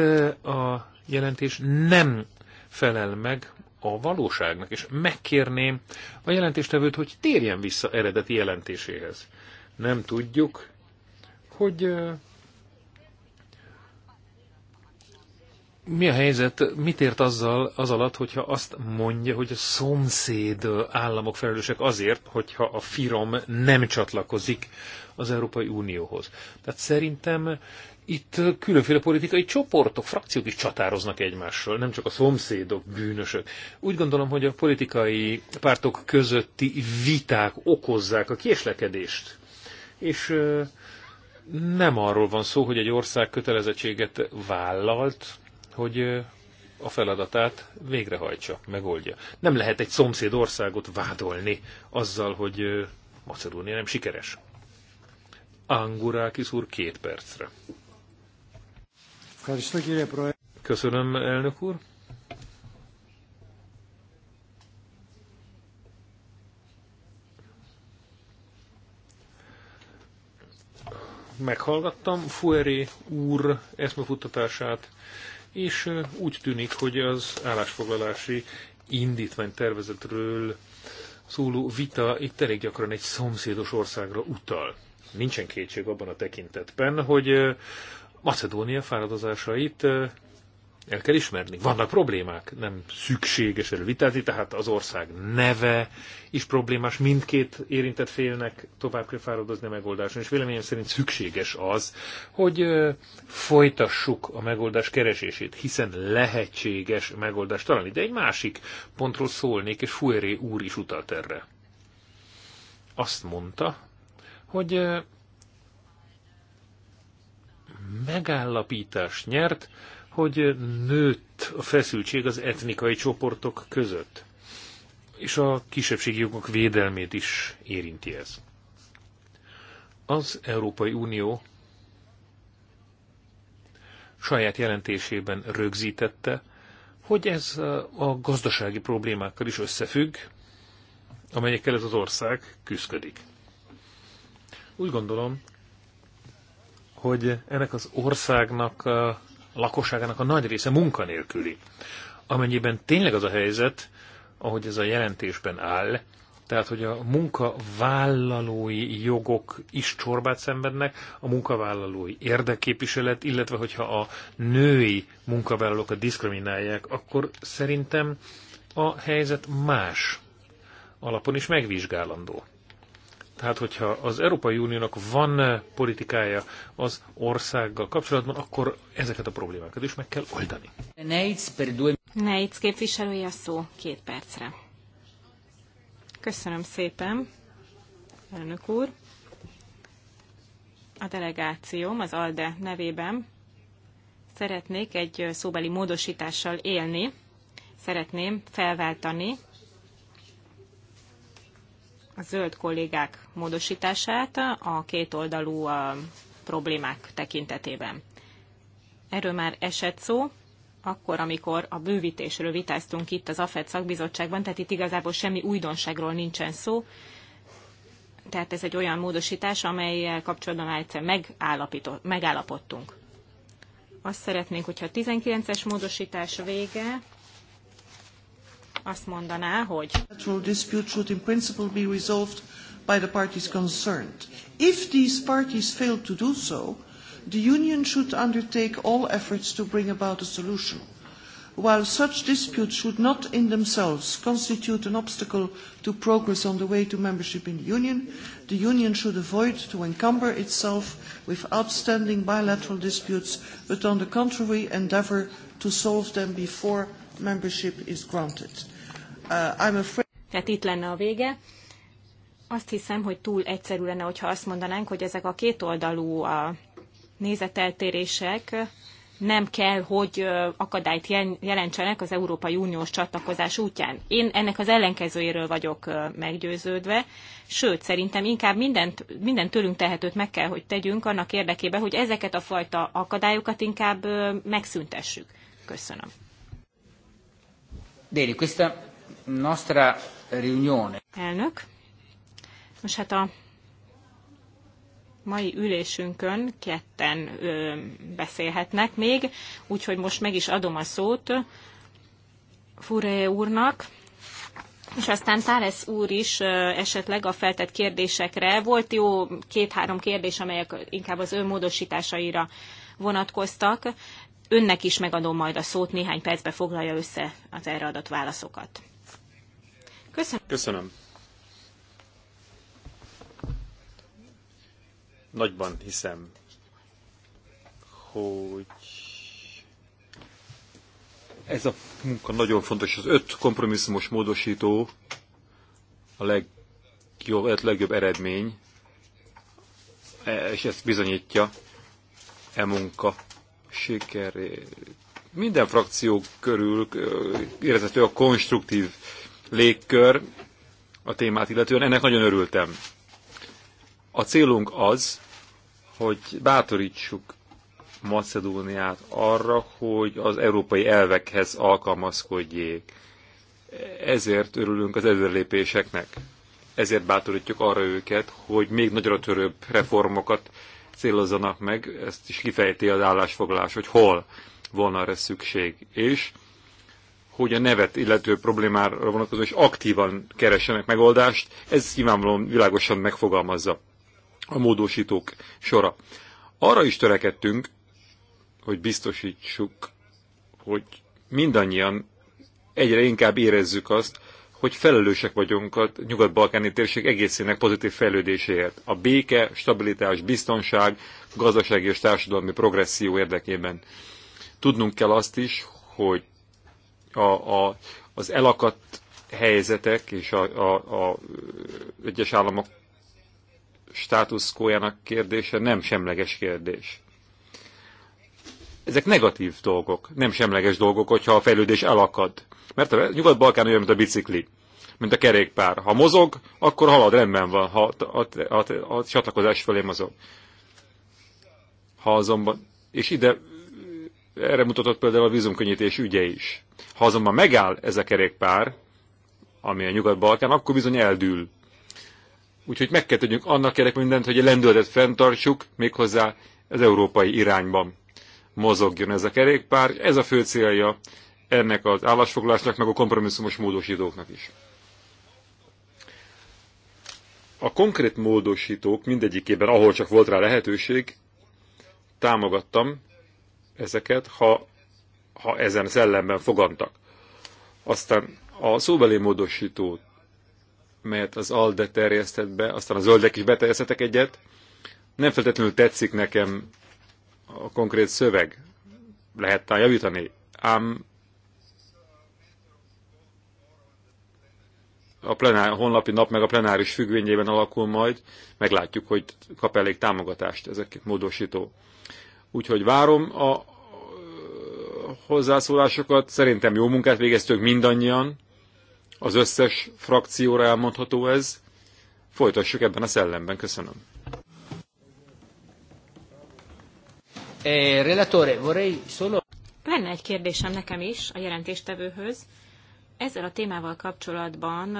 a jelentés nem felel meg a valóságnak, és megkérném a jelentéstevőt, hogy térjen vissza eredeti jelentéséhez. Nem tudjuk, hogy mi a helyzet, mit ért azzal az alatt, hogyha azt mondja, hogy a szomszéd államok felelősek azért, hogyha a firom nem csatlakozik az Európai Unióhoz. Tehát szerintem itt különféle politikai csoportok, frakciók is csatároznak egymással, nem csak a szomszédok bűnösök. Úgy gondolom, hogy a politikai pártok közötti viták okozzák a késlekedést. És nem arról van szó, hogy egy ország kötelezettséget vállalt, hogy a feladatát végrehajtsa, megoldja. Nem lehet egy szomszéd országot vádolni azzal, hogy Macedónia nem sikeres. Angurákis úr két percre. Köszönöm, elnök úr. Meghallgattam Fueri úr eszmefuttatását, és úgy tűnik, hogy az állásfoglalási indítvány tervezetről szóló vita itt elég gyakran egy szomszédos országra utal. Nincsen kétség abban a tekintetben, hogy Macedónia fáradozásait el kell ismerni. Vannak problémák, nem szükséges erről vitázni, tehát az ország neve is problémás, mindkét érintett félnek tovább kell fáradozni a megoldáson, és véleményem szerint szükséges az, hogy folytassuk a megoldás keresését, hiszen lehetséges megoldást találni. De egy másik pontról szólnék, és Fueré úr is utalt erre. Azt mondta, hogy megállapítás nyert, hogy nőtt a feszültség az etnikai csoportok között, és a kisebbségi jogok védelmét is érinti ez. Az Európai Unió saját jelentésében rögzítette, hogy ez a gazdasági problémákkal is összefügg, amelyekkel ez az ország küzdik. Úgy gondolom, hogy ennek az országnak lakosságának a nagy része munkanélküli. Amennyiben tényleg az a helyzet, ahogy ez a jelentésben áll, tehát, hogy a munkavállalói jogok is csorbát szenvednek, a munkavállalói érdekképviselet, illetve hogyha a női munkavállalókat diszkriminálják, akkor szerintem a helyzet más alapon is megvizsgálandó. Tehát, hogyha az Európai Uniónak van eh, politikája az országgal kapcsolatban, akkor ezeket a problémákat is meg kell oldani. Neitz képviselője a szó két percre. Köszönöm szépen, elnök úr. A delegációm az ALDE nevében szeretnék egy eh, szóbeli módosítással élni. Szeretném felváltani a zöld kollégák módosítását a kétoldalú problémák tekintetében. Erről már esett szó, akkor, amikor a bővítésről vitáztunk itt az AFED szakbizottságban, tehát itt igazából semmi újdonságról nincsen szó, tehát ez egy olyan módosítás, amelyel kapcsolatban már egyszer megállapodtunk. Azt szeretnénk, hogyha a 19-es módosítás vége azt mondaná, hogy by the parties concerned. If these parties fail to do so, the Union should undertake all efforts to bring about a solution. While such disputes should not in themselves constitute an obstacle to progress on the way to membership in the Union, the Union should avoid to encumber itself with outstanding bilateral disputes, but on the contrary endeavour to solve them before membership is granted. Uh, Tehát itt lenne a vége. Azt hiszem, hogy túl egyszerű lenne, hogyha azt mondanánk, hogy ezek a kétoldalú a nézeteltérések nem kell, hogy akadályt jelentsenek az Európai Uniós csatlakozás útján. Én ennek az ellenkezőjéről vagyok meggyőződve, sőt, szerintem inkább mindent, minden tőlünk tehetőt meg kell, hogy tegyünk annak érdekében, hogy ezeket a fajta akadályokat inkább megszüntessük. Köszönöm. Déli, questa nostra riunione. Elnök, most hát a mai ülésünkön ketten ö, beszélhetnek még, úgyhogy most meg is adom a szót Fure úrnak, és aztán Táresz úr is esetleg a feltett kérdésekre. Volt jó két-három kérdés, amelyek inkább az ő módosításaira vonatkoztak. Önnek is megadom majd a szót, néhány percbe foglalja össze az erre adott válaszokat. Köszönöm. Köszönöm. Nagyban hiszem, hogy ez a munka nagyon fontos. Az öt kompromisszumos módosító a legjobb, a legjobb eredmény, és ezt bizonyítja e munka sikerét. Minden frakció körül érezhető a konstruktív légkör a témát illetően. Ennek nagyon örültem. A célunk az, hogy bátorítsuk Macedóniát arra, hogy az európai elvekhez alkalmazkodjék. Ezért örülünk az előrelépéseknek. Ezért bátorítjuk arra őket, hogy még nagyra törőbb reformokat célozzanak meg, ezt is kifejti az állásfoglalás, hogy hol van erre szükség. És hogy a nevet illető problémára vonatkozóan is aktívan keressenek megoldást, ez nyilvánvalóan világosan megfogalmazza a módosítók sora. Arra is törekedtünk, hogy biztosítsuk, hogy mindannyian egyre inkább érezzük azt, hogy felelősek vagyunk a nyugat-balkáni térség egészének pozitív fejlődéséért. A béke, stabilitás, biztonság, gazdasági és társadalmi progresszió érdekében. Tudnunk kell azt is, hogy a, a, az elakadt helyzetek és a, a, a egyes államok státuszkójának kérdése nem semleges kérdés. Ezek negatív dolgok, nem semleges dolgok, hogyha a fejlődés elakad. Mert a Nyugat-Balkán olyan, mint a bicikli, mint a kerékpár. Ha mozog, akkor halad, rendben van, ha a, a, a, a csatlakozás felé mozog. Ha azonban, és ide erre mutatott például a vízumkönnyítés ügye is. Ha azonban megáll ez a kerékpár, ami a Nyugat-Balkán, akkor bizony eldül. Úgyhogy meg kell tegyünk annak kerek mindent, hogy a lendületet fenntartsuk, méghozzá az európai irányban mozogjon ez a kerékpár. Ez a fő célja ennek az állásfoglalásnak, meg a kompromisszumos módosítóknak is. A konkrét módosítók mindegyikében, ahol csak volt rá lehetőség, támogattam ezeket, ha, ha ezen szellemben fogantak. Aztán a szóbeli módosítót, melyet az ALDE terjesztett be, aztán a zöldek is beterjesztettek egyet, nem feltétlenül tetszik nekem a konkrét szöveg, lehet talán javítani, ám a plenár, a honlapi nap meg a plenáris függvényében alakul majd, meglátjuk, hogy kap elég támogatást ezek módosító Úgyhogy várom a hozzászólásokat. Szerintem jó munkát végeztünk mindannyian. Az összes frakcióra elmondható ez. Folytassuk ebben a szellemben. Köszönöm. Eh, relatore, Lenne egy kérdésem nekem is a jelentéstevőhöz. Ezzel a témával kapcsolatban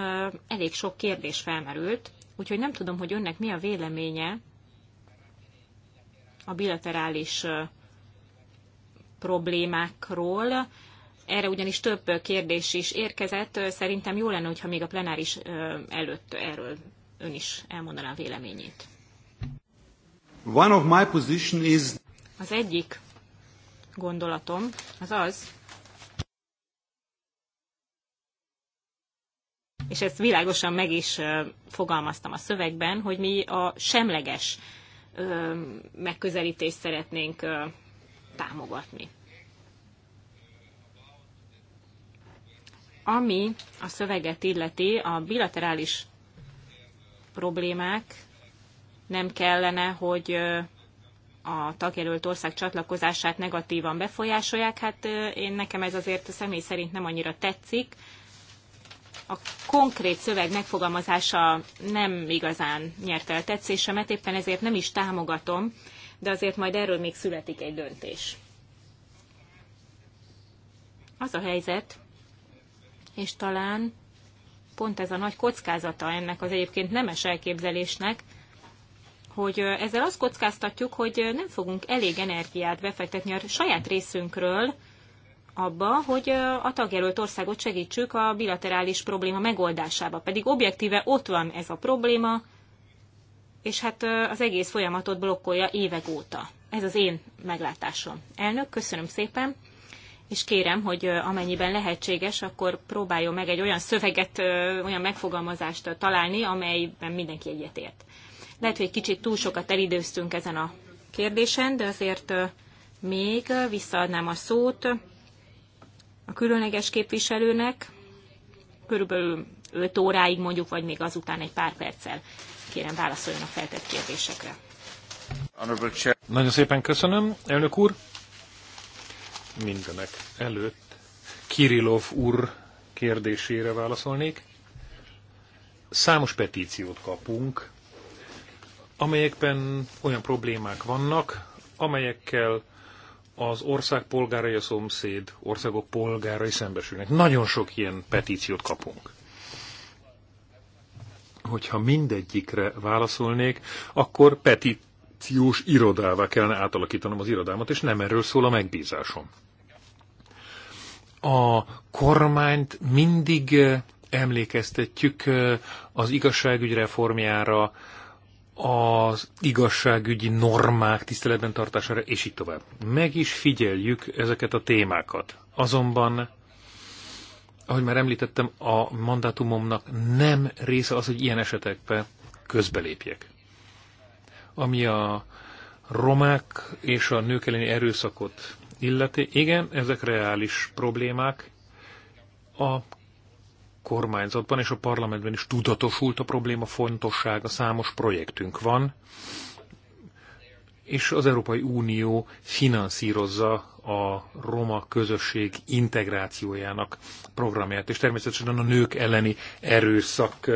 elég sok kérdés felmerült, úgyhogy nem tudom, hogy önnek mi a véleménye a bilaterális problémákról. Erre ugyanis több kérdés is érkezett. Szerintem jó lenne, hogyha még a plenáris előtt erről ön is elmondaná a véleményét. One of my position is... Az egyik gondolatom az az, és ezt világosan meg is fogalmaztam a szövegben, hogy mi a semleges megközelítést szeretnénk támogatni. Ami a szöveget illeti, a bilaterális problémák nem kellene, hogy a tagjelölt ország csatlakozását negatívan befolyásolják. Hát én nekem ez azért a személy szerint nem annyira tetszik, a konkrét szöveg megfogalmazása nem igazán nyerte el tetszésemet, éppen ezért nem is támogatom, de azért majd erről még születik egy döntés. Az a helyzet, és talán pont ez a nagy kockázata ennek az egyébként nemes elképzelésnek, hogy ezzel azt kockáztatjuk, hogy nem fogunk elég energiát befektetni a saját részünkről, abba, hogy a tagjelölt országot segítsük a bilaterális probléma megoldásába. Pedig objektíve ott van ez a probléma, és hát az egész folyamatot blokkolja évek óta. Ez az én meglátásom. Elnök, köszönöm szépen, és kérem, hogy amennyiben lehetséges, akkor próbáljon meg egy olyan szöveget, olyan megfogalmazást találni, amelyben mindenki egyetért. Lehet, hogy egy kicsit túl sokat elidőztünk ezen a kérdésen, de azért még visszaadnám a szót a különleges képviselőnek, körülbelül 5 óráig mondjuk, vagy még azután egy pár perccel kérem válaszoljon a feltett kérdésekre. Nagyon szépen köszönöm, elnök úr. Mindenek előtt Kirilov úr kérdésére válaszolnék. Számos petíciót kapunk, amelyekben olyan problémák vannak, amelyekkel az ország polgárai, a szomszéd országok polgárai szembesülnek. Nagyon sok ilyen petíciót kapunk. Hogyha mindegyikre válaszolnék, akkor petíciós irodává kellene átalakítanom az irodámat, és nem erről szól a megbízásom. A kormányt mindig eh, emlékeztetjük eh, az igazságügy reformjára, az igazságügyi normák tiszteletben tartására, és így tovább. Meg is figyeljük ezeket a témákat. Azonban, ahogy már említettem, a mandátumomnak nem része az, hogy ilyen esetekbe közbelépjek. Ami a romák és a nők elleni erőszakot illeti, igen, ezek reális problémák. A kormányzatban és a parlamentben is tudatosult a probléma fontossága, számos projektünk van, és az Európai Unió finanszírozza a roma közösség integrációjának programját, és természetesen a nők elleni erőszak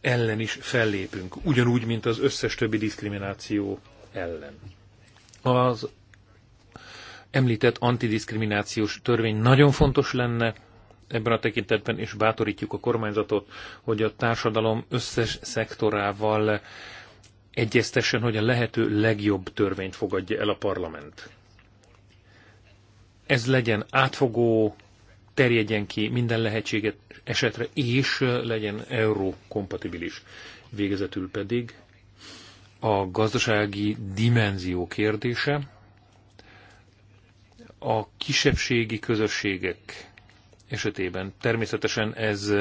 ellen is fellépünk, ugyanúgy, mint az összes többi diszkrimináció ellen. Az említett antidiszkriminációs törvény nagyon fontos lenne, ebben a tekintetben, és bátorítjuk a kormányzatot, hogy a társadalom összes szektorával egyeztessen, hogy a lehető legjobb törvényt fogadja el a parlament. Ez legyen átfogó, terjedjen ki minden lehetséget esetre, és legyen eurókompatibilis. Végezetül pedig a gazdasági dimenzió kérdése. A kisebbségi közösségek esetében. Természetesen ez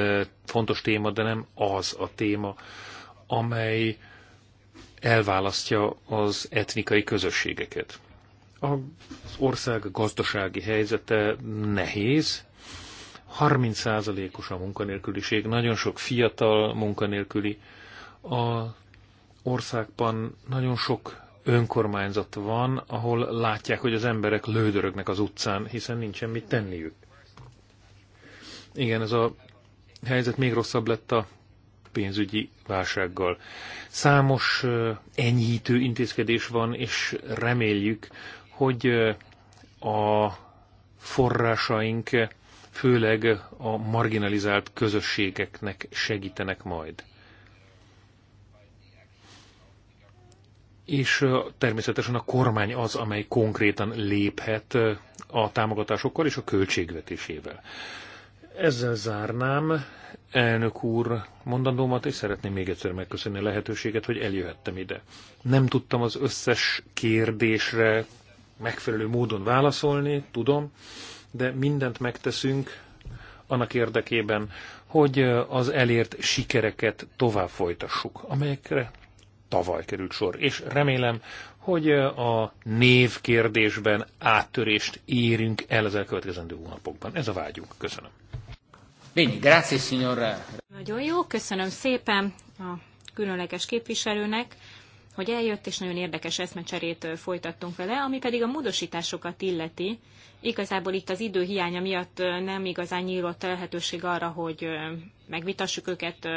fontos téma, de nem az a téma, amely elválasztja az etnikai közösségeket. Az ország gazdasági helyzete nehéz, 30%-os a munkanélküliség, nagyon sok fiatal munkanélküli. A országban nagyon sok önkormányzat van, ahol látják, hogy az emberek lődörögnek az utcán, hiszen nincsen mit tenniük. Igen, ez a helyzet még rosszabb lett a pénzügyi válsággal. Számos enyhítő intézkedés van, és reméljük, hogy a forrásaink főleg a marginalizált közösségeknek segítenek majd. És természetesen a kormány az, amely konkrétan léphet a támogatásokkal és a költségvetésével. Ezzel zárnám elnök úr mondandómat, és szeretném még egyszer megköszönni a lehetőséget, hogy eljöhettem ide. Nem tudtam az összes kérdésre megfelelő módon válaszolni, tudom, de mindent megteszünk annak érdekében, hogy az elért sikereket tovább folytassuk, amelyekre tavaly került sor. És remélem, hogy a név kérdésben áttörést érünk el az elkövetkezendő hónapokban. Ez a vágyunk. Köszönöm. Bene, grazie signor. Nagyon jó, köszönöm szépen a különleges képviselőnek, hogy eljött, és nagyon érdekes eszmecserét folytattunk vele, ami pedig a módosításokat illeti. Igazából itt az idő hiánya miatt nem igazán nyílott lehetőség arra, hogy megvitassuk őket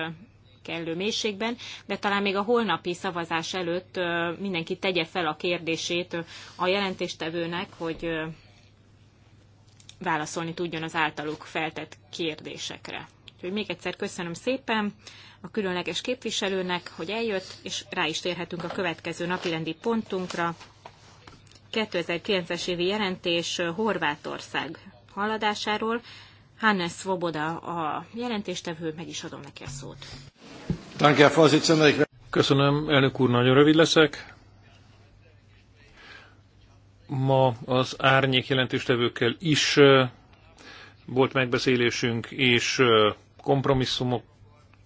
kellő mélységben, de talán még a holnapi szavazás előtt mindenki tegye fel a kérdését a jelentéstevőnek, hogy válaszolni tudjon az általuk feltett kérdésekre. Úgyhogy még egyszer köszönöm szépen a különleges képviselőnek, hogy eljött, és rá is térhetünk a következő napirendi pontunkra. 2009-es évi jelentés Horvátország haladásáról. Hannes Svoboda a jelentéstevő, meg is adom neki a szót. Köszönöm, elnök úr, nagyon rövid leszek ma az árnyék jelentéstevőkkel is volt megbeszélésünk, és kompromisszumok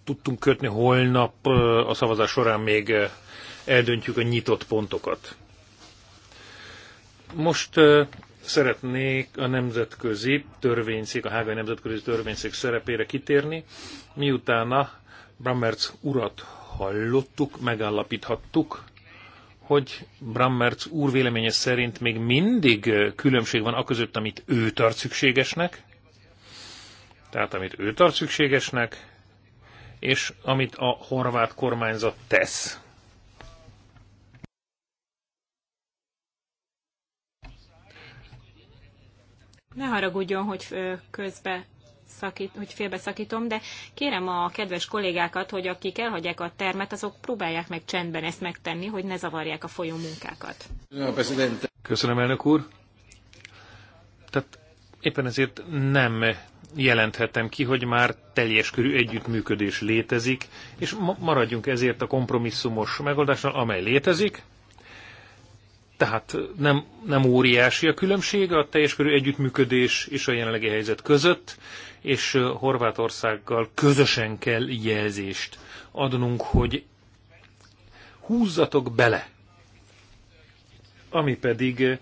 tudtunk kötni. Holnap a szavazás során még eldöntjük a nyitott pontokat. Most szeretnék a nemzetközi törvényszék, a Hágai Nemzetközi Törvényszék szerepére kitérni, miután a Brammertz urat hallottuk, megállapíthattuk, hogy Brammertz úr véleménye szerint még mindig különbség van aközött, amit ő tart szükségesnek, tehát amit ő tart szükségesnek, és amit a horvát kormányzat tesz. Ne haragudjon, hogy közbe szakít, hogy félbeszakítom, de kérem a kedves kollégákat, hogy akik elhagyják a termet, azok próbálják meg csendben ezt megtenni, hogy ne zavarják a folyó munkákat. Köszönöm, elnök úr. Tehát éppen ezért nem jelenthetem ki, hogy már teljes körű együttműködés létezik, és maradjunk ezért a kompromisszumos megoldásnál, amely létezik. Tehát nem, nem óriási a különbség a teljes körű együttműködés és a jelenlegi helyzet között, és Horvátországgal közösen kell jelzést adnunk, hogy húzzatok bele. Ami pedig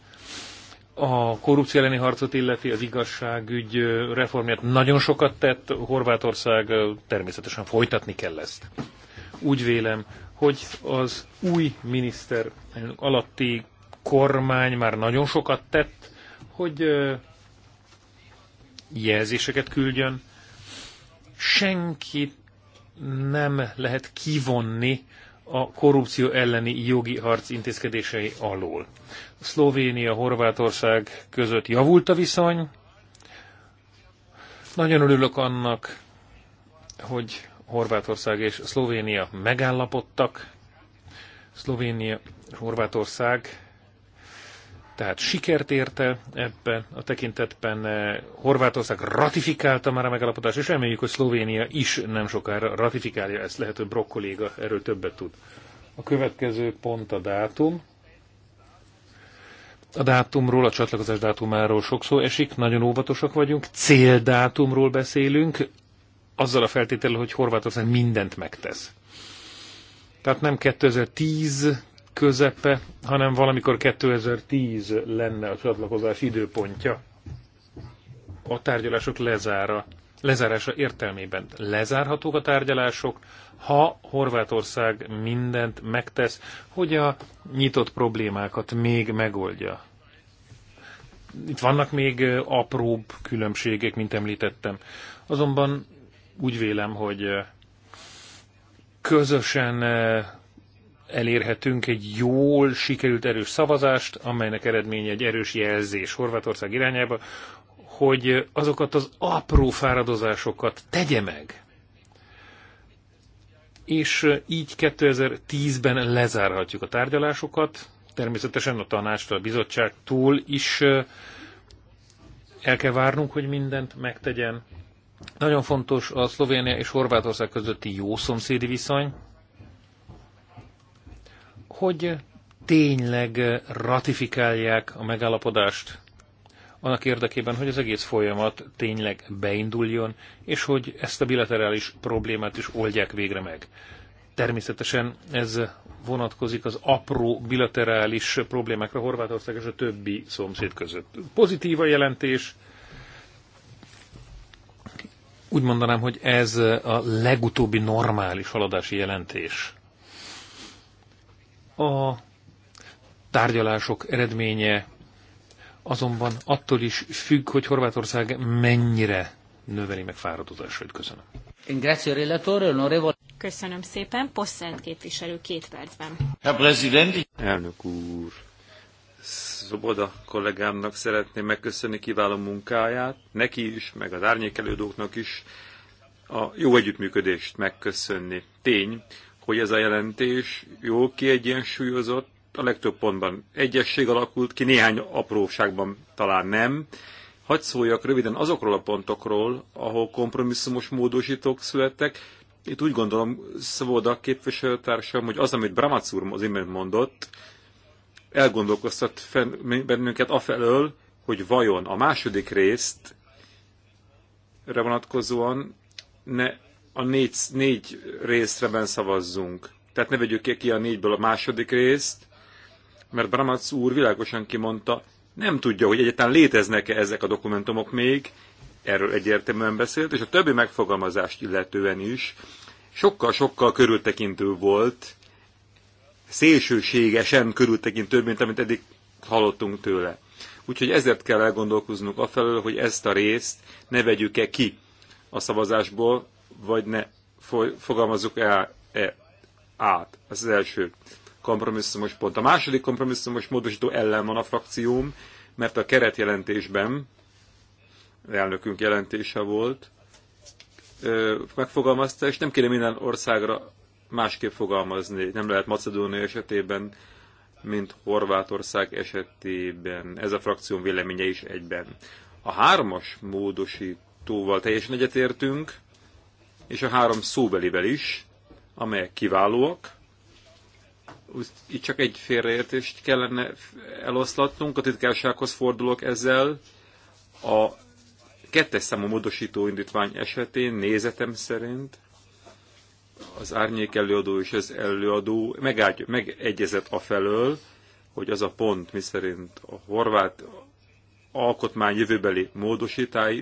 a korrupció elleni harcot illeti, az igazságügy reformját nagyon sokat tett, Horvátország természetesen folytatni kell ezt. Úgy vélem, hogy az új miniszter alatti kormány már nagyon sokat tett, hogy jelzéseket küldjön. Senkit nem lehet kivonni a korrupció elleni jogi harc intézkedései alól. Szlovénia-Horvátország között javult a viszony. Nagyon örülök annak, hogy Horvátország és Szlovénia megállapodtak. Szlovénia, Horvátország tehát sikert érte ebben a tekintetben. Eh, Horvátország ratifikálta már a megalapodást, és reméljük, hogy Szlovénia is nem sokára ratifikálja ezt. Lehet, hogy Brock kolléga erről többet tud. A következő pont a dátum. A dátumról, a csatlakozás dátumáról sok szó esik, nagyon óvatosak vagyunk. Céldátumról beszélünk, azzal a feltétellel, hogy Horvátország mindent megtesz. Tehát nem 2010 közepe, hanem valamikor 2010 lenne a csatlakozás időpontja. A tárgyalások lezára, lezárása értelmében lezárhatók a tárgyalások, ha Horvátország mindent megtesz, hogy a nyitott problémákat még megoldja. Itt vannak még apróbb különbségek, mint említettem. Azonban úgy vélem, hogy közösen elérhetünk egy jól sikerült erős szavazást, amelynek eredménye egy erős jelzés Horvátország irányába, hogy azokat az apró fáradozásokat tegye meg. És így 2010-ben lezárhatjuk a tárgyalásokat, természetesen a tanácstól, a bizottságtól is el kell várnunk, hogy mindent megtegyen. Nagyon fontos a Szlovénia és Horvátország közötti jó szomszédi viszony, hogy tényleg ratifikálják a megállapodást annak érdekében, hogy az egész folyamat tényleg beinduljon, és hogy ezt a bilaterális problémát is oldják végre meg. Természetesen ez vonatkozik az apró bilaterális problémákra Horvátország és a többi szomszéd között. Pozitív a jelentés. Úgy mondanám, hogy ez a legutóbbi normális haladási jelentés. A tárgyalások eredménye azonban attól is függ, hogy Horvátország mennyire növeli meg fáradozásait. Köszönöm. Köszönöm szépen. Posszent képviselő két percben. Herr Präsident! Elnök úr! Szoboda kollégámnak szeretném megköszönni kiváló munkáját, neki is, meg az árnyékelődóknak is a jó együttműködést megköszönni. Tény, hogy ez a jelentés jó kiegyensúlyozott, a legtöbb pontban egyesség alakult ki, néhány apróságban talán nem. Hadd szóljak röviden azokról a pontokról, ahol kompromisszumos módosítók születtek. Itt úgy gondolom, Szvoda képviselőtársam, hogy az, amit Bramac úr az imént mondott, elgondolkoztat bennünket afelől, hogy vajon a második részt vonatkozóan ne a négy, négy részreben szavazzunk. Tehát ne vegyük ki a négyből a második részt, mert Bramac úr világosan kimondta, nem tudja, hogy egyáltalán léteznek-e ezek a dokumentumok még, erről egyértelműen beszélt, és a többi megfogalmazást illetően is sokkal-sokkal körültekintő volt, szélsőségesen körültekintő, mint amit eddig hallottunk tőle. Úgyhogy ezért kell elgondolkoznunk afelől, hogy ezt a részt ne vegyük-e ki a szavazásból, vagy ne fogalmazzuk el -e át. Ez az első kompromisszumos pont. A második kompromisszumos módosító ellen van a frakcióm, mert a keretjelentésben, elnökünk jelentése volt, megfogalmazta, és nem kéne minden országra másképp fogalmazni. Nem lehet Macedónia esetében, mint Horvátország esetében. Ez a frakció véleménye is egyben. A hármas módosítóval teljesen egyetértünk, és a három szóbelivel is, amelyek kiválóak. Itt csak egy félreértést kellene eloszlatnunk, a titkársághoz fordulok ezzel. A kettes számú módosító indítvány esetén nézetem szerint az árnyék előadó és az előadó megágy, megegyezett felől, hogy az a pont, miszerint a horvát alkotmány jövőbeli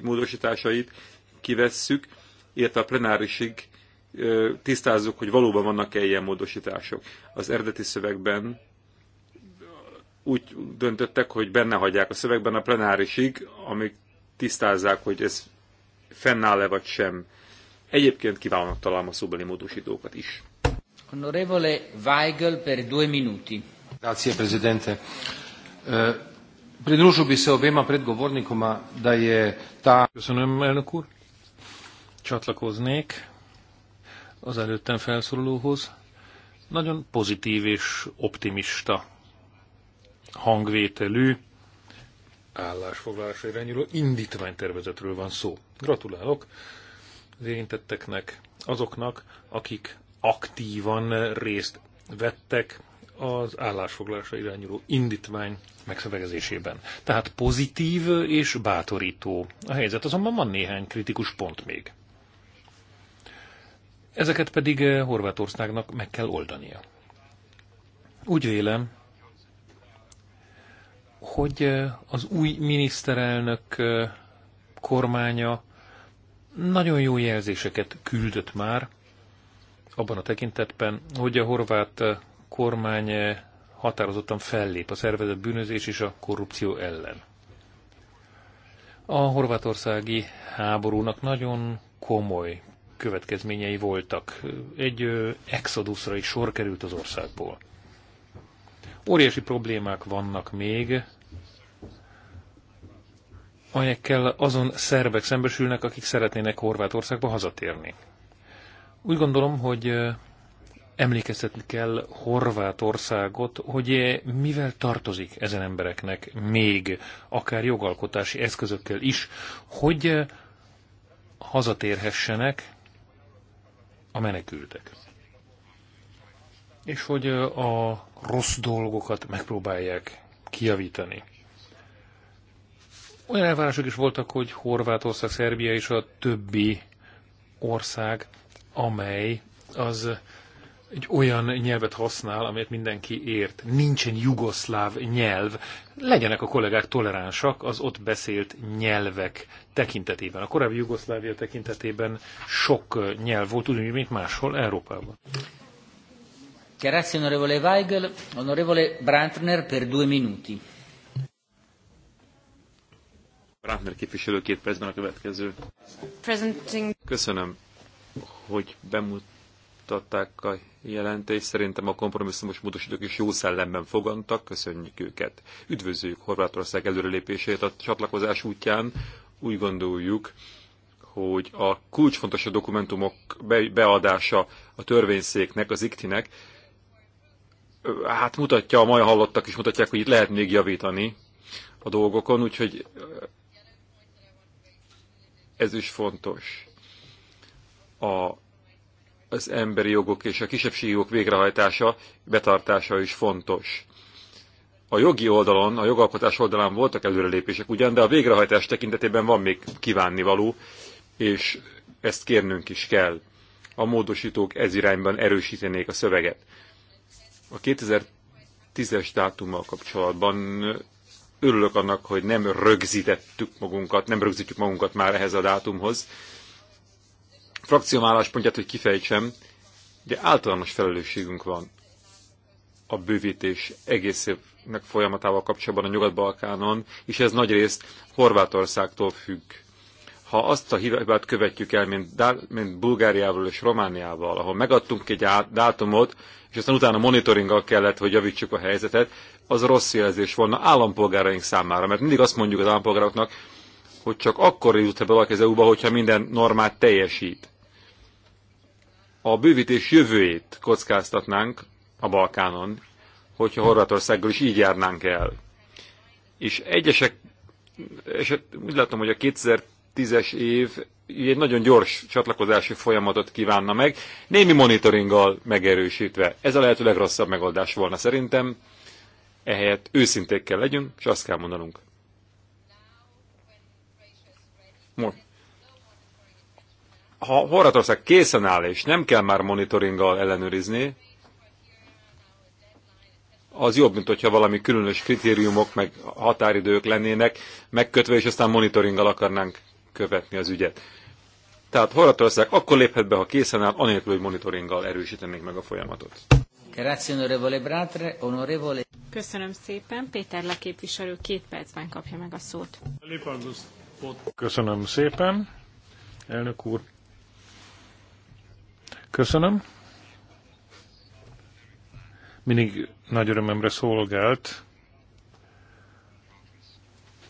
módosításait kivesszük, illetve a plenárisig tisztázzuk, hogy valóban vannak-e ilyen módosítások. Az eredeti szövegben úgy döntöttek, hogy benne hagyják a szövegben a plenárisig, amíg tisztázzák, hogy ez fennáll-e vagy sem. Egyébként kívánok találom a szóbeli módosítókat is. Honorevole Weigel per due minuti. Grazie, Presidente. Eh, Pridružio bi se obema predgovornikoma da je ta... Köszönöm, elnök úr csatlakoznék az előttem felszólalóhoz. Nagyon pozitív és optimista hangvételű állásfoglalásra irányuló indítványtervezetről van szó. Gratulálok az érintetteknek, azoknak, akik aktívan részt vettek az állásfoglalásra irányuló indítvány megszövegezésében. Tehát pozitív és bátorító a helyzet, azonban van néhány kritikus pont még. Ezeket pedig eh, Horvátországnak meg kell oldania. Úgy vélem, hogy eh, az új miniszterelnök eh, kormánya nagyon jó jelzéseket küldött már, abban a tekintetben, hogy a horvát kormány határozottan fellép a szervezett bűnözés és a korrupció ellen. A horvátországi háborúnak nagyon komoly következményei voltak. Egy exodusra is sor került az országból. Óriási problémák vannak még, amelyekkel azon szerbek szembesülnek, akik szeretnének Horvátországba hazatérni. Úgy gondolom, hogy emlékeztetni kell Horvátországot, hogy mivel tartozik ezen embereknek még, akár jogalkotási eszközökkel is, hogy hazatérhessenek, a menekültek. És hogy a rossz dolgokat megpróbálják kijavítani. Olyan elvárások is voltak, hogy Horvátország, Szerbia és a többi ország, amely az egy olyan nyelvet használ, amelyet mindenki ért. Nincsen jugoszláv nyelv. Legyenek a kollégák toleránsak az ott beszélt nyelvek tekintetében, a korábbi Jugoszlávia tekintetében sok nyelv volt, ugyanúgy, mint máshol Európában. Grazie onorevole Weigel, onorevole Brantner per due minuti. Brantner képviselő két percben a következő. Presenting. Köszönöm, hogy bemutatták a jelentést. Szerintem a kompromisszumos módosítók is jó szellemben fogantak, köszönjük őket. Üdvözlők Horvátország előrelépését a csatlakozás útján úgy gondoljuk, hogy a kulcsfontos dokumentumok beadása a törvényszéknek, az iktinek, hát mutatja, a mai hallottak is mutatják, hogy itt lehet még javítani a dolgokon, úgyhogy eh, ez is fontos. A, az emberi jogok és a kisebbségi jogok végrehajtása, betartása is fontos. A jogi oldalon, a jogalkotás oldalán voltak előrelépések ugyan, de a végrehajtás tekintetében van még kívánnivaló, és ezt kérnünk is kell. A módosítók ez irányban erősítenék a szöveget. A 2010-es dátummal kapcsolatban örülök annak, hogy nem rögzítettük magunkat, nem rögzítjük magunkat már ehhez a dátumhoz. Frakcióm álláspontját, hogy kifejtsem, de általános felelősségünk van a bővítés egészének folyamatával kapcsolatban a Nyugat-Balkánon, és ez nagyrészt Horvátországtól függ. Ha azt a hibát követjük el, mint, mint Bulgáriával és Romániával, ahol megadtunk egy dátumot, és aztán utána monitoringgal kellett, hogy javítsuk a helyzetet, az rossz jelzés volna állampolgáraink számára, mert mindig azt mondjuk az állampolgároknak, hogy csak akkor jut be valaki az EU-ba, hogyha minden normát teljesít. A bővítés jövőjét kockáztatnánk, a Balkánon, hogyha Horvátországgal is így járnánk el. És egyesek, és hát úgy látom, hogy a 2010-es év egy nagyon gyors csatlakozási folyamatot kívánna meg, némi monitoringgal megerősítve. Ez a lehető legrosszabb megoldás volna szerintem. Ehelyett őszinték kell legyünk, és azt kell mondanunk. Most. Ha Horvátország készen áll, és nem kell már monitoringgal ellenőrizni, az jobb, mint hogyha valami különös kritériumok, meg határidők lennének megkötve, és aztán monitoringgal akarnánk követni az ügyet. Tehát Horvátország akkor léphet be, ha készen áll, anélkül, hogy monitoringgal erősítenék meg a folyamatot. Köszönöm szépen. Péter leképviselő két percben kapja meg a szót. Köszönöm szépen, elnök úr. Köszönöm mindig nagy örömömre szolgált,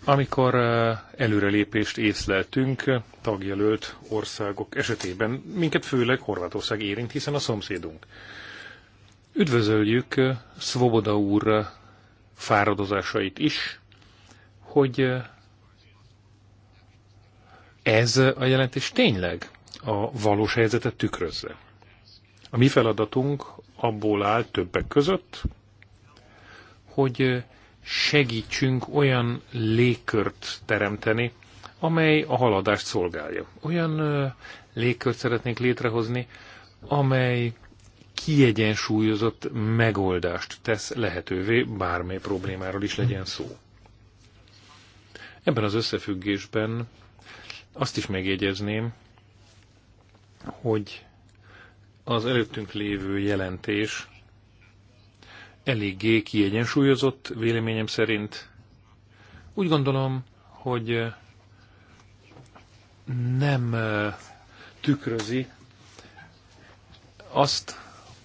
amikor előrelépést észleltünk tagjelölt országok esetében, minket főleg Horvátország érint, hiszen a szomszédunk. Üdvözöljük Svoboda úr fáradozásait is, hogy ez a jelentés tényleg a valós helyzetet tükrözze. A mi feladatunk abból áll többek között, hogy segítsünk olyan légkört teremteni, amely a haladást szolgálja. Olyan légkört szeretnénk létrehozni, amely kiegyensúlyozott megoldást tesz lehetővé, bármely problémáról is legyen szó. Ebben az összefüggésben azt is megjegyezném, hogy az előttünk lévő jelentés eléggé kiegyensúlyozott véleményem szerint. Úgy gondolom, hogy nem tükrözi azt,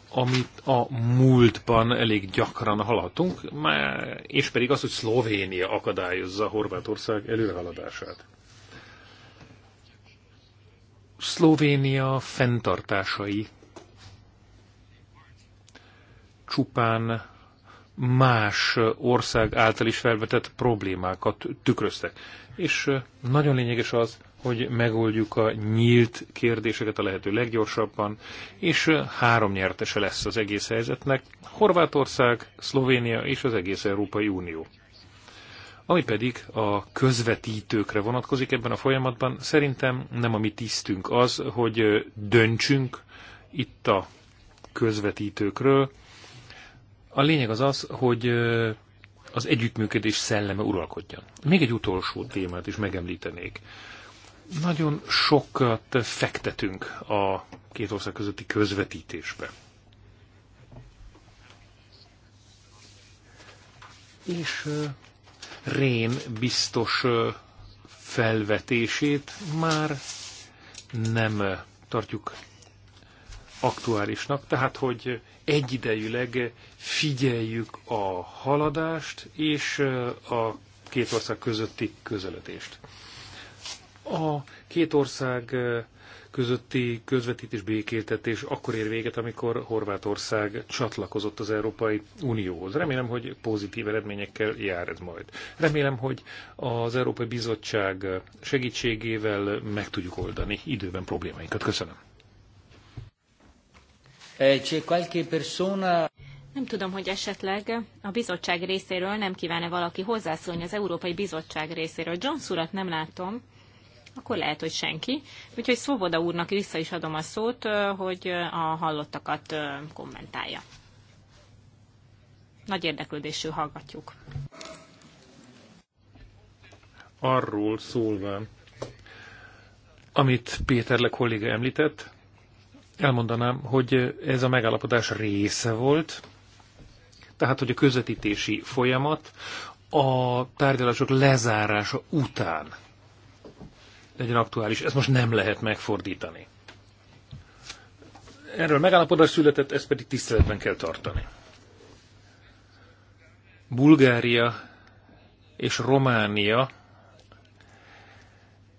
amit a múltban elég gyakran haladtunk, és pedig az, hogy Szlovénia akadályozza Horvátország előrehaladását. Szlovénia fenntartásai csupán más ország által is felvetett problémákat tükröztek. És nagyon lényeges az, hogy megoldjuk a nyílt kérdéseket a lehető leggyorsabban, és három nyertese lesz az egész helyzetnek, Horvátország, Szlovénia és az egész Európai Unió. Ami pedig a közvetítőkre vonatkozik ebben a folyamatban, szerintem nem a mi tisztünk az, hogy döntsünk itt a közvetítőkről, a lényeg az az, hogy az együttműködés szelleme uralkodjon. Még egy utolsó témát is megemlítenék. Nagyon sokat fektetünk a két ország közötti közvetítésbe. És Rén biztos felvetését már nem tartjuk aktuálisnak, tehát hogy egyidejűleg figyeljük a haladást és a két ország közötti közeledést. A két ország közötti közvetítés békéltetés akkor ér véget, amikor Horvátország csatlakozott az Európai Unióhoz. Remélem, hogy pozitív eredményekkel jár ez majd. Remélem, hogy az Európai Bizottság segítségével meg tudjuk oldani időben problémáinkat. Köszönöm. Eh, nem tudom, hogy esetleg a bizottság részéről nem kívánne valaki hozzászólni az Európai Bizottság részéről. John Surat nem látom, akkor lehet, hogy senki. Úgyhogy Szoboda úrnak vissza is adom a szót, eh, hogy eh, a hallottakat kommentálja. Nagy érdeklődésű hallgatjuk. Arról szólva, amit Péter Le kolléga említett, elmondanám, hogy ez a megállapodás része volt, tehát hogy a közvetítési folyamat a tárgyalások lezárása után legyen aktuális. Ezt most nem lehet megfordítani. Erről megállapodás született, ezt pedig tiszteletben kell tartani. Bulgária és Románia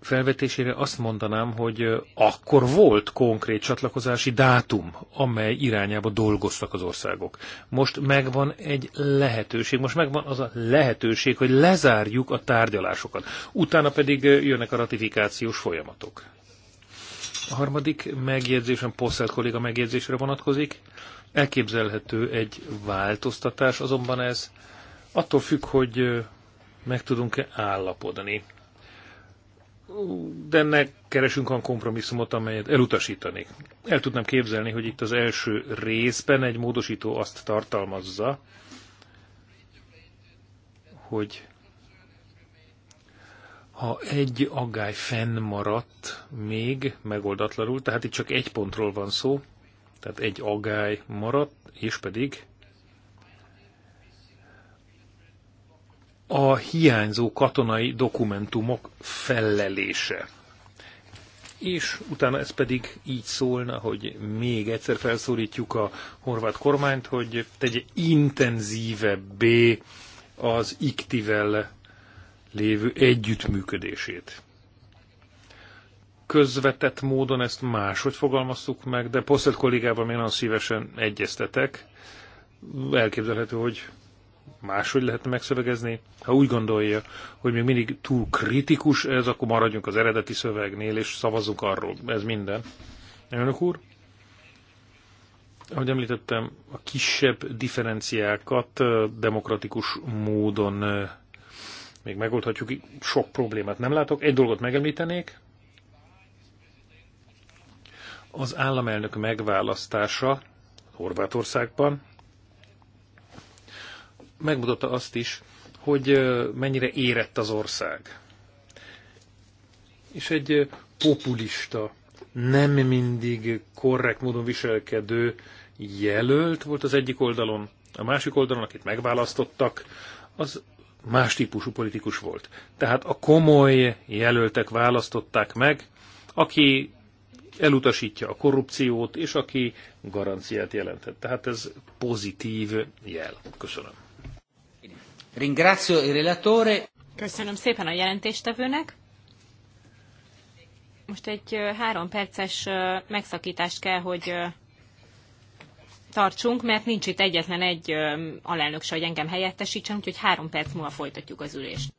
felvetésére azt mondanám, hogy akkor volt konkrét csatlakozási dátum, amely irányába dolgoztak az országok. Most megvan egy lehetőség, most megvan az a lehetőség, hogy lezárjuk a tárgyalásokat. Utána pedig jönnek a ratifikációs folyamatok. A harmadik megjegyzésem Posselt kolléga megjegyzésre vonatkozik. Elképzelhető egy változtatás, azonban ez attól függ, hogy meg tudunk-e állapodni de ne keresünk a kompromisszumot, amelyet elutasítanék. El tudnám képzelni, hogy itt az első részben egy módosító azt tartalmazza, hogy ha egy aggály fennmaradt még megoldatlanul, tehát itt csak egy pontról van szó, tehát egy aggály maradt, és pedig a hiányzó katonai dokumentumok fellelése. És utána ez pedig így szólna, hogy még egyszer felszólítjuk a horvát kormányt, hogy tegye intenzívebbé az iktivel lévő együttműködését. Közvetett módon ezt máshogy fogalmaztuk meg, de posztelt kollégával én nagyon szívesen egyeztetek. Elképzelhető, hogy máshogy lehetne megszövegezni. Ha úgy gondolja, hogy még mindig túl kritikus ez, akkor maradjunk az eredeti szövegnél, és szavazzunk arról. Ez minden. Önök úr? Ahogy említettem, a kisebb differenciákat demokratikus módon még megoldhatjuk, sok problémát nem látok. Egy dolgot megemlítenék, az államelnök megválasztása Horvátországban megmutatta azt is, hogy mennyire érett az ország. És egy populista, nem mindig korrekt módon viselkedő jelölt volt az egyik oldalon, a másik oldalon, akit megválasztottak, az más típusú politikus volt. Tehát a komoly jelöltek választották meg, aki elutasítja a korrupciót, és aki garanciát jelentett. Tehát ez pozitív jel. Köszönöm. Ringrazio il relatore. Köszönöm szépen a jelentéstevőnek. Most egy három perces megszakítást kell, hogy tartsunk, mert nincs itt egyetlen egy alelnök se, hogy engem helyettesítsen, úgyhogy három perc múlva folytatjuk az ülést.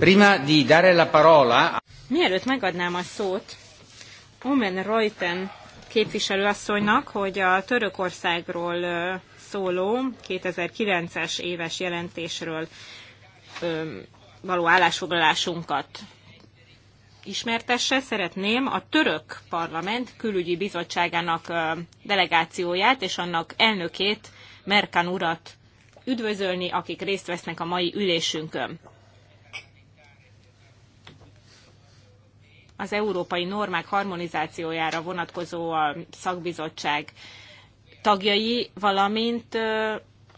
Prima di dare la parola... Mielőtt megadnám a szót Omen Reuten képviselőasszonynak, hogy a Törökországról szóló 2009-es éves jelentésről való állásfoglalásunkat ismertesse, szeretném a török parlament külügyi bizottságának delegációját és annak elnökét, Merkan urat üdvözölni, akik részt vesznek a mai ülésünkön. az európai normák harmonizációjára vonatkozó a szakbizottság tagjai, valamint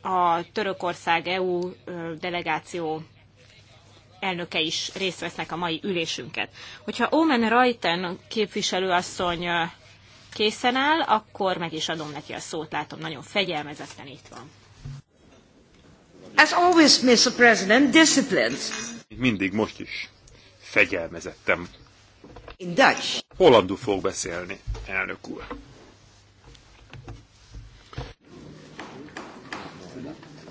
a Törökország EU delegáció elnöke is részt vesznek a mai ülésünket. Hogyha Omen Rajten képviselőasszony készen áll, akkor meg is adom neki a szót, látom, nagyon fegyelmezetten itt van. As always, Mr. President, disciplines. Mindig, most is fegyelmezettem In Dutch. Hollandul fog beszélni, elnök úr.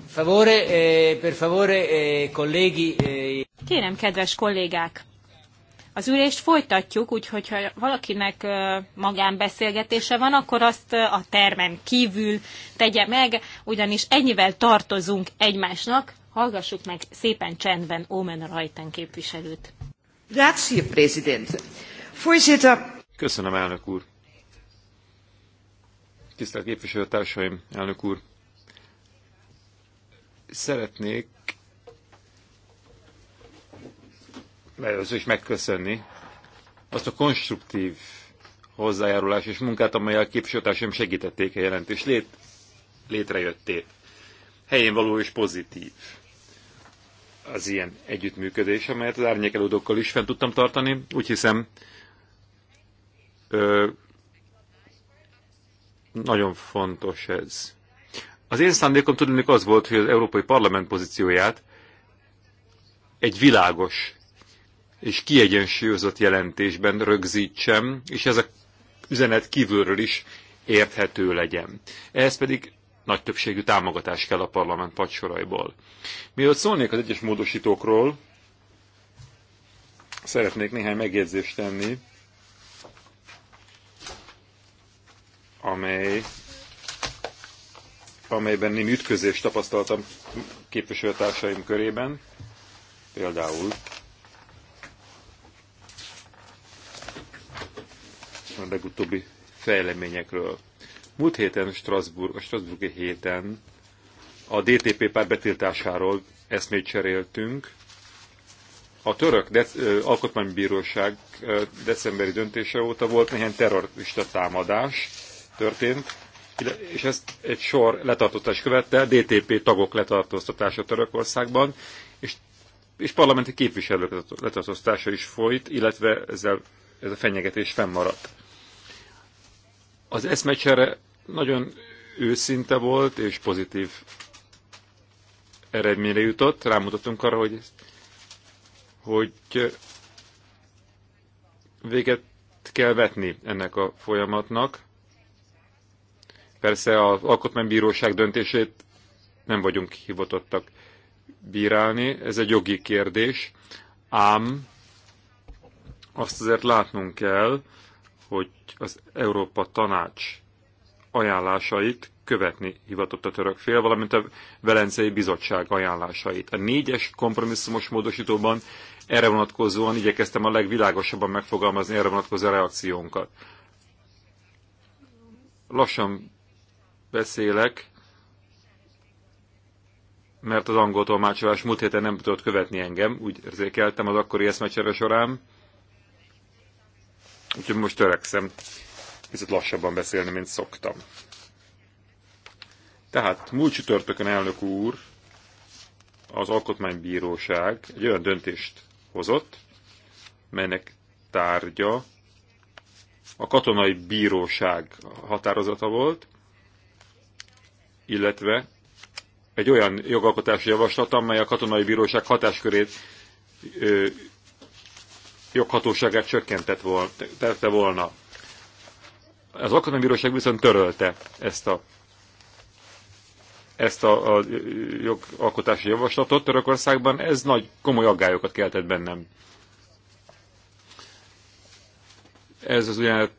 Favore, eh, per favore, eh, colleghi. Eh... Kérem, kedves kollégák, az ülést folytatjuk, úgyhogy ha valakinek eh, magánbeszélgetése van, akkor azt eh, a termen kívül tegye meg, ugyanis ennyivel tartozunk egymásnak. Hallgassuk meg szépen csendben Omen Rajten képviselőt. Grazie, Presidente. Voorzitter. Köszönöm, elnök úr. Tisztelt képviselőtársaim, elnök úr. Szeretnék először is megköszönni azt a konstruktív hozzájárulás és munkát, amelyel képviselőtársaim segítették a jelentés lét, létrejöttét. Helyén való és pozitív az ilyen együttműködés, amelyet az árnyékelődókkal is fent tudtam tartani. Úgy hiszem, nagyon fontos ez. Az én szándékom tudnék az volt, hogy az Európai Parlament pozícióját egy világos és kiegyensúlyozott jelentésben rögzítsem, és ez a üzenet kívülről is érthető legyen. Ehhez pedig nagy többségű támogatás kell a parlament pacsorajból. Mielőtt szólnék az egyes módosítókról, szeretnék néhány megjegyzést tenni amely amelyben én ütközést tapasztaltam képviselőtársaim körében, például a legutóbbi fejleményekről. Múlt héten Strasbourg, a Strasburgi héten a DTP pár betiltásáról eszmét cseréltünk. A török de, ö, alkotmánybíróság ö, decemberi döntése óta volt néhány terrorista támadás, történt, és ezt egy sor letartóztatás követte, DTP tagok letartóztatása Törökországban, és, és parlamenti képviselők letartóztatása is folyt, illetve ezzel, ez a fenyegetés fennmaradt. Az eszmecsere nagyon őszinte volt, és pozitív eredményre jutott. Rámutatunk arra, hogy, hogy véget kell vetni ennek a folyamatnak, Persze az alkotmánybíróság döntését nem vagyunk hivatottak bírálni, ez egy jogi kérdés, ám azt azért látnunk kell, hogy az Európa Tanács ajánlásait követni hivatott a török fél, valamint a Velencei Bizottság ajánlásait. A négyes kompromisszumos módosítóban erre vonatkozóan igyekeztem a legvilágosabban megfogalmazni erre vonatkozó reakciónkat. Lassan beszélek, mert az angol tolmácsolás múlt héten nem tudott követni engem, úgy érzékeltem az akkori eszmecsere során. Úgyhogy most törekszem viszont lassabban beszélni, mint szoktam. Tehát múlt csütörtökön elnök úr az Alkotmánybíróság egy olyan döntést hozott, melynek tárgya a katonai bíróság határozata volt, illetve egy olyan jogalkotási javaslat, amely a katonai bíróság hatáskörét ö, joghatóságát csökkentette volna. Az Akadémiai Bíróság viszont törölte ezt a, ezt a, a jogalkotási javaslatot Törökországban, ez nagy komoly aggályokat keltett bennem. Ez az ugyanett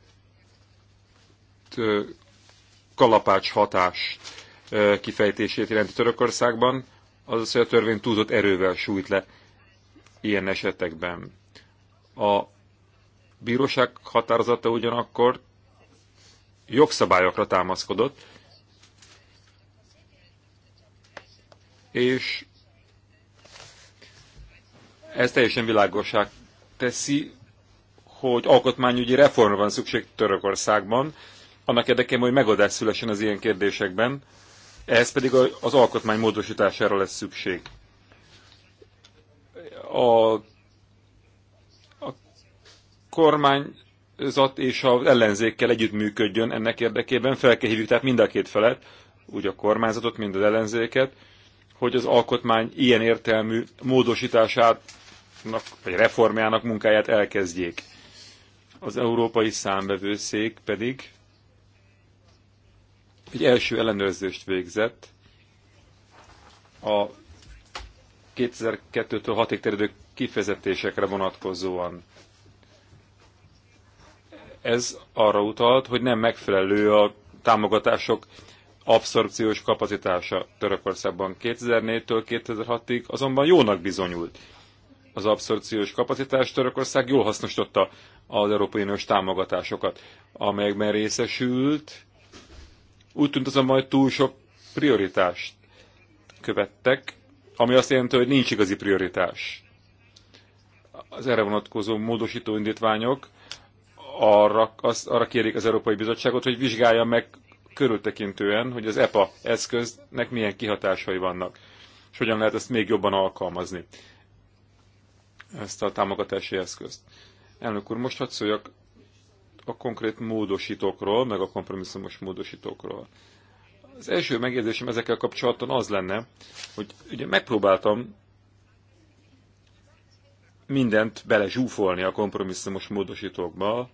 kalapács hatást kifejtését jelenti Törökországban, az hogy a törvény túlzott erővel sújt le ilyen esetekben. A bíróság határozata ugyanakkor jogszabályokra támaszkodott, és ez teljesen világosság teszi, hogy alkotmányügyi reformra van szükség Törökországban, annak érdekében, hogy megoldás szülessen az ilyen kérdésekben, ehhez pedig az alkotmány módosítására lesz szükség. A, a kormányzat és az ellenzékkel együttműködjön ennek érdekében, fel kell hívjuk tehát mind a két felet, úgy a kormányzatot, mind az ellenzéket, hogy az alkotmány ilyen értelmű módosítását, vagy reformjának munkáját elkezdjék. Az Európai Számbevőszék pedig egy első ellenőrzést végzett a 2002-től 6-ig terjedő kifizetésekre vonatkozóan. Ez arra utalt, hogy nem megfelelő a támogatások abszorpciós kapacitása Törökországban 2004-től 2006-ig, azonban jónak bizonyult az abszorpciós kapacitás. Törökország jól hasznosította az Európai Uniós támogatásokat, amelyekben részesült, úgy tűnt azonban, hogy túl sok prioritást követtek, ami azt jelenti, hogy nincs igazi prioritás. Az erre vonatkozó módosító indítványok arra, az, arra kérik az Európai Bizottságot, hogy vizsgálja meg körültekintően, hogy az EPA eszköznek milyen kihatásai vannak, és hogyan lehet ezt még jobban alkalmazni, ezt a támogatási eszközt. Elnök úr, most hadd szóljak a konkrét módosítókról, meg a kompromisszumos módosítókról. Az első megjegyzésem ezekkel kapcsolatban az lenne, hogy ugye megpróbáltam mindent belezsúfolni a kompromisszumos módosítókba,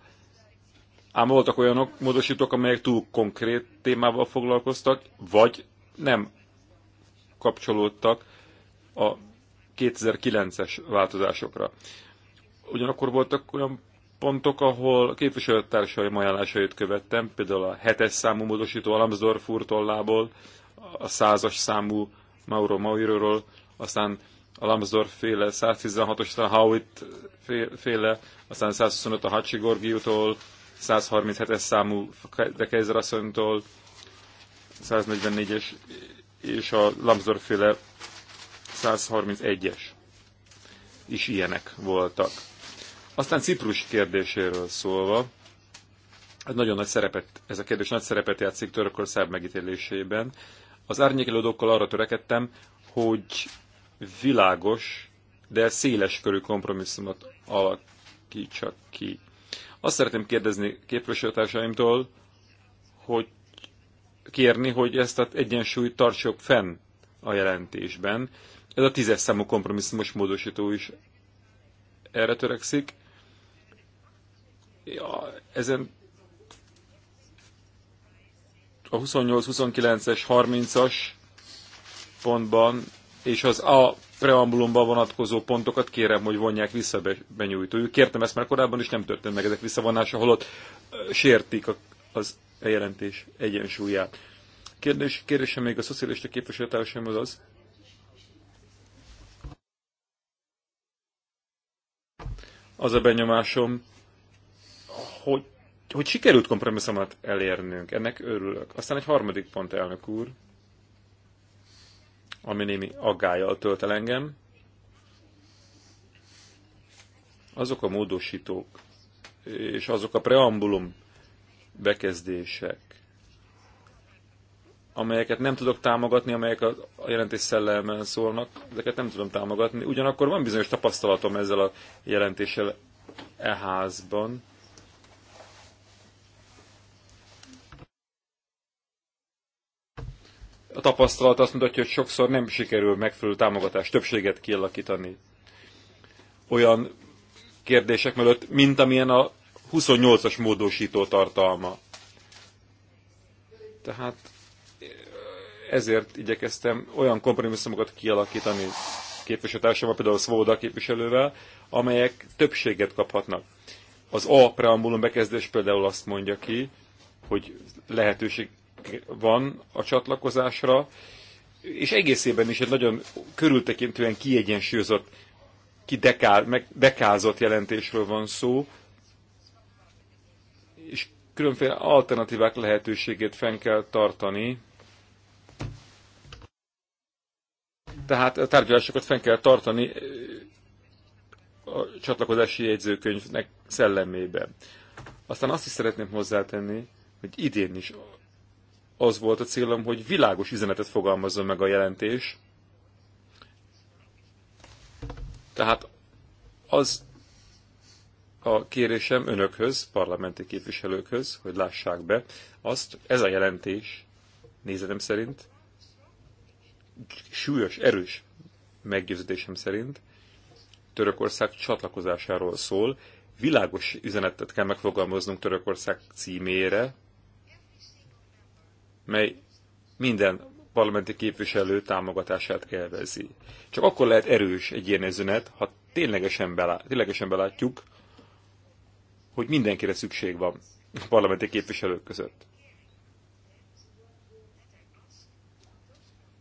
ám voltak olyanok módosítók, amelyek túl konkrét témával foglalkoztak, vagy nem kapcsolódtak a 2009-es változásokra. Ugyanakkor voltak olyan pontok, ahol képviselőtársaim ajánlásait követtem, például a hetes számú módosító Alamsdorf úr tollából, a százas számú Mauro Mauriról, aztán a Lambsdorff féle, 116-os, aztán Howitt féle, aztán 125 a Hacsi Gorgiutól, 137-es számú de Kaiser 144-es és a Lambsdorff féle 131-es is ilyenek voltak. Aztán Ciprus kérdéséről szólva, ez hát nagyon nagy szerepet, ez a kérdés nagy szerepet játszik Törökország megítélésében. Az árnyékelődókkal arra törekedtem, hogy világos, de széles körű kompromisszumot alakítsak ki. Azt szeretném kérdezni képviselőtársaimtól, hogy kérni, hogy ezt az egyensúlyt tartsuk fenn a jelentésben. Ez a tízes számú kompromisszumos módosító is erre törekszik ja, ezen a 28-29-es, 30-as pontban és az A preambulumban vonatkozó pontokat kérem, hogy vonják vissza benyújtójuk. Kértem ezt már korábban, és nem történt meg ezek visszavonása, holott sértik a, az a jelentés egyensúlyát. Kérdés, kérdésem még a szocialista az az, az a benyomásom, hogy, hogy sikerült kompromisszumot elérnünk. Ennek örülök. Aztán egy harmadik pont, elnök úr, ami némi aggájjal tölt el engem. Azok a módosítók és azok a preambulum bekezdések, amelyeket nem tudok támogatni, amelyek a jelentés szellemen szólnak, ezeket nem tudom támogatni. Ugyanakkor van bizonyos tapasztalatom ezzel a jelentéssel e házban. a tapasztalat azt mutatja, hogy sokszor nem sikerül megfelelő támogatás többséget kialakítani olyan kérdések mellett, mint amilyen a 28-as módosító tartalma. Tehát ezért igyekeztem olyan kompromisszumokat kialakítani képviselőtársammal, például Szvóda képviselővel, amelyek többséget kaphatnak. Az A preambulum bekezdés például azt mondja ki, hogy lehetőség van a csatlakozásra, és egészében is egy nagyon körültekintően kiegyensúlyozott, ki kideká, meg dekázott jelentésről van szó, és különféle alternatívák lehetőségét fenn kell tartani. Tehát a tárgyalásokat fenn kell tartani a csatlakozási jegyzőkönyvnek szellemében. Aztán azt is szeretném hozzátenni, hogy idén is az volt a célom, hogy világos üzenetet fogalmazzon meg a jelentés. Tehát az a kérésem önökhöz, parlamenti képviselőkhöz, hogy lássák be, azt ez a jelentés nézetem szerint, súlyos, erős meggyőződésem szerint Törökország csatlakozásáról szól, világos üzenetet kell megfogalmaznunk Törökország címére, mely minden parlamenti képviselő támogatását élvezi. Csak akkor lehet erős egy ilyen üzenet, ha ténylegesen, belá, ténylegesen belátjuk, hogy mindenkire szükség van a parlamenti képviselők között.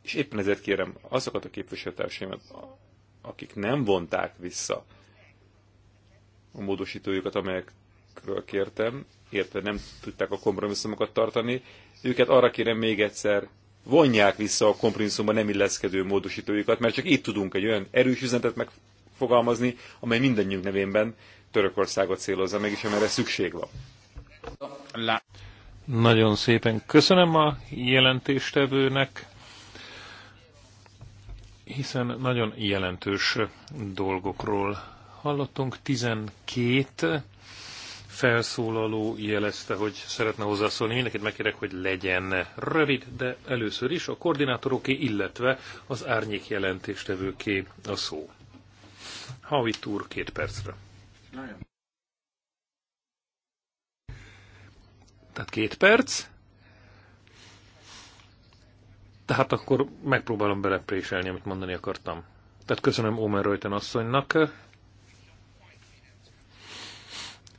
És éppen ezért kérem azokat a képviselőtársaimat, akik nem vonták vissza a módosítójukat, amelyekről kértem, ért, nem tudták a kompromisszumokat tartani, őket arra kérem még egyszer, vonják vissza a kompromisszumban nem illeszkedő módosítóikat, mert csak itt tudunk egy olyan erős üzenetet megfogalmazni, amely mindannyiunk nevénben Törökországot célozza meg, és amire szükség van. Nagyon szépen köszönöm a jelentéstevőnek, hiszen nagyon jelentős dolgokról hallottunk. 12 felszólaló jelezte, hogy szeretne hozzászólni. Mindenkit megkérek, hogy legyen rövid, de először is a koordinátoroké, illetve az árnyék jelentéstevőké a szó. Havi túr két percre. Tehát két perc. Tehát akkor megpróbálom belepréselni, amit mondani akartam. Tehát köszönöm Omer Röjten asszonynak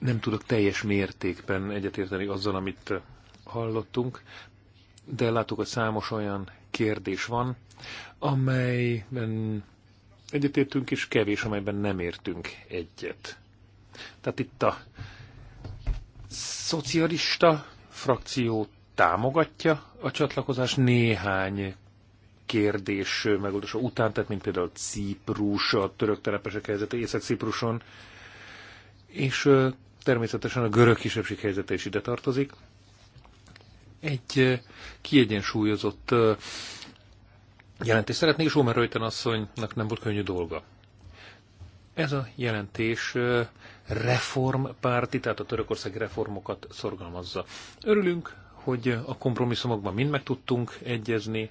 nem tudok teljes mértékben egyetérteni azzal, amit hallottunk, de látok, hogy számos olyan kérdés van, amelyben egyetértünk, és kevés, amelyben nem értünk egyet. Tehát itt a szocialista frakció támogatja a csatlakozás néhány kérdés megoldása után, tehát mint például Ciprus, a török telepesek helyzete Észak-Cipruson, és természetesen a görög kisebbség helyzete is ide tartozik. Egy kiegyensúlyozott jelentést szeretnék, és Omer Röjten asszonynak nem volt könnyű dolga. Ez a jelentés reformpárti, tehát a törökországi reformokat szorgalmazza. Örülünk, hogy a kompromisszumokban mind meg tudtunk egyezni.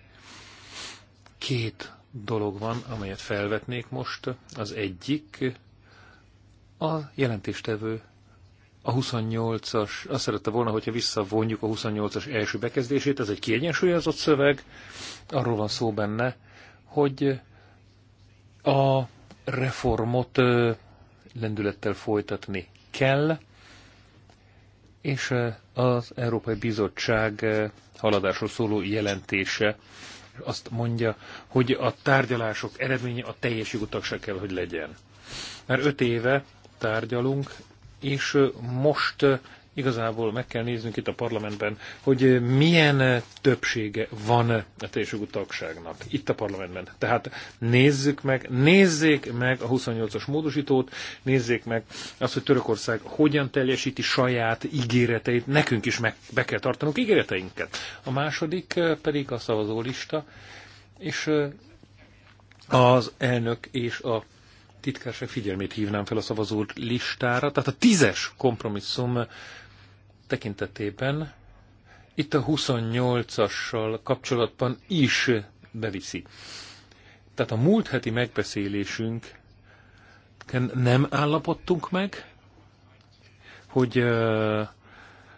Két dolog van, amelyet felvetnék most. Az egyik a jelentéstevő a 28-as, azt szerette volna, hogyha visszavonjuk a 28-as első bekezdését, ez egy kiegyensúlyozott szöveg, arról van szó benne, hogy a reformot lendülettel folytatni kell, és az Európai Bizottság haladásról szóló jelentése azt mondja, hogy a tárgyalások eredménye a teljes jogutagság kell, hogy legyen. Mert öt éve tárgyalunk és most igazából meg kell néznünk itt a parlamentben, hogy milyen többsége van a teljesjogú tagságnak itt a parlamentben. Tehát nézzük meg, nézzék meg a 28-as módosítót, nézzék meg azt, hogy Törökország hogyan teljesíti saját ígéreteit, nekünk is meg, be kell tartanunk ígéreteinket. A második pedig a szavazólista, és az elnök és a titkárság figyelmét hívnám fel a szavazó listára, tehát a tízes kompromisszum tekintetében itt a 28-assal kapcsolatban is beviszi. Tehát a múlt heti megbeszélésünk nem állapodtunk meg, hogy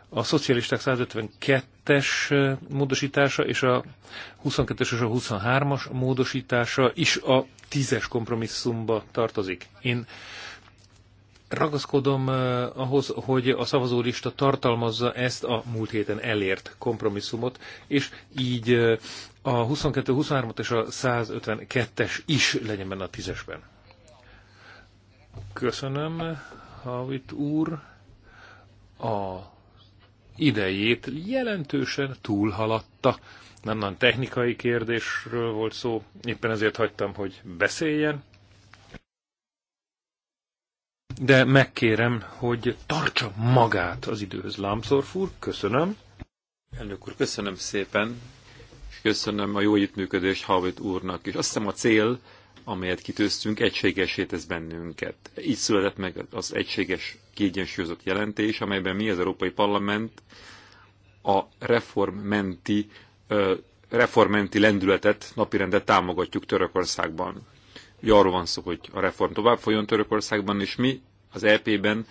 a szocialisták 152 22-es módosítása és a 22-es és a 23-as módosítása is a 10-es kompromisszumba tartozik. Én ragaszkodom ahhoz, hogy a szavazólista tartalmazza ezt a múlt héten elért kompromisszumot, és így a 22, 23 és a 152-es is legyen benne a tízesben. Köszönöm, Havit úr. A idejét jelentősen túlhaladta. Nem nagyon technikai kérdésről volt szó, éppen ezért hagytam, hogy beszéljen. De megkérem, hogy tartsa magát az időhöz. Lámszorf úr, köszönöm. Elnök úr, köszönöm szépen, és köszönöm a jó együttműködést Havit úrnak is. Azt hiszem a cél, amelyet kitőztünk, egységesé tesz bennünket. Így született meg az egységes kiegyensúlyozott jelentés, amelyben mi az Európai Parlament a reformmenti, reformmenti lendületet, napirendet támogatjuk Törökországban. Ugye arról van szó, hogy a reform tovább folyjon Törökországban, és mi az EP-ben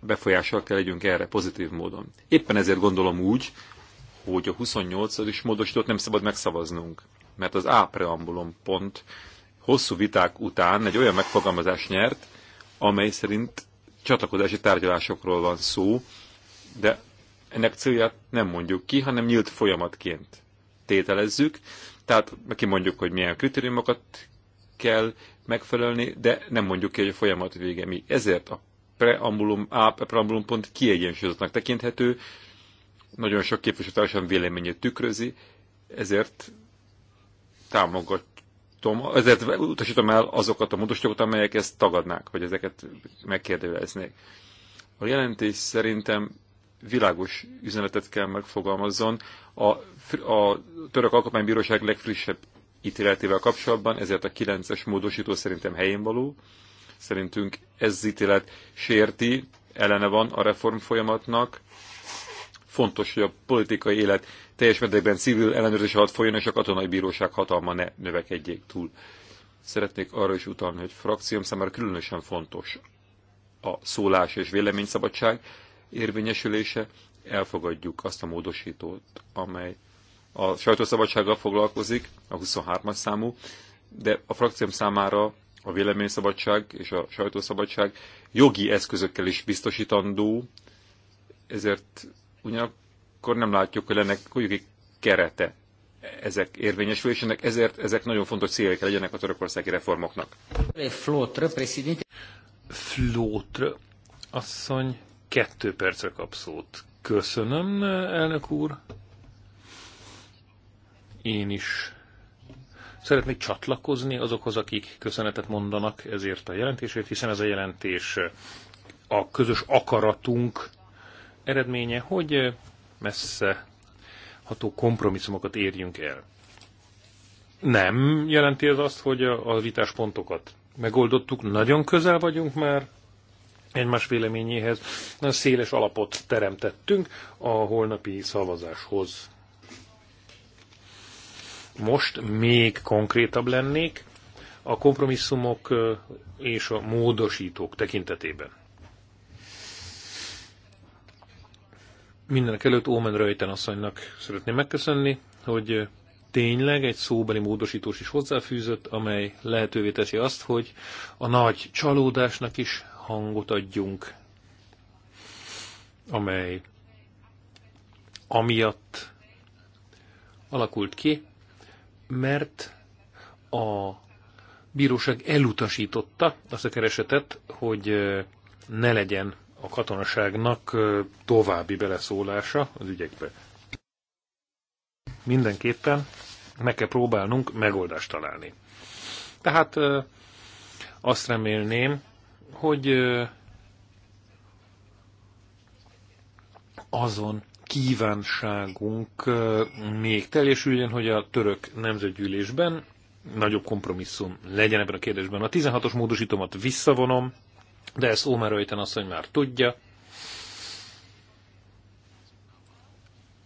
befolyással kell legyünk erre pozitív módon. Éppen ezért gondolom úgy, hogy a 28. módosítót nem szabad megszavaznunk mert az A preambulum pont hosszú viták után egy olyan megfogalmazás nyert, amely szerint csatlakozási tárgyalásokról van szó, de ennek célját nem mondjuk ki, hanem nyílt folyamatként tételezzük, tehát neki mondjuk, hogy milyen kritériumokat kell megfelelni, de nem mondjuk ki, hogy a folyamat vége mi. Ezért a preambulum, a preambulum pont kiegyensúlyozottnak tekinthető, nagyon sok képviselőtársam véleményét tükrözi, ezért támogatom, ezért utasítom el azokat a módosítókat, amelyek ezt tagadnák, vagy ezeket megkérdőjeleznék. A jelentés szerintem világos üzenetet kell megfogalmazzon a, a török alkotmánybíróság legfrissebb ítéletével kapcsolatban, ezért a 9-es módosító szerintem helyén való. Szerintünk ez ítélet sérti, ellene van a reform folyamatnak, Fontos, hogy a politikai élet teljes mértékben civil ellenőrzés alatt folyjon, és a katonai bíróság hatalma ne növekedjék túl. Szeretnék arra is utalni, hogy frakcióm számára különösen fontos a szólás és véleményszabadság érvényesülése. Elfogadjuk azt a módosítót, amely a sajtószabadsággal foglalkozik, a 23-as számú, de a frakcióm számára a véleményszabadság és a sajtószabadság jogi eszközökkel is biztosítandó, ezért ugyanakkor nem látjuk, hogy ennek mondjuk egy kerete ezek érvényesülésének, ezért ezek nagyon fontos céljaik legyenek a törökországi reformoknak. Flótre, presidente. Flótre, asszony, kettő percre kap szót. Köszönöm, elnök úr. Én is szeretnék csatlakozni azokhoz, akik köszönetet mondanak ezért a jelentésért, hiszen ez a jelentés a közös akaratunk eredménye, hogy messze ható kompromisszumokat érjünk el. Nem jelenti ez azt, hogy a vitáspontokat megoldottuk, nagyon közel vagyunk már egymás véleményéhez, nagyon széles alapot teremtettünk a holnapi szavazáshoz. Most még konkrétabb lennék a kompromisszumok és a módosítók tekintetében. Mindenek előtt Omen Röjten asszonynak szeretném megköszönni, hogy tényleg egy szóbeli módosítós is hozzáfűzött, amely lehetővé teszi azt, hogy a nagy csalódásnak is hangot adjunk, amely amiatt alakult ki, mert a bíróság elutasította azt a keresetet, hogy ne legyen a katonaságnak további beleszólása az ügyekbe. Mindenképpen meg kell próbálnunk megoldást találni. Tehát azt remélném, hogy azon kívánságunk még teljesüljön, hogy a török nemzetgyűlésben nagyobb kompromisszum legyen ebben a kérdésben. A 16-os módosítomat visszavonom, de ezt Omer Öjten hogy már tudja.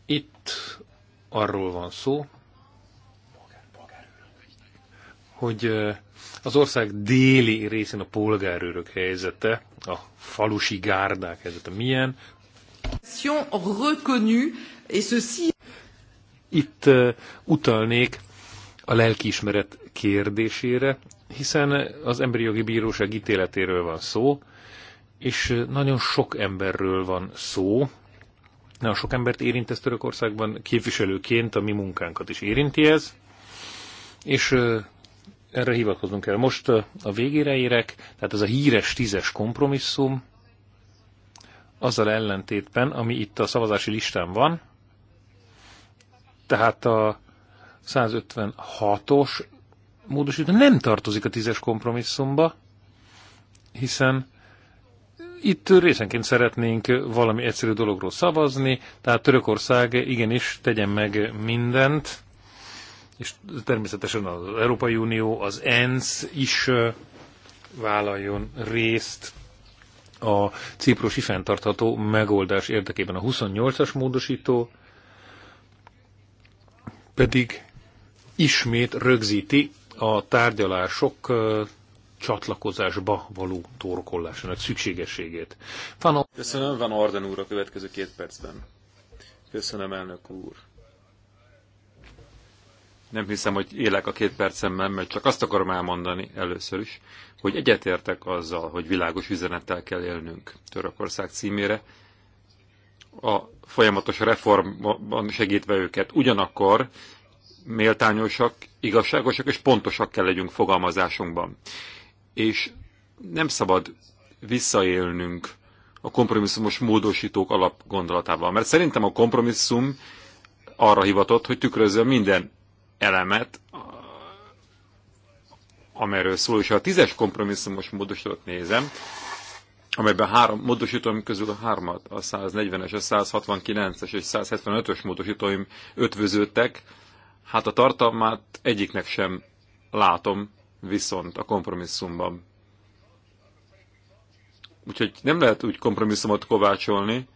Itt arról van szó, hogy az ország déli részén a polgárőrök helyzete, a falusi gárdák helyzete milyen. Itt utalnék a lelkiismeret kérdésére, hiszen az Emberi Jogi Bíróság ítéletéről van szó, és nagyon sok emberről van szó, nagyon sok embert érint ez Törökországban, képviselőként a mi munkánkat is érinti ez, és erre hivatkozunk kell. Most a végére érek, tehát ez a híres tízes kompromisszum, azzal ellentétben, ami itt a szavazási listán van, tehát a 156-os módosító nem tartozik a tízes kompromisszumba, hiszen itt részenként szeretnénk valami egyszerű dologról szavazni, tehát Törökország igenis tegyen meg mindent, és természetesen az Európai Unió, az ENSZ is vállaljon részt a ciprusi fenntartható megoldás érdekében. A 28-as módosító pedig ismét rögzíti a tárgyalások csatlakozásba való torkollásának szükségességét. Van Köszönöm, Van Arden úr a következő két percben. Köszönöm, elnök úr. Nem hiszem, hogy élek a két percemben, mert csak azt akarom elmondani először is, hogy egyetértek azzal, hogy világos üzenettel kell élnünk Törökország címére, a folyamatos reformban segítve őket. Ugyanakkor méltányosak, igazságosak és pontosak kell legyünk fogalmazásunkban. És nem szabad visszaélnünk a kompromisszumos módosítók alapgondolatával, mert szerintem a kompromisszum arra hivatott, hogy tükrözzön minden elemet, amelyről szól, és ha a tízes kompromisszumos módosítót nézem, amelyben három módosítóim közül a hármat, a 140-es, a 169-es és 175-ös módosítóim ötvöződtek, Hát a tartalmát egyiknek sem látom viszont a kompromisszumban. Úgyhogy nem lehet úgy kompromisszumot kovácsolni,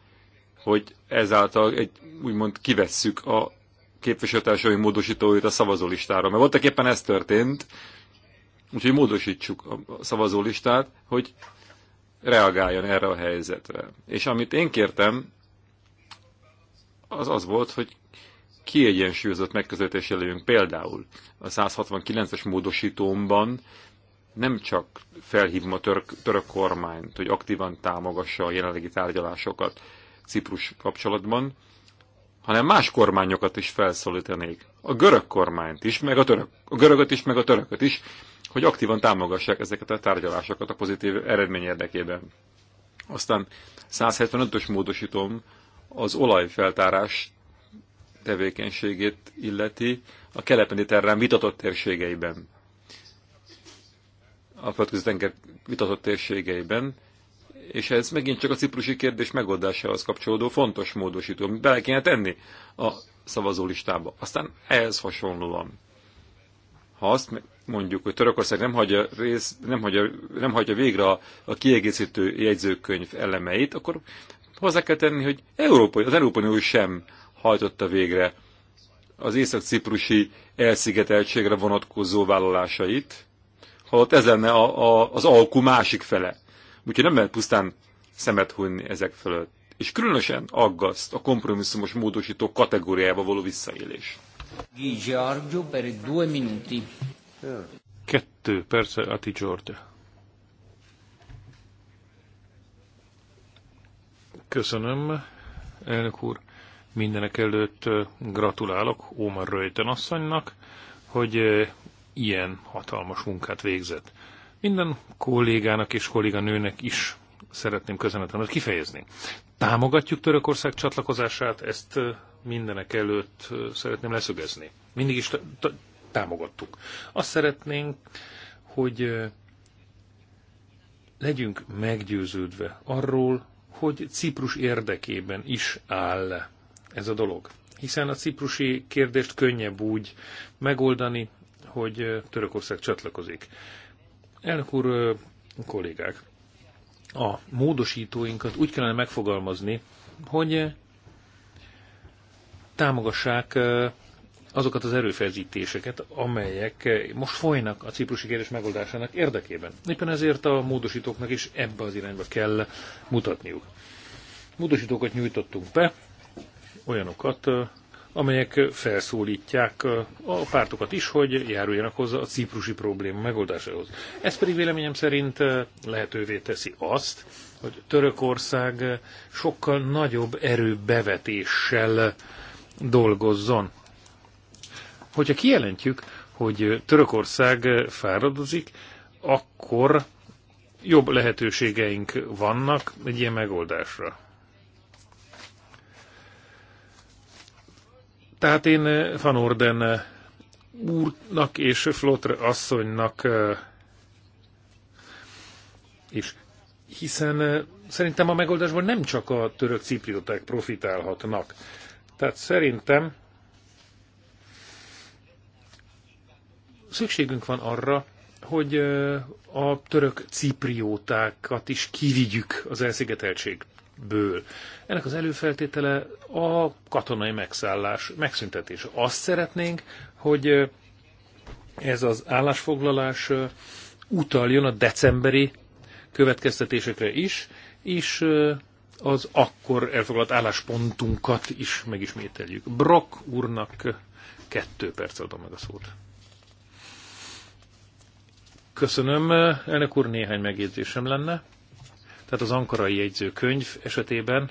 hogy ezáltal egy, úgymond kivesszük a képviselőtársai módosítóit a szavazólistára. Mert voltak éppen ez történt, úgyhogy módosítsuk a szavazólistát, hogy reagáljon erre a helyzetre. És amit én kértem, az az volt, hogy kiegyensúlyozott megközelítés jelöljünk. Például a 169-es módosítómban nem csak felhívom a török, török kormányt, hogy aktívan támogassa a jelenlegi tárgyalásokat Ciprus kapcsolatban, hanem más kormányokat is felszólítanék. A görög kormányt is, meg a, török, a görögöt is, meg a törököt is, hogy aktívan támogassák ezeket a tárgyalásokat a pozitív eredmény érdekében. Aztán 175-ös módosítom az olajfeltárás tevékenységét illeti a kelet terrán vitatott térségeiben. A földközi tenger vitatott térségeiben, és ez megint csak a ciprusi kérdés megoldásához kapcsolódó fontos módosító, amit bele kéne tenni a szavazólistába. Aztán ehhez hasonlóan. Ha azt mondjuk, hogy Törökország nem hagyja, rész, nem hagyja, nem hagyja végre a, a kiegészítő jegyzőkönyv elemeit, akkor hozzá kell tenni, hogy Európai, az Európai Unió sem hajtotta végre az észak-ciprusi elszigeteltségre vonatkozó vállalásait, holott ez lenne a, a, az alkú másik fele. Úgyhogy nem lehet pusztán szemet hunyni ezek fölött. És különösen aggaszt a kompromisszumos módosító kategóriába való visszaélés. Giorgio per due minuti. Kettő perce Ati Giorgio. Köszönöm, elnök úr. Mindenek előtt gratulálok Ómar Röjten asszonynak, hogy ilyen hatalmas munkát végzett. Minden kollégának és kolléganőnek is szeretném köszönetemet kifejezni. Támogatjuk Törökország csatlakozását, ezt mindenek előtt szeretném leszögezni. Mindig is támogattuk. Azt szeretnénk, hogy legyünk meggyőződve arról, hogy Ciprus érdekében is áll ez a dolog. Hiszen a ciprusi kérdést könnyebb úgy megoldani, hogy Törökország csatlakozik. Elnök úr, kollégák, a módosítóinkat úgy kellene megfogalmazni, hogy támogassák azokat az erőfeszítéseket, amelyek most folynak a ciprusi kérdés megoldásának érdekében. Éppen ezért a módosítóknak is ebbe az irányba kell mutatniuk. Módosítókat nyújtottunk be, olyanokat, amelyek felszólítják a pártokat is, hogy járuljanak hozzá a ciprusi probléma megoldásához. Ez pedig véleményem szerint lehetővé teszi azt, hogy Törökország sokkal nagyobb erőbevetéssel dolgozzon. Hogyha kijelentjük, hogy Törökország fáradozik, akkor jobb lehetőségeink vannak egy ilyen megoldásra. Tehát én eh, Van Orden eh, úrnak és Flotre asszonynak eh, is. Hiszen szerintem a megoldásban nem csak a török ciprioták profitálhatnak. Tehát szerintem szükségünk van arra, hogy a török cipriótákat is kivigyük az elszigeteltség ből. Ennek az előfeltétele a katonai megszállás, megszüntetés. Azt szeretnénk, hogy ez az állásfoglalás utaljon a decemberi következtetésekre is, és az akkor elfoglalt álláspontunkat is megismételjük. Brock úrnak kettő perc adom meg a szót. Köszönöm, elnök úr, néhány megjegyzésem lenne tehát az ankarai jegyzőkönyv esetében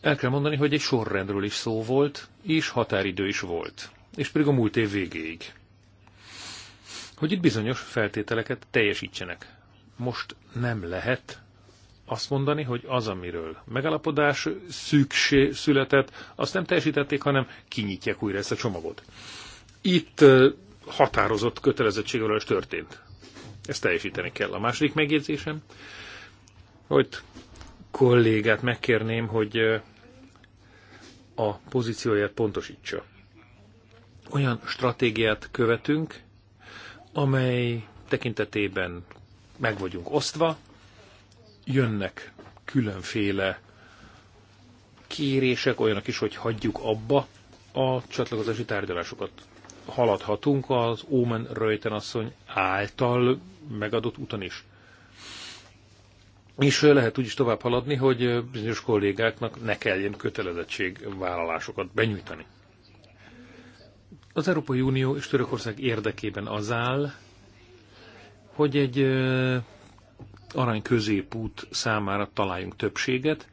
el kell mondani, hogy egy sorrendről is szó volt, és határidő is volt, és pedig a múlt év végéig. Hogy itt bizonyos feltételeket teljesítsenek. Most nem lehet azt mondani, hogy az, amiről megalapodás szüksé, született, azt nem teljesítették, hanem kinyitják újra ezt a csomagot. Itt határozott kötelezettségről is történt. Ezt teljesíteni kell. A második megjegyzésem, hogy kollégát megkérném, hogy a pozícióját pontosítsa. Olyan stratégiát követünk, amely tekintetében meg vagyunk osztva, jönnek különféle kérések, olyanok is, hogy hagyjuk abba a csatlakozási tárgyalásokat. Haladhatunk az Omen Röjten asszony által megadott úton is és lehet úgy is tovább haladni, hogy bizonyos kollégáknak ne kelljen kötelezettségvállalásokat benyújtani. Az Európai Unió és Törökország érdekében az áll, hogy egy arany középút számára találjunk többséget,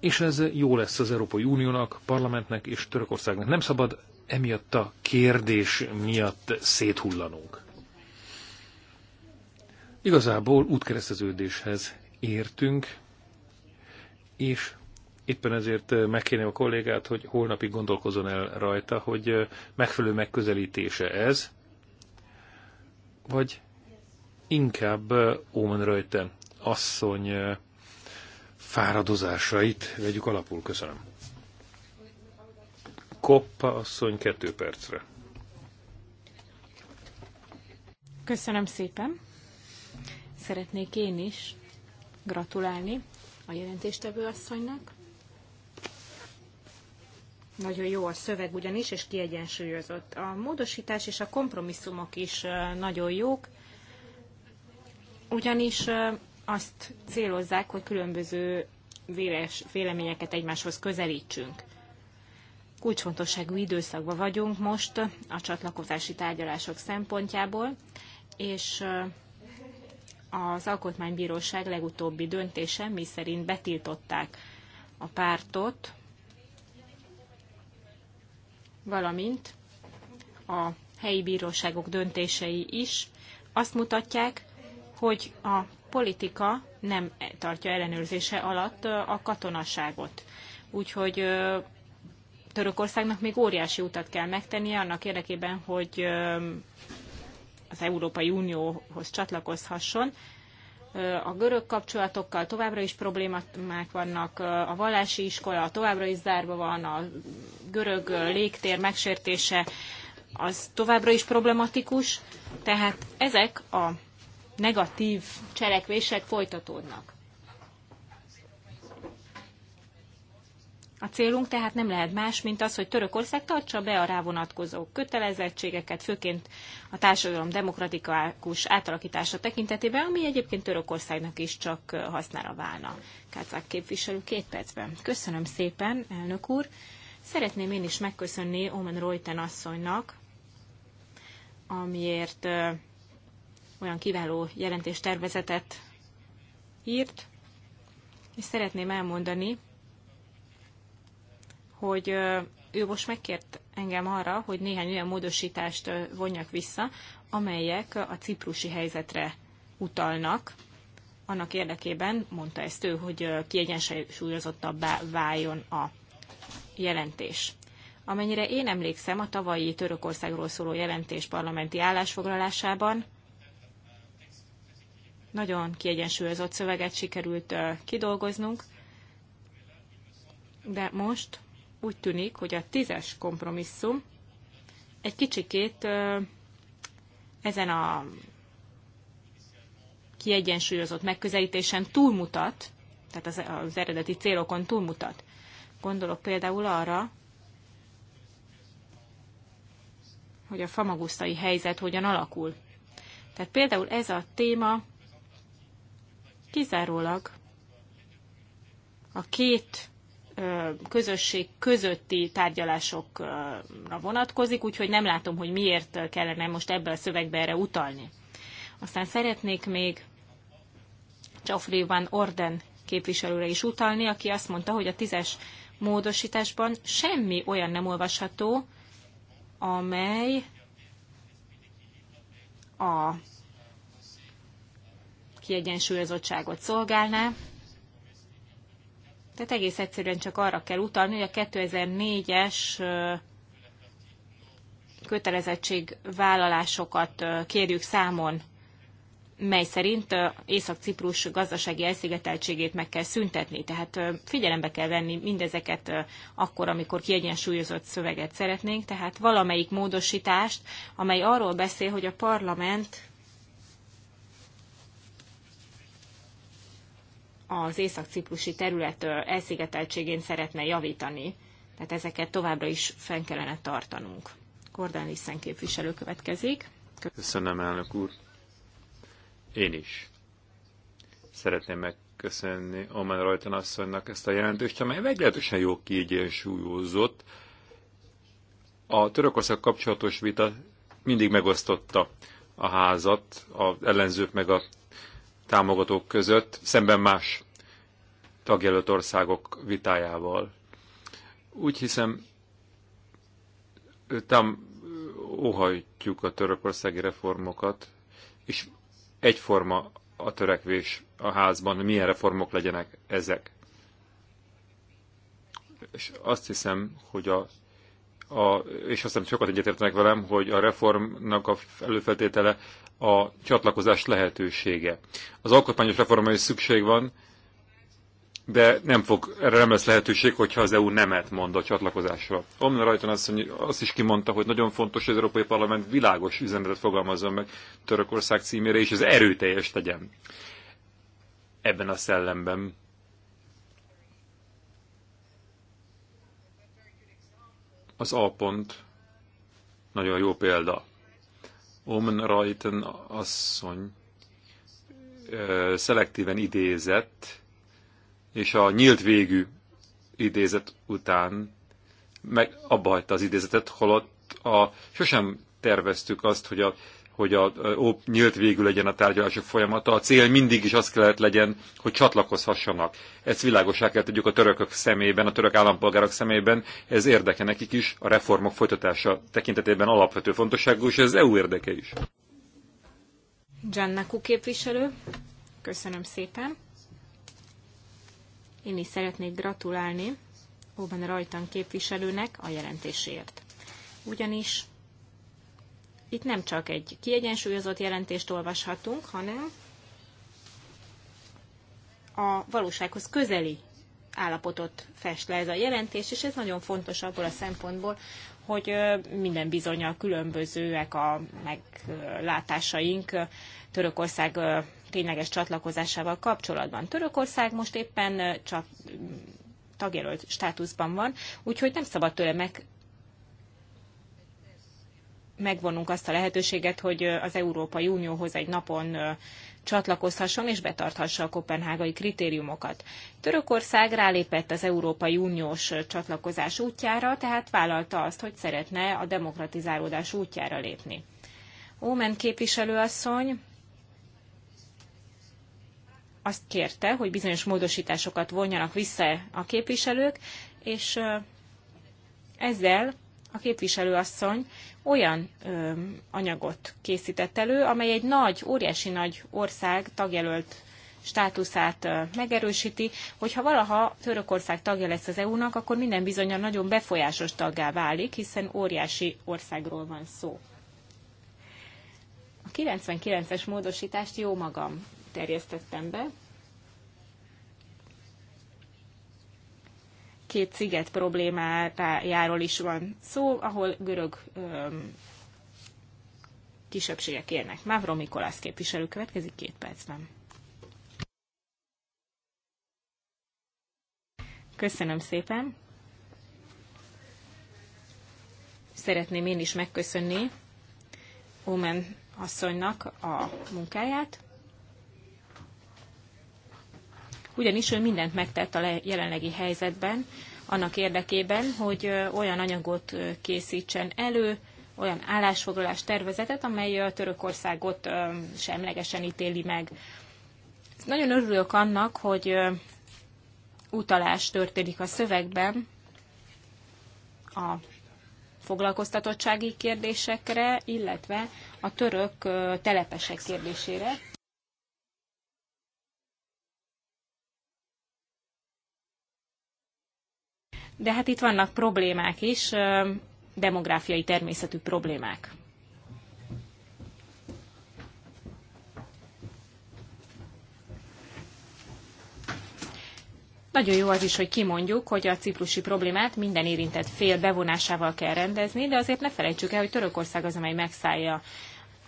és ez jó lesz az Európai Uniónak, parlamentnek és Törökországnak. Nem szabad emiatt a kérdés miatt széthullanunk. Igazából útkereszteződéshez értünk, és éppen ezért megkérném a kollégát, hogy holnapig gondolkozon el rajta, hogy megfelelő megközelítése ez, vagy inkább Omen rajta, asszony fáradozásait vegyük alapul. Köszönöm. Koppa asszony kettő percre. Köszönöm szépen. Szeretnék én is gratulálni a jelentéstevő asszonynak. Nagyon jó a szöveg ugyanis, és kiegyensúlyozott. A módosítás és a kompromisszumok is nagyon jók, ugyanis azt célozzák, hogy különböző véles véleményeket egymáshoz közelítsünk. Kulcsfontosságú időszakban vagyunk most a csatlakozási tárgyalások szempontjából, és az Alkotmánybíróság legutóbbi döntése, mi szerint betiltották a pártot, valamint a helyi bíróságok döntései is azt mutatják, hogy a politika nem tartja ellenőrzése alatt a katonaságot. Úgyhogy Törökországnak még óriási utat kell megtennie annak érdekében, hogy az Európai Unióhoz csatlakozhasson. A görög kapcsolatokkal továbbra is problémák vannak, a vallási iskola továbbra is zárva van, a görög légtér megsértése az továbbra is problematikus, tehát ezek a negatív cselekvések folytatódnak. A célunk tehát nem lehet más, mint az, hogy Törökország tartsa be a rávonatkozó kötelezettségeket, főként a társadalom demokratikus átalakítása tekintetében, ami egyébként Törökországnak is csak hasznára válna. Kácák képviselő két percben. Köszönöm szépen, elnök úr. Szeretném én is megköszönni Omen Reuten asszonynak, amiért olyan kiváló jelentéstervezetet írt, és szeretném elmondani, hogy ő most megkért engem arra, hogy néhány olyan módosítást vonjak vissza, amelyek a ciprusi helyzetre utalnak. Annak érdekében, mondta ezt ő, hogy kiegyensúlyozottabbá váljon a jelentés. Amennyire én emlékszem, a tavalyi Törökországról szóló jelentés parlamenti állásfoglalásában nagyon kiegyensúlyozott szöveget sikerült kidolgoznunk, de most úgy tűnik, hogy a tízes kompromisszum egy kicsikét ezen a kiegyensúlyozott megközelítésen túlmutat, tehát az, eredeti célokon túlmutat. Gondolok például arra, hogy a famagusztai helyzet hogyan alakul. Tehát például ez a téma kizárólag a két közösség közötti tárgyalásokra vonatkozik, úgyhogy nem látom, hogy miért kellene most ebbe a szövegbe erre utalni. Aztán szeretnék még Geoffrey Van Orden képviselőre is utalni, aki azt mondta, hogy a tízes módosításban semmi olyan nem olvasható, amely a kiegyensúlyozottságot szolgálná, tehát egész egyszerűen csak arra kell utalni, hogy a 2004-es kötelezettségvállalásokat kérjük számon, mely szerint Észak-Ciprus gazdasági elszigeteltségét meg kell szüntetni. Tehát figyelembe kell venni mindezeket akkor, amikor kiegyensúlyozott szöveget szeretnénk, tehát valamelyik módosítást, amely arról beszél, hogy a parlament az észak-ciprusi terület elszigeteltségén szeretne javítani. Tehát ezeket továbbra is fenn kellene tartanunk. Kordán Lissen képviselő következik. Köszönöm, elnök úr. Én is. Szeretném megköszönni Omen Rajtan asszonynak ezt a jelentést, amely meglehetősen jó kiegyensúlyozott. A Törökország kapcsolatos vita mindig megosztotta a házat, az ellenzők meg a támogatók között, szemben más tagjelölt országok vitájával. Úgy hiszem, tám óhajtjuk a törökországi reformokat, és egyforma a törekvés a házban, hogy milyen reformok legyenek ezek. És azt hiszem, hogy a, a és azt hiszem sokat egyetértenek velem, hogy a reformnak a előfeltétele a csatlakozás lehetősége. Az alkotmányos reformra is szükség van, de nem fog, erre nem lesz lehetőség, hogyha az EU nemet mond a csatlakozásra. Omna rajton azt, azt is kimondta, hogy nagyon fontos, hogy az Európai Parlament világos üzenetet fogalmazzon meg Törökország címére, és ez erőteljes legyen ebben a szellemben. Az A pont nagyon jó példa Omen Rajten asszony szelektíven idézett, és a nyílt végű idézet után meg abba hagyta az idézetet, holott a, sosem terveztük azt, hogy a hogy a, ó, nyílt végül legyen a tárgyalások folyamata. A cél mindig is az kellett legyen, hogy csatlakozhassanak. Ezt világosá kell tudjuk a törökök szemében, a török állampolgárok szemében. Ez érdeke nekik is, a reformok folytatása tekintetében alapvető fontosságú, és ez EU érdeke is. Giannaku képviselő, köszönöm szépen. Én is szeretnék gratulálni Óban Rajtan képviselőnek a jelentéséért. Ugyanis itt nem csak egy kiegyensúlyozott jelentést olvashatunk, hanem a valósághoz közeli állapotot fest le ez a jelentés, és ez nagyon fontos abból a szempontból, hogy minden a különbözőek a meglátásaink Törökország tényleges csatlakozásával kapcsolatban. Törökország most éppen csak tagjelölt státuszban van, úgyhogy nem szabad tőle meg megvonunk azt a lehetőséget, hogy az Európai Unióhoz egy napon csatlakozhasson és betarthassa a kopenhágai kritériumokat. Törökország rálépett az Európai Uniós csatlakozás útjára, tehát vállalta azt, hogy szeretne a demokratizálódás útjára lépni. Ómen képviselőasszony azt kérte, hogy bizonyos módosításokat vonjanak vissza a képviselők, és ezzel a képviselőasszony olyan ö, anyagot készített elő, amely egy nagy, óriási nagy ország tagjelölt státuszát megerősíti, hogyha valaha Törökország tagja lesz az EU-nak, akkor minden bizonyal nagyon befolyásos taggá válik, hiszen óriási országról van szó. A 99-es módosítást jó magam terjesztettem be, két sziget problémájáról is van szó, ahol görög öm, kisebbségek élnek. Mávro Mikolász képviselő következik két percben. Köszönöm szépen! Szeretném én is megköszönni Omen asszonynak a munkáját ugyanis ő mindent megtett a jelenlegi helyzetben, annak érdekében, hogy olyan anyagot készítsen elő, olyan állásfoglalás tervezetet, amely a Törökországot semlegesen ítéli meg. Nagyon örülök annak, hogy utalás történik a szövegben a foglalkoztatottsági kérdésekre, illetve a török telepesek kérdésére. de hát itt vannak problémák is, demográfiai természetű problémák. Nagyon jó az is, hogy kimondjuk, hogy a ciprusi problémát minden érintett fél bevonásával kell rendezni, de azért ne felejtsük el, hogy Törökország az, amely megszállja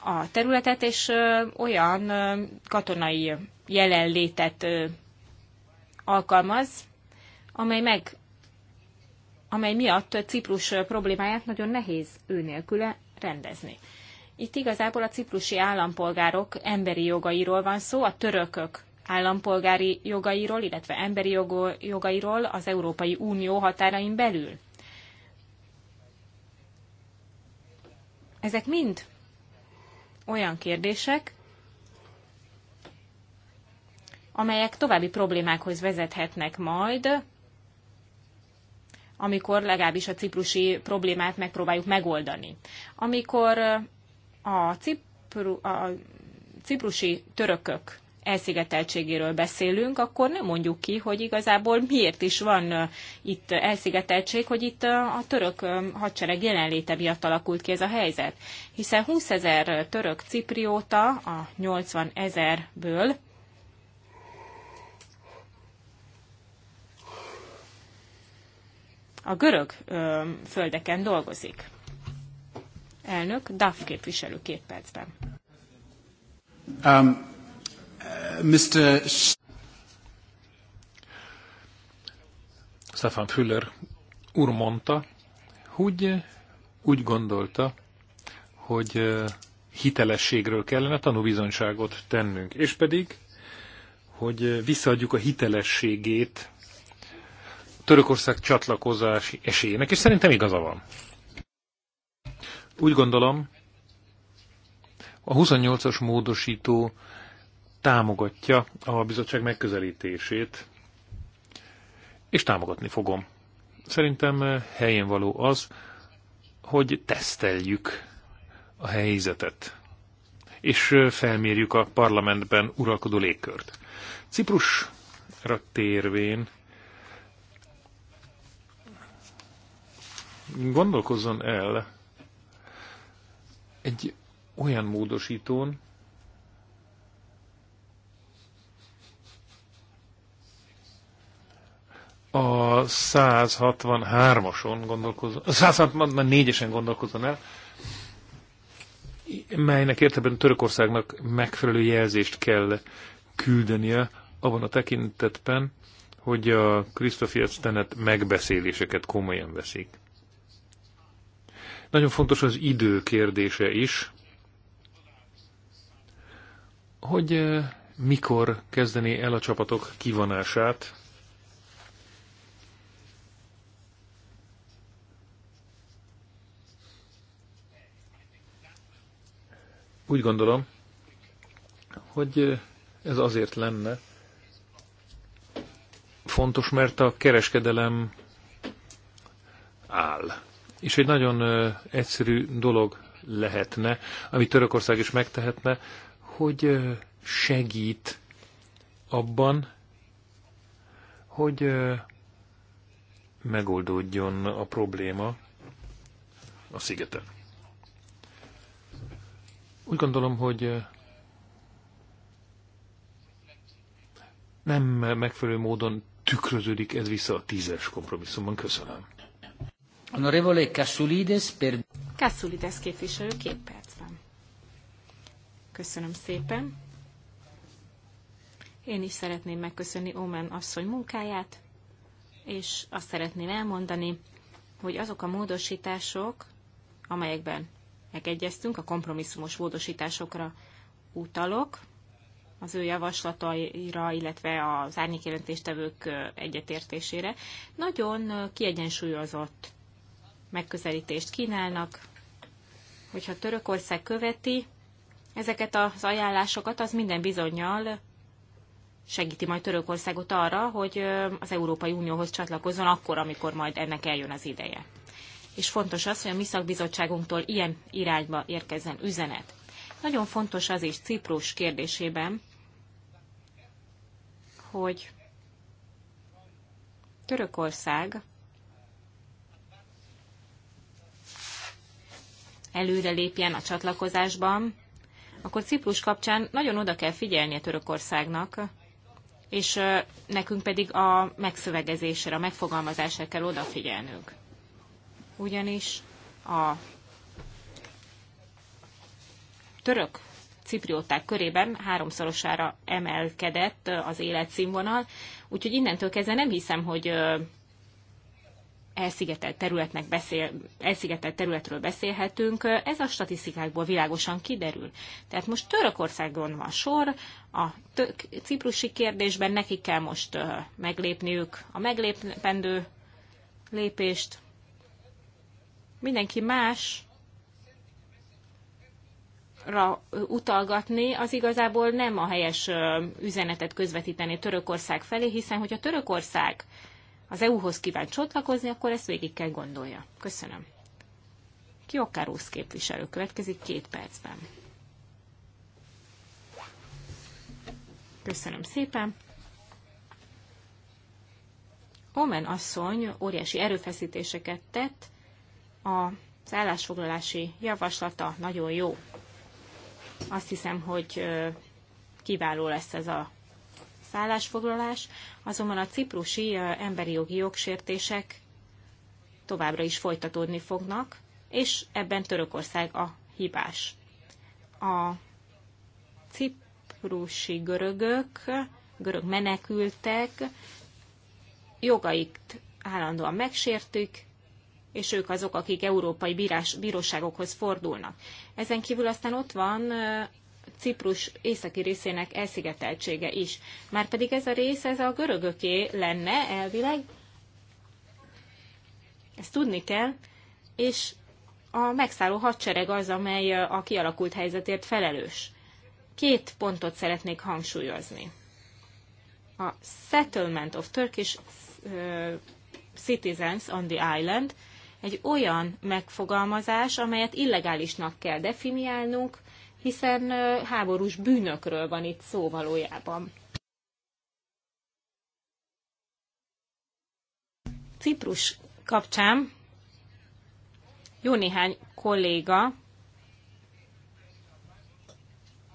a területet, és olyan katonai jelenlétet alkalmaz, amely meg amely miatt Ciprus problémáját nagyon nehéz ő nélküle rendezni. Itt igazából a ciprusi állampolgárok emberi jogairól van szó, a törökök állampolgári jogairól, illetve emberi jogairól az Európai Unió határain belül. Ezek mind olyan kérdések, amelyek további problémákhoz vezethetnek majd, amikor legalábbis a ciprusi problémát megpróbáljuk megoldani. Amikor a, cipru, a ciprusi törökök elszigeteltségéről beszélünk, akkor nem mondjuk ki, hogy igazából miért is van itt elszigeteltség, hogy itt a török hadsereg jelenléte miatt alakult ki ez a helyzet. Hiszen 20 ezer török ciprióta a 80 ezerből a görög ö, földeken dolgozik. Elnök, DAF képviselő két percben. Um, uh, Mr. Stefan Füller úr mondta, hogy úgy gondolta, hogy hitelességről kellene tanúbizonyságot tennünk, és pedig, hogy visszaadjuk a hitelességét Törökország csatlakozási esélyének, és szerintem igaza van. Úgy gondolom, a 28-as módosító támogatja a bizottság megközelítését, és támogatni fogom. Szerintem helyén való az, hogy teszteljük a helyzetet, és felmérjük a parlamentben uralkodó légkört. Ciprusra térvén gondolkozzon el egy olyan módosítón, a 163-ason gondolkozzon, 164-esen gondolkozzon el, melynek értelemben Törökországnak megfelelő jelzést kell küldenie abban a tekintetben, hogy a Krisztofi tenet megbeszéléseket komolyan veszik. Nagyon fontos az idő kérdése is, hogy mikor kezdené el a csapatok kivonását. Úgy gondolom, hogy ez azért lenne fontos, mert a kereskedelem áll. És egy nagyon egyszerű dolog lehetne, amit Törökország is megtehetne, hogy segít abban, hogy megoldódjon a probléma a szigeten. Úgy gondolom, hogy nem megfelelő módon tükröződik ez vissza a tízes kompromisszumban. Köszönöm. Honorevole Kassulides per... Kassulides képviselő két percben. Köszönöm szépen. Én is szeretném megköszönni Omen asszony munkáját, és azt szeretném elmondani, hogy azok a módosítások, amelyekben megegyeztünk, a kompromisszumos módosításokra utalok, az ő javaslataira, illetve az árnyékjelentéstevők egyetértésére, nagyon kiegyensúlyozott megközelítést kínálnak. Hogyha Törökország követi ezeket az ajánlásokat, az minden bizonyal segíti majd Törökországot arra, hogy az Európai Unióhoz csatlakozzon akkor, amikor majd ennek eljön az ideje. És fontos az, hogy a mi szakbizottságunktól ilyen irányba érkezzen üzenet. Nagyon fontos az is Ciprus kérdésében, hogy Törökország előre lépjen a csatlakozásban, akkor Ciprus kapcsán nagyon oda kell figyelni a Törökországnak, és nekünk pedig a megszövegezésre, a megfogalmazásra kell odafigyelnünk. Ugyanis a török ciprióták körében háromszorosára emelkedett az életszínvonal, úgyhogy innentől kezdve nem hiszem, hogy elszigetelt, területnek beszél, elszigetelt területről beszélhetünk, ez a statisztikákból világosan kiderül. Tehát most Törökországon van sor, a tök, ciprusi kérdésben nekik kell most meglépniük a meglépendő lépést. Mindenki más utalgatni, az igazából nem a helyes üzenetet közvetíteni Törökország felé, hiszen hogyha Törökország az EU-hoz kíván csatlakozni, akkor ezt végig kell gondolja. Köszönöm. Kiokárusz képviselő következik két percben. Köszönöm szépen. Omen asszony óriási erőfeszítéseket tett, az állásfoglalási javaslata nagyon jó. Azt hiszem, hogy kiváló lesz ez a lesz állásfoglalás, azonban a ciprusi emberi jogi jogsértések továbbra is folytatódni fognak, és ebben Törökország a hibás. A ciprusi görögök, görög menekültek jogait állandóan megsértük, és ők azok, akik európai bírás, bíróságokhoz fordulnak. Ezen kívül aztán ott van Ciprus északi részének elszigeteltsége is. Márpedig ez a rész, ez a görögöké lenne elvileg, ezt tudni kell, és a megszálló hadsereg az, amely a kialakult helyzetért felelős. Két pontot szeretnék hangsúlyozni. A Settlement of Turkish Citizens on the Island egy olyan megfogalmazás, amelyet illegálisnak kell definiálnunk, hiszen háborús bűnökről van itt szó valójában. Ciprus kapcsán jó néhány kolléga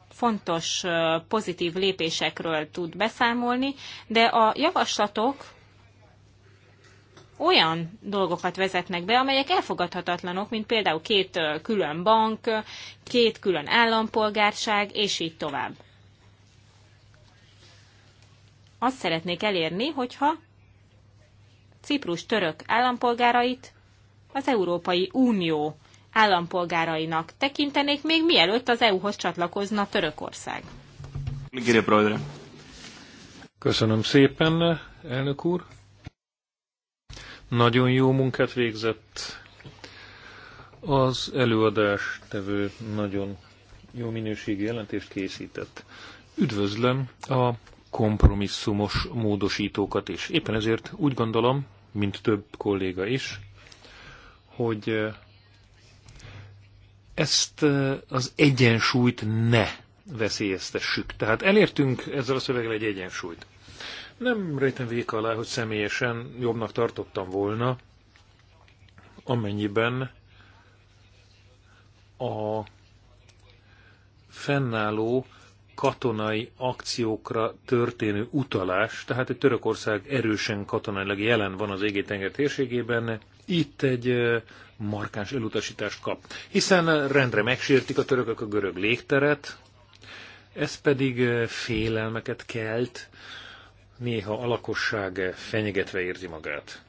fontos pozitív lépésekről tud beszámolni, de a javaslatok olyan dolgokat vezetnek be, amelyek elfogadhatatlanok, mint például két külön bank, két külön állampolgárság, és így tovább. Azt szeretnék elérni, hogyha Ciprus török állampolgárait az Európai Unió állampolgárainak tekintenék, még mielőtt az EU-hoz csatlakozna Törökország. Köszönöm szépen, elnök úr. Nagyon jó munkát végzett. Az előadás tevő nagyon jó minőségi jelentést készített. Üdvözlöm a kompromisszumos módosítókat is. Éppen ezért úgy gondolom, mint több kolléga is, hogy eh, ezt eh, az egyensúlyt ne veszélyeztessük. Tehát elértünk ezzel a szöveggel egy egyensúlyt. Nem rejtem vék alá, hogy személyesen jobbnak tartottam volna, amennyiben a fennálló katonai akciókra történő utalás, tehát egy Törökország erősen katonailag jelen van az Égétenger térségében, itt egy markáns elutasítást kap. Hiszen rendre megsértik a törökök a görög légteret, ez pedig félelmeket kelt néha a lakosság fenyegetve érzi magát.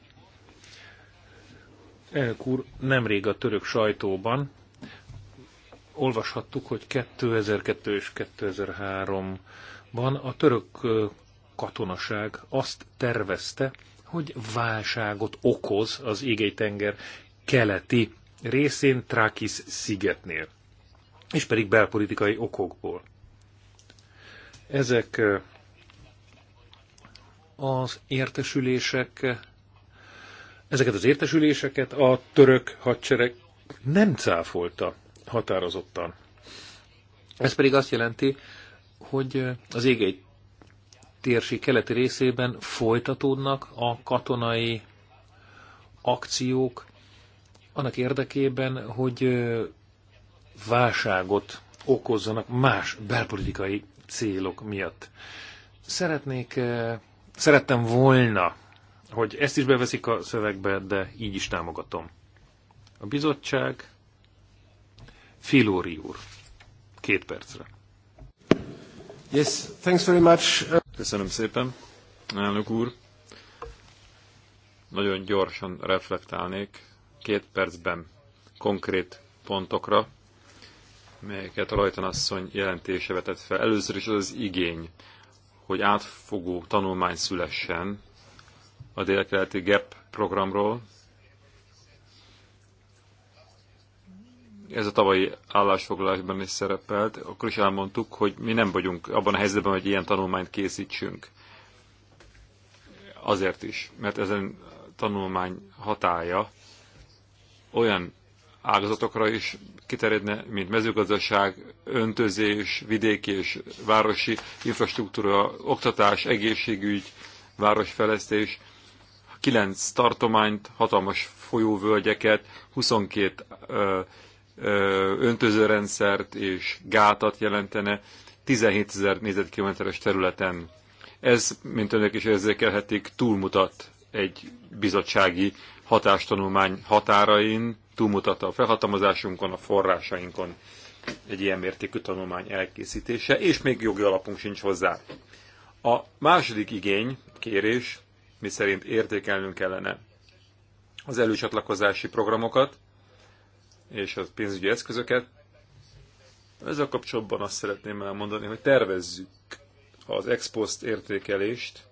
Elnök úr, nemrég a török sajtóban olvashattuk, hogy 2002 és 2003-ban a török katonaság azt tervezte, hogy válságot okoz az Égei-tenger keleti részén Trakis szigetnél, és pedig belpolitikai okokból. Ezek az értesülések, ezeket az értesüléseket a török hadsereg nem cáfolta határozottan. Ez pedig azt jelenti, hogy az égei térsi keleti részében folytatódnak a katonai akciók annak érdekében, hogy válságot okozzanak más belpolitikai célok miatt. Szeretnék Szerettem volna, hogy ezt is beveszik a szövegbe, de így is támogatom. A bizottság Filóri úr. Két percre. Yes, thanks very much. Köszönöm szépen, elnök úr. Nagyon gyorsan reflektálnék két percben konkrét pontokra, melyeket a Lajtanasszony jelentése vetett fel. Először is az az igény, hogy átfogó tanulmány szülessen a délkeleti GEP programról. Ez a tavalyi állásfoglalásban is szerepelt. Akkor is elmondtuk, hogy mi nem vagyunk abban a helyzetben, hogy ilyen tanulmányt készítsünk. Azért is, mert ezen tanulmány hatája olyan ágazatokra is kiterjedne, mint mezőgazdaság, öntözés, vidéki és városi infrastruktúra, oktatás, egészségügy, városfejlesztés, Kilenc tartományt, hatalmas folyóvölgyeket, 22 ö, ö, öntözőrendszert és gátat jelentene 17 ezer négyzetkilométeres területen. Ez, mint önök is érzékelhetik, túlmutat egy bizottsági hatástanulmány határain, túlmutat a felhatalmazásunkon, a forrásainkon egy ilyen mértékű tanulmány elkészítése, és még jogi alapunk sincs hozzá. A második igény, kérés, mi szerint értékelnünk kellene az előcsatlakozási programokat és a pénzügyi eszközöket. Ezzel kapcsolatban azt szeretném elmondani, hogy tervezzük az ex-post értékelést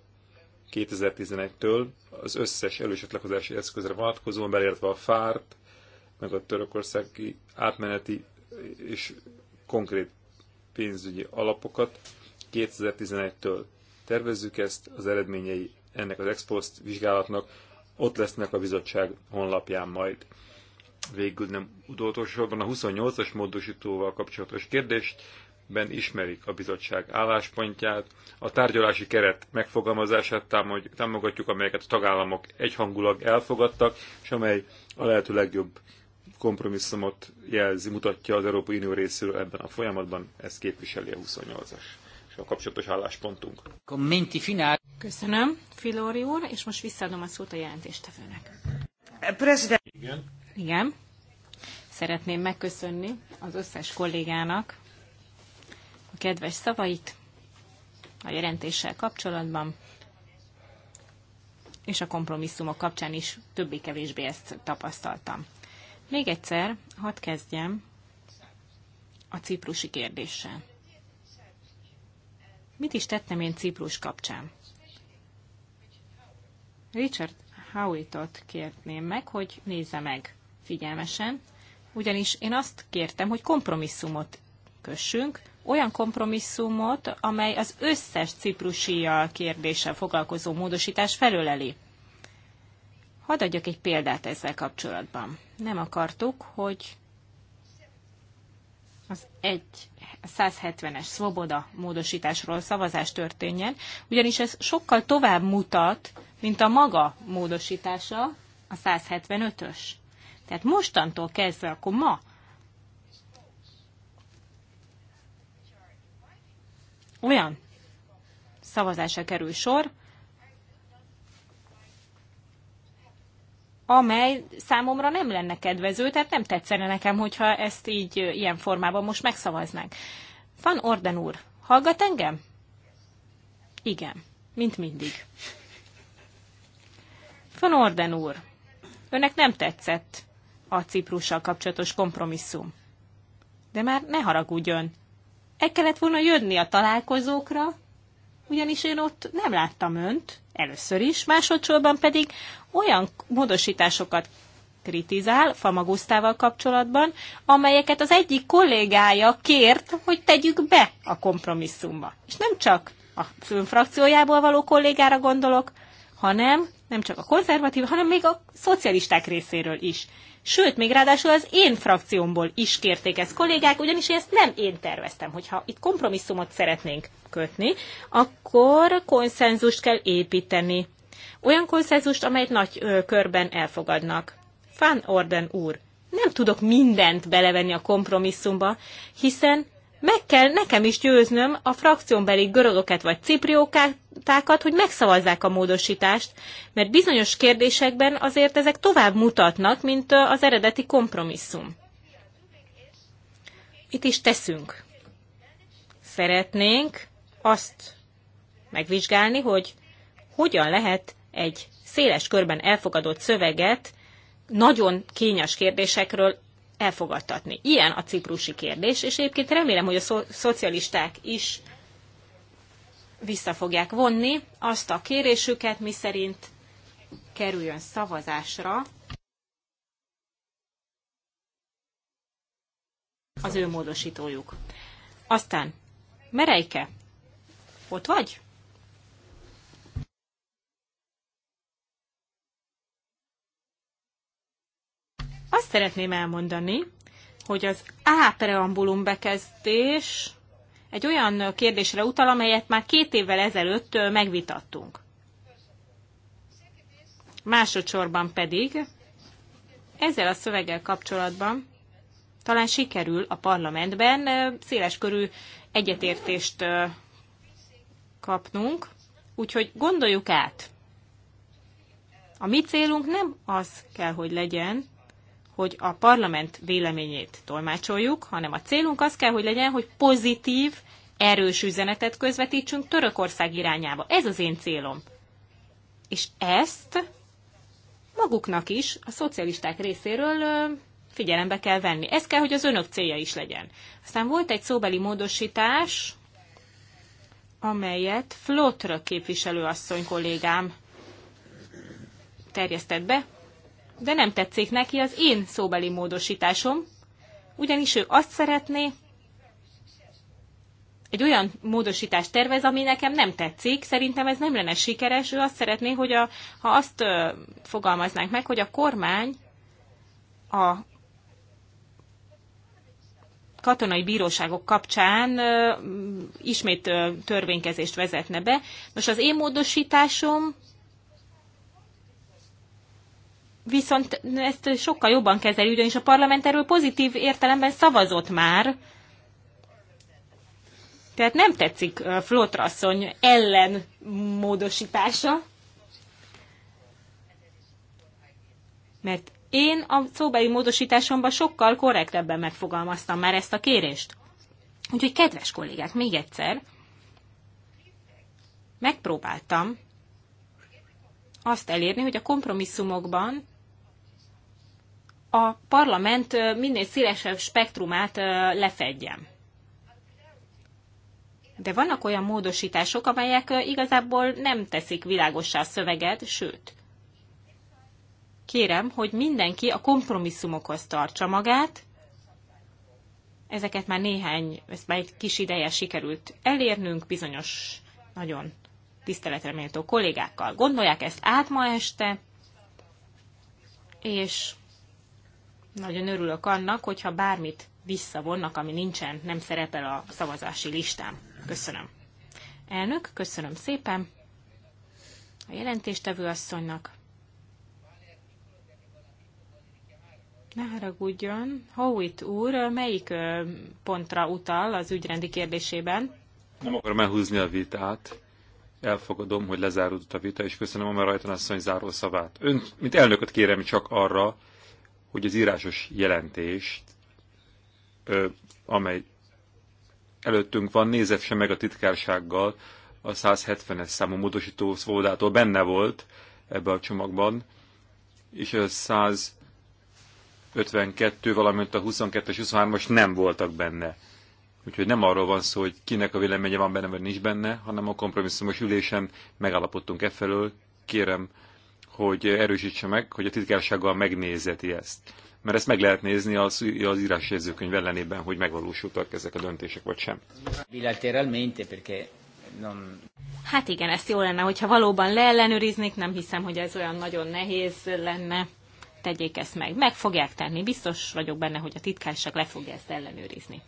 2011-től az összes előcsatlakozási eszközre vonatkozóan, beleértve a fárt, meg a törökországi átmeneti és konkrét pénzügyi alapokat 2011-től tervezzük ezt, az eredményei ennek az expost vizsgálatnak ott lesznek a bizottság honlapján majd. Végül nem utolsóban a 28-as módosítóval kapcsolatos kérdést ben ismerik a bizottság álláspontját, a tárgyalási keret megfogalmazását támogatjuk, amelyeket a tagállamok egyhangulag elfogadtak, és amely a lehető legjobb kompromisszumot jelzi, mutatja az Európai Unió részéről ebben a folyamatban, ezt képviseli a 28-as és a kapcsolatos álláspontunk. Kommenti finál. Köszönöm, Filóri úr, és most visszaadom a szót a jelentéstevőnek. President. Igen. Igen. Szeretném megköszönni az összes kollégának a kedves szavait a jelentéssel kapcsolatban, és a kompromisszumok kapcsán is többé-kevésbé ezt tapasztaltam. Még egyszer, hadd kezdjem a ciprusi kérdéssel. Mit is tettem én Ciprus kapcsán? Richard Howitt-ot kérném meg, hogy nézze meg figyelmesen, ugyanis én azt kértem, hogy kompromisszumot kössünk, olyan kompromisszumot, amely az összes ciprusi kérdéssel foglalkozó módosítás felöleli. Hadd adjak egy példát ezzel kapcsolatban. Nem akartuk, hogy az egy 170-es szvoboda módosításról szavazás történjen, ugyanis ez sokkal tovább mutat, mint a maga módosítása, a 175-ös. Tehát mostantól kezdve, akkor ma olyan szavazásra kerül sor, amely számomra nem lenne kedvező, tehát nem tetszene nekem, hogyha ezt így ilyen formában most megszavaznánk. Van Orden úr, hallgat engem? Igen, mint mindig. Van Orden úr, önnek nem tetszett a Ciprussal kapcsolatos kompromisszum. De már ne haragudjon. El kellett volna jönni a találkozókra, ugyanis én ott nem láttam önt először is, másodszorban pedig olyan módosításokat kritizál Famagusztával kapcsolatban, amelyeket az egyik kollégája kért, hogy tegyük be a kompromisszumba. És nem csak a frakciójából való kollégára gondolok, hanem nem csak a konzervatív, hanem még a szocialisták részéről is sőt, még ráadásul az én frakciómból is kérték ezt kollégák, ugyanis ezt nem én terveztem. Hogyha itt kompromisszumot szeretnénk kötni, akkor konszenzust kell építeni. Olyan konszenzust, amelyet nagy ö, körben elfogadnak. Van Orden úr, nem tudok mindent belevenni a kompromisszumba, hiszen meg kell nekem is győznöm a frakciónbeli görögöket vagy cipriókátákat, hogy megszavazzák a módosítást, mert bizonyos kérdésekben azért ezek tovább mutatnak, mint az eredeti kompromisszum. Itt is teszünk. Szeretnénk azt megvizsgálni, hogy hogyan lehet egy széles körben elfogadott szöveget nagyon kényes kérdésekről elfogadtatni. Ilyen a ciprusi kérdés, és egyébként remélem, hogy a szo- szocialisták is vissza fogják vonni azt a kérésüket, miszerint kerüljön szavazásra az ő módosítójuk. Aztán, Merejke, ott vagy? Azt szeretném elmondani, hogy az A preambulum bekezdés egy olyan kérdésre utal, amelyet már két évvel ezelőtt megvitattunk. Másodszorban pedig ezzel a szöveggel kapcsolatban talán sikerül a parlamentben széleskörű egyetértést kapnunk, úgyhogy gondoljuk át. A mi célunk nem az kell, hogy legyen, hogy a parlament véleményét tolmácsoljuk, hanem a célunk az kell, hogy legyen, hogy pozitív, erős üzenetet közvetítsünk Törökország irányába. Ez az én célom. És ezt maguknak is, a szocialisták részéről figyelembe kell venni. Ez kell, hogy az önök célja is legyen. Aztán volt egy szóbeli módosítás, amelyet képviselő képviselőasszony kollégám terjesztett be de nem tetszik neki az én szóbeli módosításom, ugyanis ő azt szeretné, egy olyan módosítást tervez, ami nekem nem tetszik, szerintem ez nem lenne sikeres, ő azt szeretné, hogy a, ha azt ö, fogalmaznánk meg, hogy a kormány a katonai bíróságok kapcsán ö, ismét ö, törvénykezést vezetne be. Most az én módosításom viszont ezt sokkal jobban kezeli, ugyanis a parlament erről pozitív értelemben szavazott már. Tehát nem tetszik Flótrasszony ellen módosítása, mert én a szóbeli módosításomban sokkal korrektebben megfogalmaztam már ezt a kérést. Úgyhogy kedves kollégák, még egyszer, megpróbáltam azt elérni, hogy a kompromisszumokban a parlament minél szélesebb spektrumát lefedjem. De vannak olyan módosítások, amelyek igazából nem teszik világossá a szöveget, sőt. Kérem, hogy mindenki a kompromisszumokhoz tartsa magát. Ezeket már néhány, ezt már egy kis ideje sikerült elérnünk bizonyos nagyon tiszteletre méltó kollégákkal. Gondolják ezt át ma este, és nagyon örülök annak, hogyha bármit visszavonnak, ami nincsen, nem szerepel a szavazási listám. Köszönöm. Elnök, köszönöm szépen a jelentéstevő asszonynak. Ne haragudjon. Howitt úr, melyik pontra utal az ügyrendi kérdésében? Nem akarom elhúzni a vitát, elfogadom, hogy lezáródott a vita, és köszönöm a Marajtan asszony záró szavát. Ön, mint elnököt kérem csak arra, hogy az írásos jelentést, ö, amely előttünk van, nézefse meg a titkársággal, a 170-es számú módosító szvódától benne volt ebbe a csomagban, és a 152, valamint a 22-es, 23-as nem voltak benne. Úgyhogy nem arról van szó, hogy kinek a véleménye van benne, vagy nincs benne, hanem a kompromisszumos ülésen megállapodtunk e felől. Kérem, hogy erősítse meg, hogy a titkársággal megnézeti ezt. Mert ezt meg lehet nézni az, az írásjegyzőkönyv ellenében, hogy megvalósultak ezek a döntések, vagy sem. Hát igen, ezt jó lenne, hogyha valóban leellenőriznék, nem hiszem, hogy ez olyan nagyon nehéz lenne tegyék ezt meg. Meg fogják tenni, biztos vagyok benne, hogy a titkárság le fogja ezt ellenőrizni.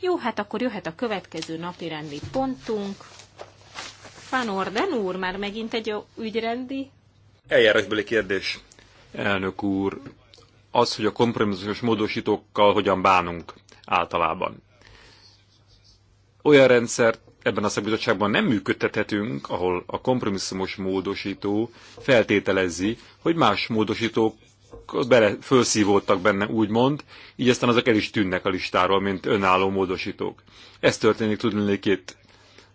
Jó, hát akkor jöhet a következő napi rendi pontunk. Van Orden úr, már megint egy ügyrendi? Eljárásbeli kérdés. Elnök úr, az, hogy a kompromisszus módosítókkal hogyan bánunk általában. Olyan rendszert ebben a szakbizottságban nem működtethetünk, ahol a kompromisszumos módosító feltételezi, hogy más módosítók bele felszívódtak benne, úgymond, így aztán azok el is tűnnek a listáról, mint önálló módosítók. Ez történik tudnék itt.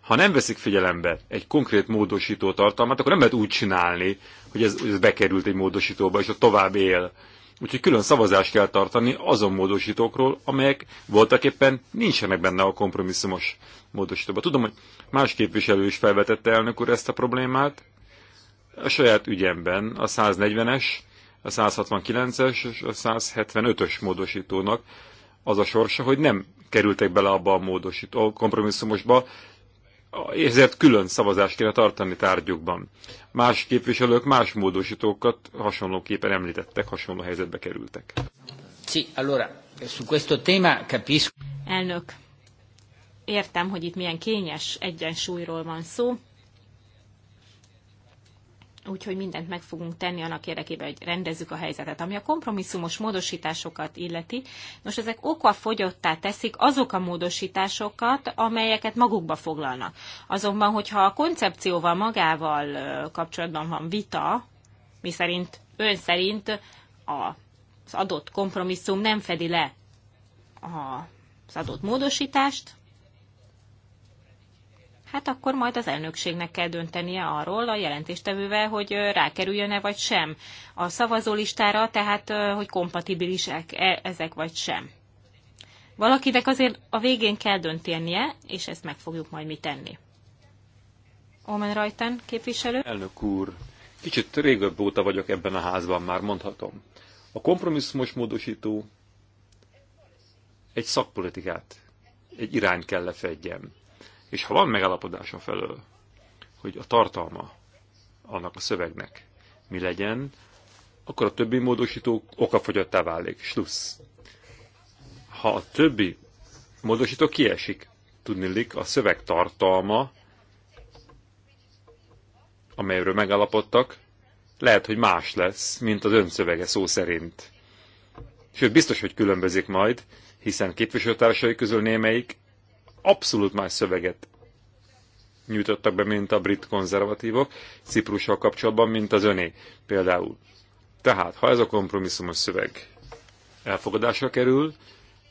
Ha nem veszik figyelembe egy konkrét módosító tartalmat, akkor nem lehet úgy csinálni, hogy ez, ez bekerült egy módosítóba, és ott tovább él. Úgyhogy külön szavazást kell tartani azon módosítókról, amelyek voltak éppen nincsenek benne a kompromisszumos módosítóba. Tudom, hogy más képviselő is felvetette elnök úr ezt a problémát. A saját ügyemben a 140-es a 169-es és a 175-ös módosítónak az a sorsa, hogy nem kerültek bele abba a módosító kompromisszumosba, ezért külön szavazást kéne tartani tárgyukban. Más képviselők más módosítókat hasonlóképpen említettek, hasonló helyzetbe kerültek. Sí, allora, su questo tema capisco. Elnök, értem, hogy itt milyen kényes egyensúlyról van szó, Úgyhogy mindent meg fogunk tenni annak érdekében, hogy rendezzük a helyzetet. Ami a kompromisszumos módosításokat illeti, most ezek fogyottá teszik azok a módosításokat, amelyeket magukba foglalnak. Azonban, hogyha a koncepcióval magával kapcsolatban van vita, mi szerint ön szerint az adott kompromisszum nem fedi le az adott módosítást, hát akkor majd az elnökségnek kell döntenie arról a jelentéstevővel, hogy rákerüljön-e vagy sem a szavazólistára, tehát hogy kompatibilisek -e ezek vagy sem. Valakinek azért a végén kell döntenie, és ezt meg fogjuk majd mi tenni. Omen Rajten képviselő. Elnök úr, kicsit régebb óta vagyok ebben a házban, már mondhatom. A kompromisszumos módosító egy szakpolitikát, egy irányt kell lefedjen. És ha van megállapodás a felől, hogy a tartalma annak a szövegnek mi legyen, akkor a többi módosító okafogyottá válik. Slussz. Ha a többi módosító kiesik, tudnilik a szöveg tartalma, amelyről megállapodtak, lehet, hogy más lesz, mint az önszövege szó szerint. Sőt, biztos, hogy különbözik majd, hiszen képviselőtársai közül némelyik abszolút más szöveget nyújtottak be, mint a brit konzervatívok Ciprussal kapcsolatban, mint az öné például. Tehát, ha ez a kompromisszumos szöveg elfogadásra kerül,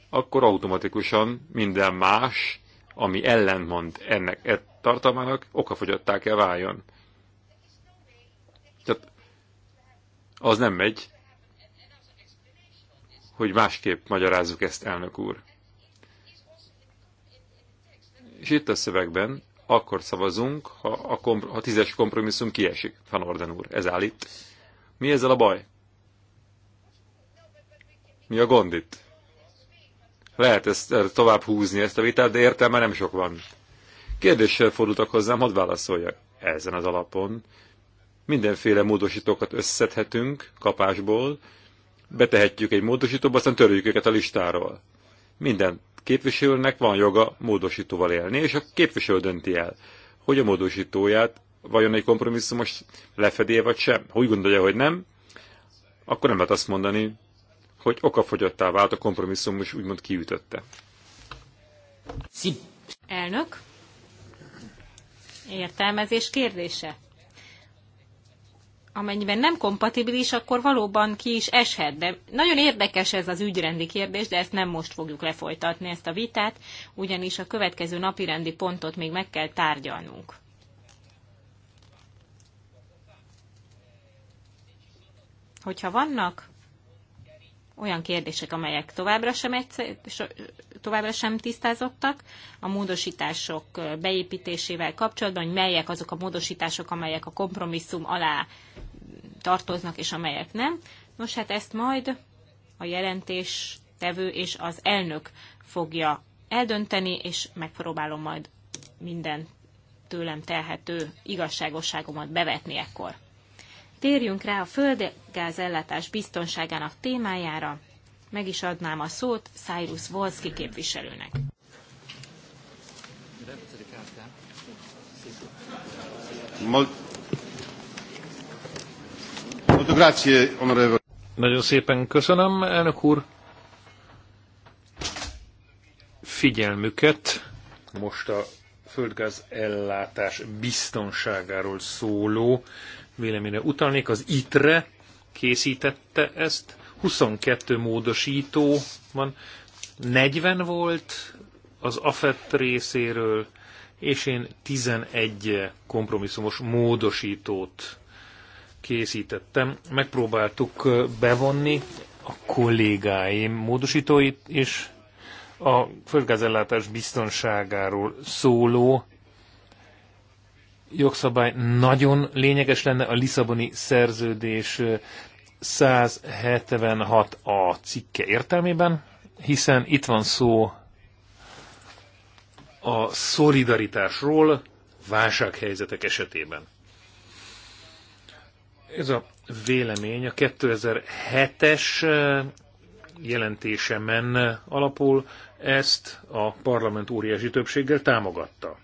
akkor automatikusan minden más, ami ellentmond ennek e tartalmának, okafogyatták kell váljon. Tehát az nem megy, hogy másképp magyarázzuk ezt, elnök úr. És itt a szövegben akkor szavazunk, ha a, komp- a tízes kompromisszum kiesik, Van Orden úr. Ez áll itt. Mi ezzel a baj? Mi a gond itt? Lehet ezt tovább húzni, ezt a vitát, de értelme nem sok van. Kérdéssel fordultak hozzám, hadd válaszoljak. Ezen az alapon mindenféle módosítókat összethetünk kapásból, betehetjük egy módosítóba, aztán törjük őket a listáról. Minden képviselőnek van joga módosítóval élni, és a képviselő dönti el, hogy a módosítóját vajon egy kompromisszumos lefedél vagy sem. Ha úgy gondolja, hogy nem, akkor nem lehet azt mondani, hogy okafogyottá vált a kompromisszum, és úgymond kiütötte. Elnök, értelmezés kérdése? amennyiben nem kompatibilis, akkor valóban ki is eshet. De nagyon érdekes ez az ügyrendi kérdés, de ezt nem most fogjuk lefolytatni, ezt a vitát, ugyanis a következő napi rendi pontot még meg kell tárgyalnunk. Hogyha vannak olyan kérdések, amelyek továbbra sem, egyszer, továbbra sem tisztázottak, a módosítások beépítésével kapcsolatban, hogy melyek azok a módosítások, amelyek a kompromisszum alá tartoznak, és amelyek nem. Nos, hát ezt majd a jelentés tevő és az elnök fogja eldönteni, és megpróbálom majd minden tőlem telhető igazságosságomat bevetni ekkor. Térjünk rá a földgázellátás biztonságának témájára. Meg is adnám a szót Cyrus Wolski képviselőnek. Mol- nagyon szépen köszönöm, elnök úr. Figyelmüket most a földgáz ellátás biztonságáról szóló véleményre utalnék. Az ITRE készítette ezt. 22 módosító van. 40 volt az AFET részéről, és én 11 kompromisszumos módosítót készítettem, megpróbáltuk bevonni a kollégáim módosítóit, és a földgázellátás biztonságáról szóló jogszabály nagyon lényeges lenne a Lisszaboni szerződés 176a cikke értelmében, hiszen itt van szó a szolidaritásról válsághelyzetek esetében. Ez a vélemény a 2007-es eh, jelentésemen alapul, ezt a parlament óriási többséggel támogatta.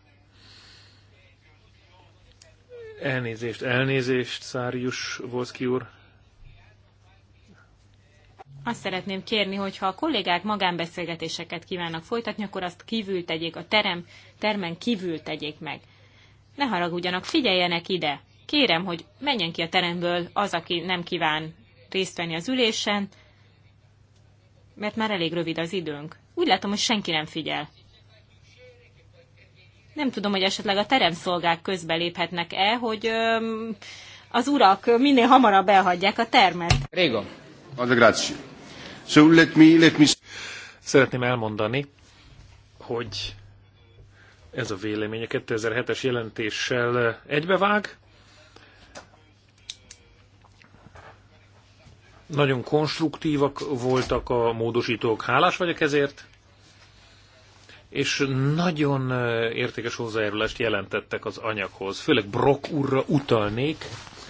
Elnézést, elnézést, Szárius Volszki úr. Azt szeretném kérni, hogy ha a kollégák magánbeszélgetéseket kívánnak folytatni, akkor azt kívül tegyék, a terem, termen kívül tegyék meg. Ne haragudjanak, figyeljenek ide! kérem, hogy menjen ki a teremből az, aki nem kíván részt venni az ülésen, mert már elég rövid az időnk. Úgy látom, hogy senki nem figyel. Nem tudom, hogy esetleg a teremszolgák közbe léphetnek-e, hogy öm, az urak minél hamarabb elhagyják a termet. Régo. Az grazie. So let me, let me... Szeretném elmondani, hogy ez a vélemény a 2007-es jelentéssel egybevág, Nagyon konstruktívak voltak a módosítók, hálás vagyok ezért, és nagyon eh, értékes hozzájárulást jelentettek az anyaghoz. Főleg Brock úrra utalnék,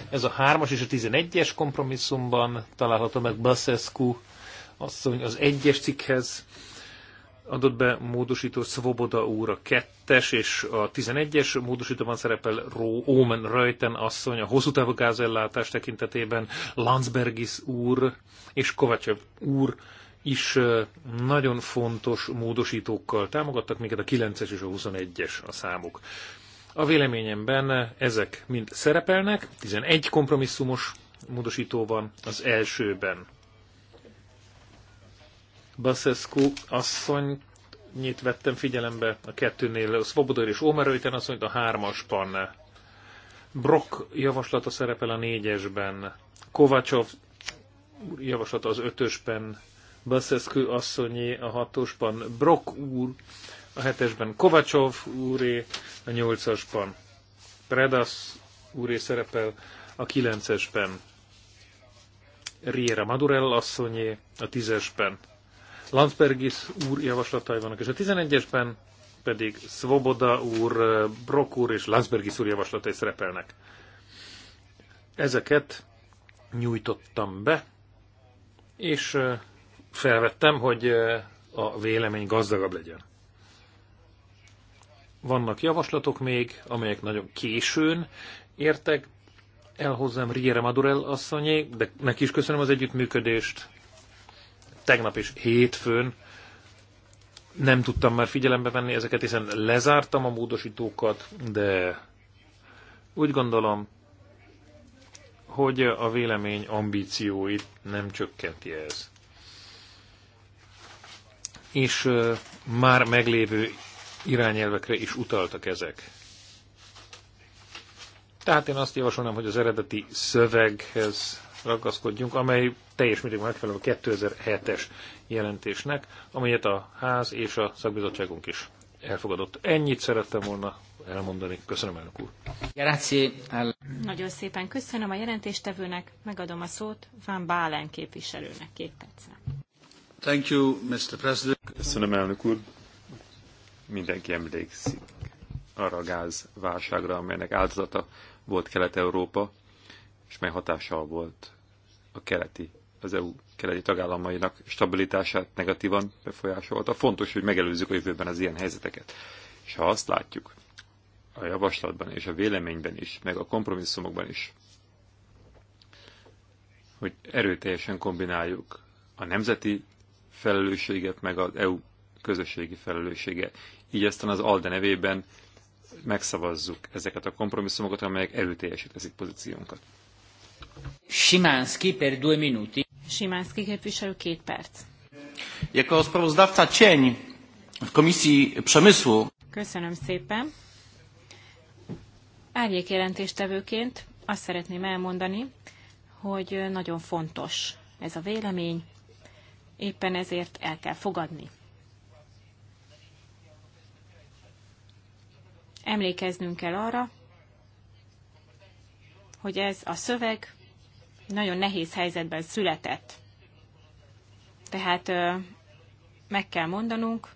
ez a 3-as és a 11-es kompromisszumban található meg Basescu mondja az egyes cikkhez, adott be módosító Svoboda úr a kettes és a 11-es módosítóban szerepel Ró Omen Röjten asszony a hosszú távú gázellátás tekintetében, Landsbergis úr és Kovacsev úr is nagyon fontos módosítókkal támogattak minket, a 9-es és a 21-es a számuk. A véleményemben ezek mind szerepelnek, 11 kompromisszumos módosító van az elsőben Basescu asszonyt vettem figyelembe a kettőnél, a Svobodor és Omerőjten asszonyt a hármasban. Brock javaslata szerepel a négyesben. Kovácsov javaslata az ötösben. Basescu asszonyé a hatosban. Brock úr a hetesben. Kovácsov úré a nyolcasban. Predas úré szerepel a kilencesben. Riera Madurell asszonyé a tízesben. Landsbergis úr javaslatai vannak, és a 11-esben pedig Svoboda úr, Brok úr és Landsbergis úr javaslatai szerepelnek. Ezeket nyújtottam be, és felvettem, hogy a vélemény gazdagabb legyen. Vannak javaslatok még, amelyek nagyon későn értek el hozzám Riera Madurell asszonyé, de neki is köszönöm az együttműködést tegnap és hétfőn nem tudtam már figyelembe venni ezeket, hiszen lezártam a módosítókat, de úgy gondolom, hogy a vélemény ambícióit nem csökkenti ez. És már meglévő irányelvekre is utaltak ezek. Tehát én azt javasolnám, hogy az eredeti szöveghez ragaszkodjunk, amely teljes mértékben megfelelő a 2007-es jelentésnek, amelyet a ház és a szakbizottságunk is elfogadott. Ennyit szerettem volna elmondani. Köszönöm, elnök úr. Nagyon szépen köszönöm a jelentéstevőnek, megadom a szót Van Bálen képviselőnek. Két percre. Thank you, Mr. President. Köszönöm, elnök úr. Mindenki emlékszik arra a gázválságra, amelynek áldozata volt Kelet-Európa és mely hatással volt a keleti, az EU keleti tagállamainak stabilitását negatívan befolyásolta. Fontos, hogy megelőzzük a jövőben az ilyen helyzeteket. És ha azt látjuk a javaslatban és a véleményben is, meg a kompromisszumokban is, hogy erőteljesen kombináljuk a nemzeti felelősséget, meg az EU közösségi felelősséget. Így aztán az ALDE nevében megszavazzuk ezeket a kompromisszumokat, amelyek erőteljesítik pozíciónkat. Simánszki per due minuti. Simánszki képviselő két perc. Jako sprawozdawca cień w Komisji Przemysłu. Köszönöm szépen. Árnyék jelentéstevőként azt szeretném elmondani, hogy nagyon fontos ez a vélemény, éppen ezért el kell fogadni. Emlékeznünk kell arra, hogy ez a szöveg nagyon nehéz helyzetben született. Tehát meg kell mondanunk,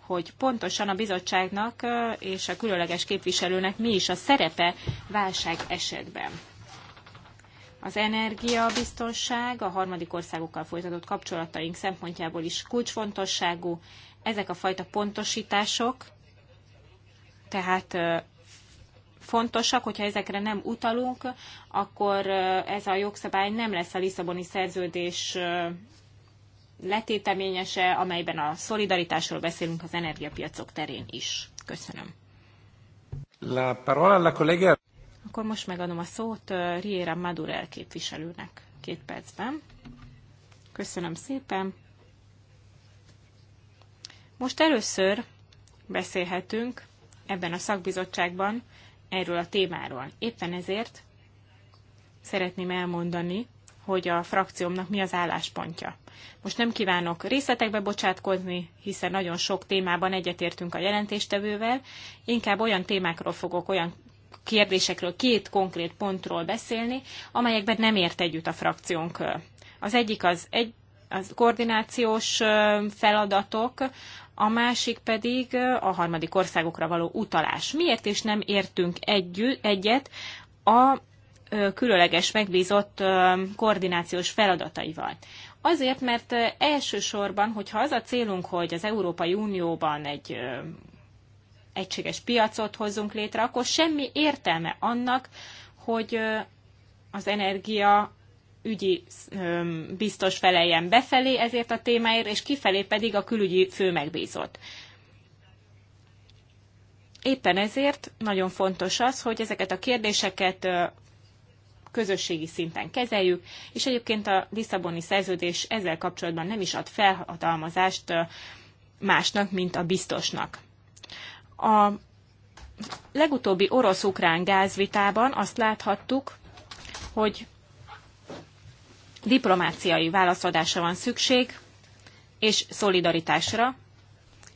hogy pontosan a bizottságnak és a különleges képviselőnek mi is a szerepe válság esetben. Az energiabiztonság a harmadik országokkal folytatott kapcsolataink szempontjából is kulcsfontosságú. Ezek a fajta pontosítások tehát fontosak, hogyha ezekre nem utalunk, akkor ez a jogszabály nem lesz a Lisszaboni szerződés letéteményese, amelyben a szolidaritásról beszélünk az energiapiacok terén is. Köszönöm. La parola alla collega. Akkor most megadom a szót Riera Madurel képviselőnek két percben. Köszönöm szépen. Most először beszélhetünk ebben a szakbizottságban erről a témáról. Éppen ezért szeretném elmondani, hogy a frakciómnak mi az álláspontja. Most nem kívánok részletekbe bocsátkozni, hiszen nagyon sok témában egyetértünk a jelentéstevővel, inkább olyan témákról fogok, olyan kérdésekről, két konkrét pontról beszélni, amelyekben nem ért együtt a frakciónk. Az egyik az egy az koordinációs feladatok, a másik pedig a harmadik országokra való utalás. Miért is nem értünk együtt, egyet a különleges megbízott koordinációs feladataival? Azért, mert elsősorban, hogyha az a célunk, hogy az Európai Unióban egy egységes piacot hozzunk létre, akkor semmi értelme annak, hogy az energia ügyi biztos feleljen befelé ezért a témáért, és kifelé pedig a külügyi főmegbízott. Éppen ezért nagyon fontos az, hogy ezeket a kérdéseket közösségi szinten kezeljük, és egyébként a Lisszaboni szerződés ezzel kapcsolatban nem is ad felhatalmazást másnak, mint a biztosnak. A legutóbbi orosz-ukrán gázvitában azt láthattuk, hogy diplomáciai válaszadásra van szükség, és szolidaritásra,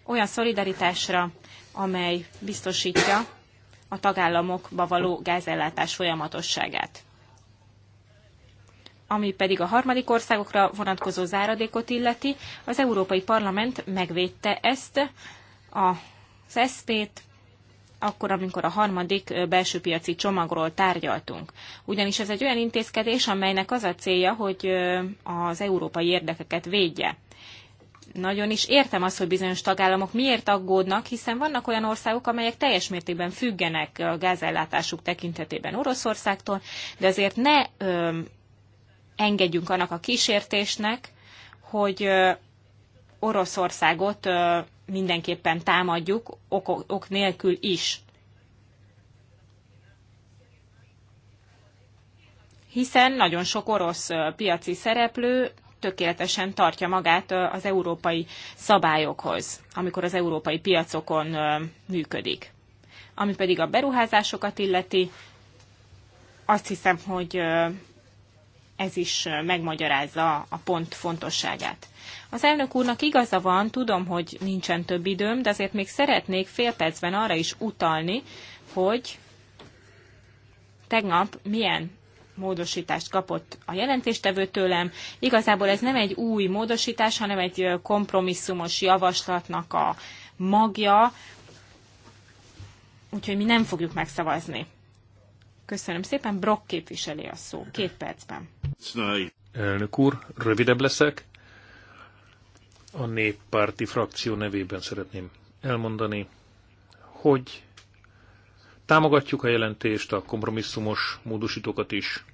olyan szolidaritásra, amely biztosítja a tagállamokba való gázellátás folyamatosságát. Ami pedig a harmadik országokra vonatkozó záradékot illeti, az Európai Parlament megvédte ezt, a CESZP-t, akkor, amikor a harmadik belső piaci csomagról tárgyaltunk. Ugyanis ez egy olyan intézkedés, amelynek az a célja, hogy az európai érdekeket védje. Nagyon is értem azt, hogy bizonyos tagállamok miért aggódnak, hiszen vannak olyan országok, amelyek teljes mértékben függenek a gázellátásuk tekintetében Oroszországtól, de azért ne ö, engedjünk annak a kísértésnek, hogy Oroszországot mindenképpen támadjuk, ok, ok nélkül is. Hiszen nagyon sok orosz piaci szereplő tökéletesen tartja magát az európai szabályokhoz, amikor az európai piacokon működik. Ami pedig a beruházásokat illeti, azt hiszem, hogy ez is megmagyarázza a pont fontosságát. Az elnök úrnak igaza van, tudom, hogy nincsen több időm, de azért még szeretnék fél percben arra is utalni, hogy tegnap milyen módosítást kapott a jelentéstevő tőlem. Igazából ez nem egy új módosítás, hanem egy kompromisszumos javaslatnak a magja, úgyhogy mi nem fogjuk megszavazni. Köszönöm szépen, Brock képviseli a szó, két percben. Elnök úr, rövidebb leszek. A néppárti frakció nevében szeretném elmondani, hogy támogatjuk a jelentést, a kompromisszumos módosítókat is.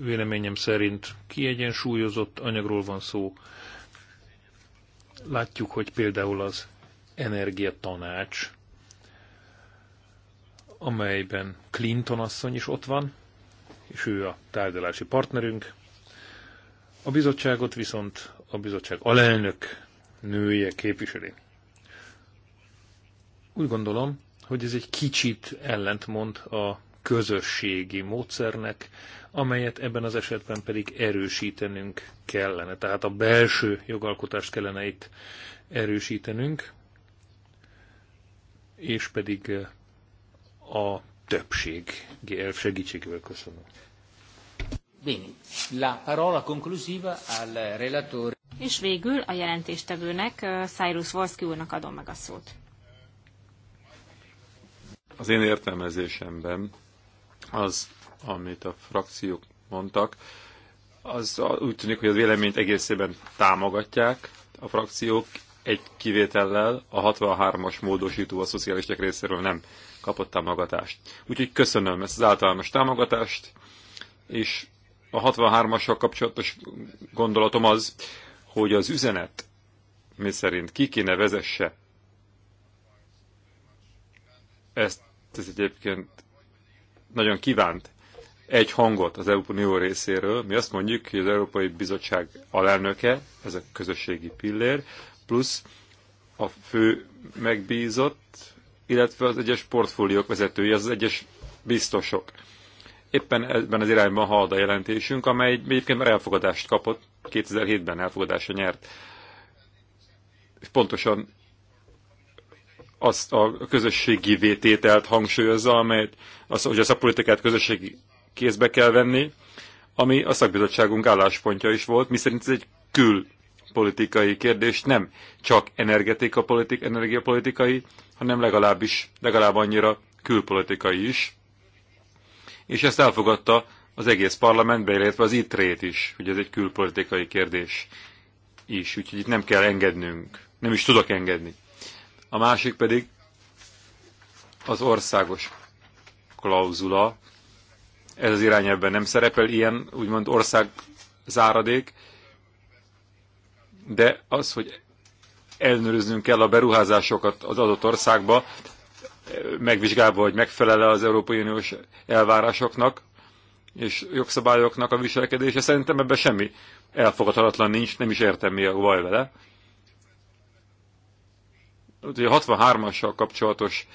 Véleményem szerint kiegyensúlyozott anyagról van szó. Látjuk, hogy például az energiatanács amelyben Clinton asszony is ott van, és ő a tárgyalási partnerünk. A bizottságot viszont a bizottság alelnök nője képviseli. Úgy gondolom, hogy ez egy kicsit ellentmond a közösségi módszernek, amelyet ebben az esetben pedig erősítenünk kellene. Tehát a belső jogalkotást kellene itt erősítenünk, és pedig eh, a többség elv segítségével. Köszönöm. Bene. La parola conclusiva al relatore. És végül a jelentéstevőnek, uh, Cyrus Wolski úrnak adom meg a szót. Az én értelmezésemben az, amit a frakciók mondtak, az úgy tűnik, hogy a véleményt egészében támogatják a frakciók, egy kivétellel, a 63-as módosító a szocialisták részéről nem kapott támogatást. Úgyhogy köszönöm ezt az általános támogatást, és a 63-assal kapcsolatos gondolatom az, hogy az üzenet, mi szerint ki kéne vezesse ezt, ez egyébként nagyon kívánt egy hangot az Európai Unió részéről. Mi azt mondjuk, hogy az Európai Bizottság alelnöke, ez a közösségi pillér, plusz a fő megbízott, illetve az egyes portfóliók vezetői, az egyes biztosok. Éppen ebben az irányban halad a jelentésünk, amely egyébként már elfogadást kapott, 2007-ben elfogadásra nyert. És pontosan azt a közösségi vétételt hangsúlyozza, amelyet az, hogy a szakpolitikát közösségi kézbe kell venni, ami a szakbizottságunk álláspontja is volt, miszerint ez egy kül politikai kérdés nem csak energetika politik, energiapolitikai, hanem legalábbis, legalább annyira külpolitikai is. És ezt elfogadta az egész parlament, illetve az ITRÉT is, hogy ez egy külpolitikai kérdés is, úgyhogy itt nem kell engednünk, nem is tudok engedni. A másik pedig az országos klauzula, ez az irányelben nem szerepel, ilyen úgymond ország záradék, de az, hogy ellenőriznünk kell a beruházásokat az adott országba, megvizsgálva, hogy megfelele az Európai Uniós elvárásoknak és jogszabályoknak a viselkedése. Szerintem ebben semmi elfogadhatatlan nincs, nem is értem mi a baj vele. Ugye a 63-assal kapcsolatos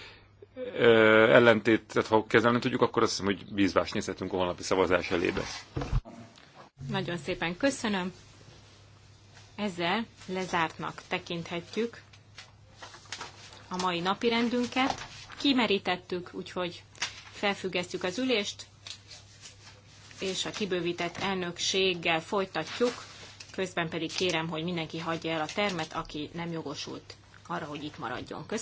ö, ellentétet, ha kezelni tudjuk, akkor azt hiszem, hogy bízvás nézhetünk a holnapi szavazás elébe. Nagyon szépen köszönöm. Ezzel lezártnak tekinthetjük a mai napirendünket. Kimerítettük, úgyhogy felfüggesztjük az ülést, és a kibővített elnökséggel folytatjuk. Közben pedig kérem, hogy mindenki hagyja el a termet, aki nem jogosult arra, hogy itt maradjon. Köszönöm.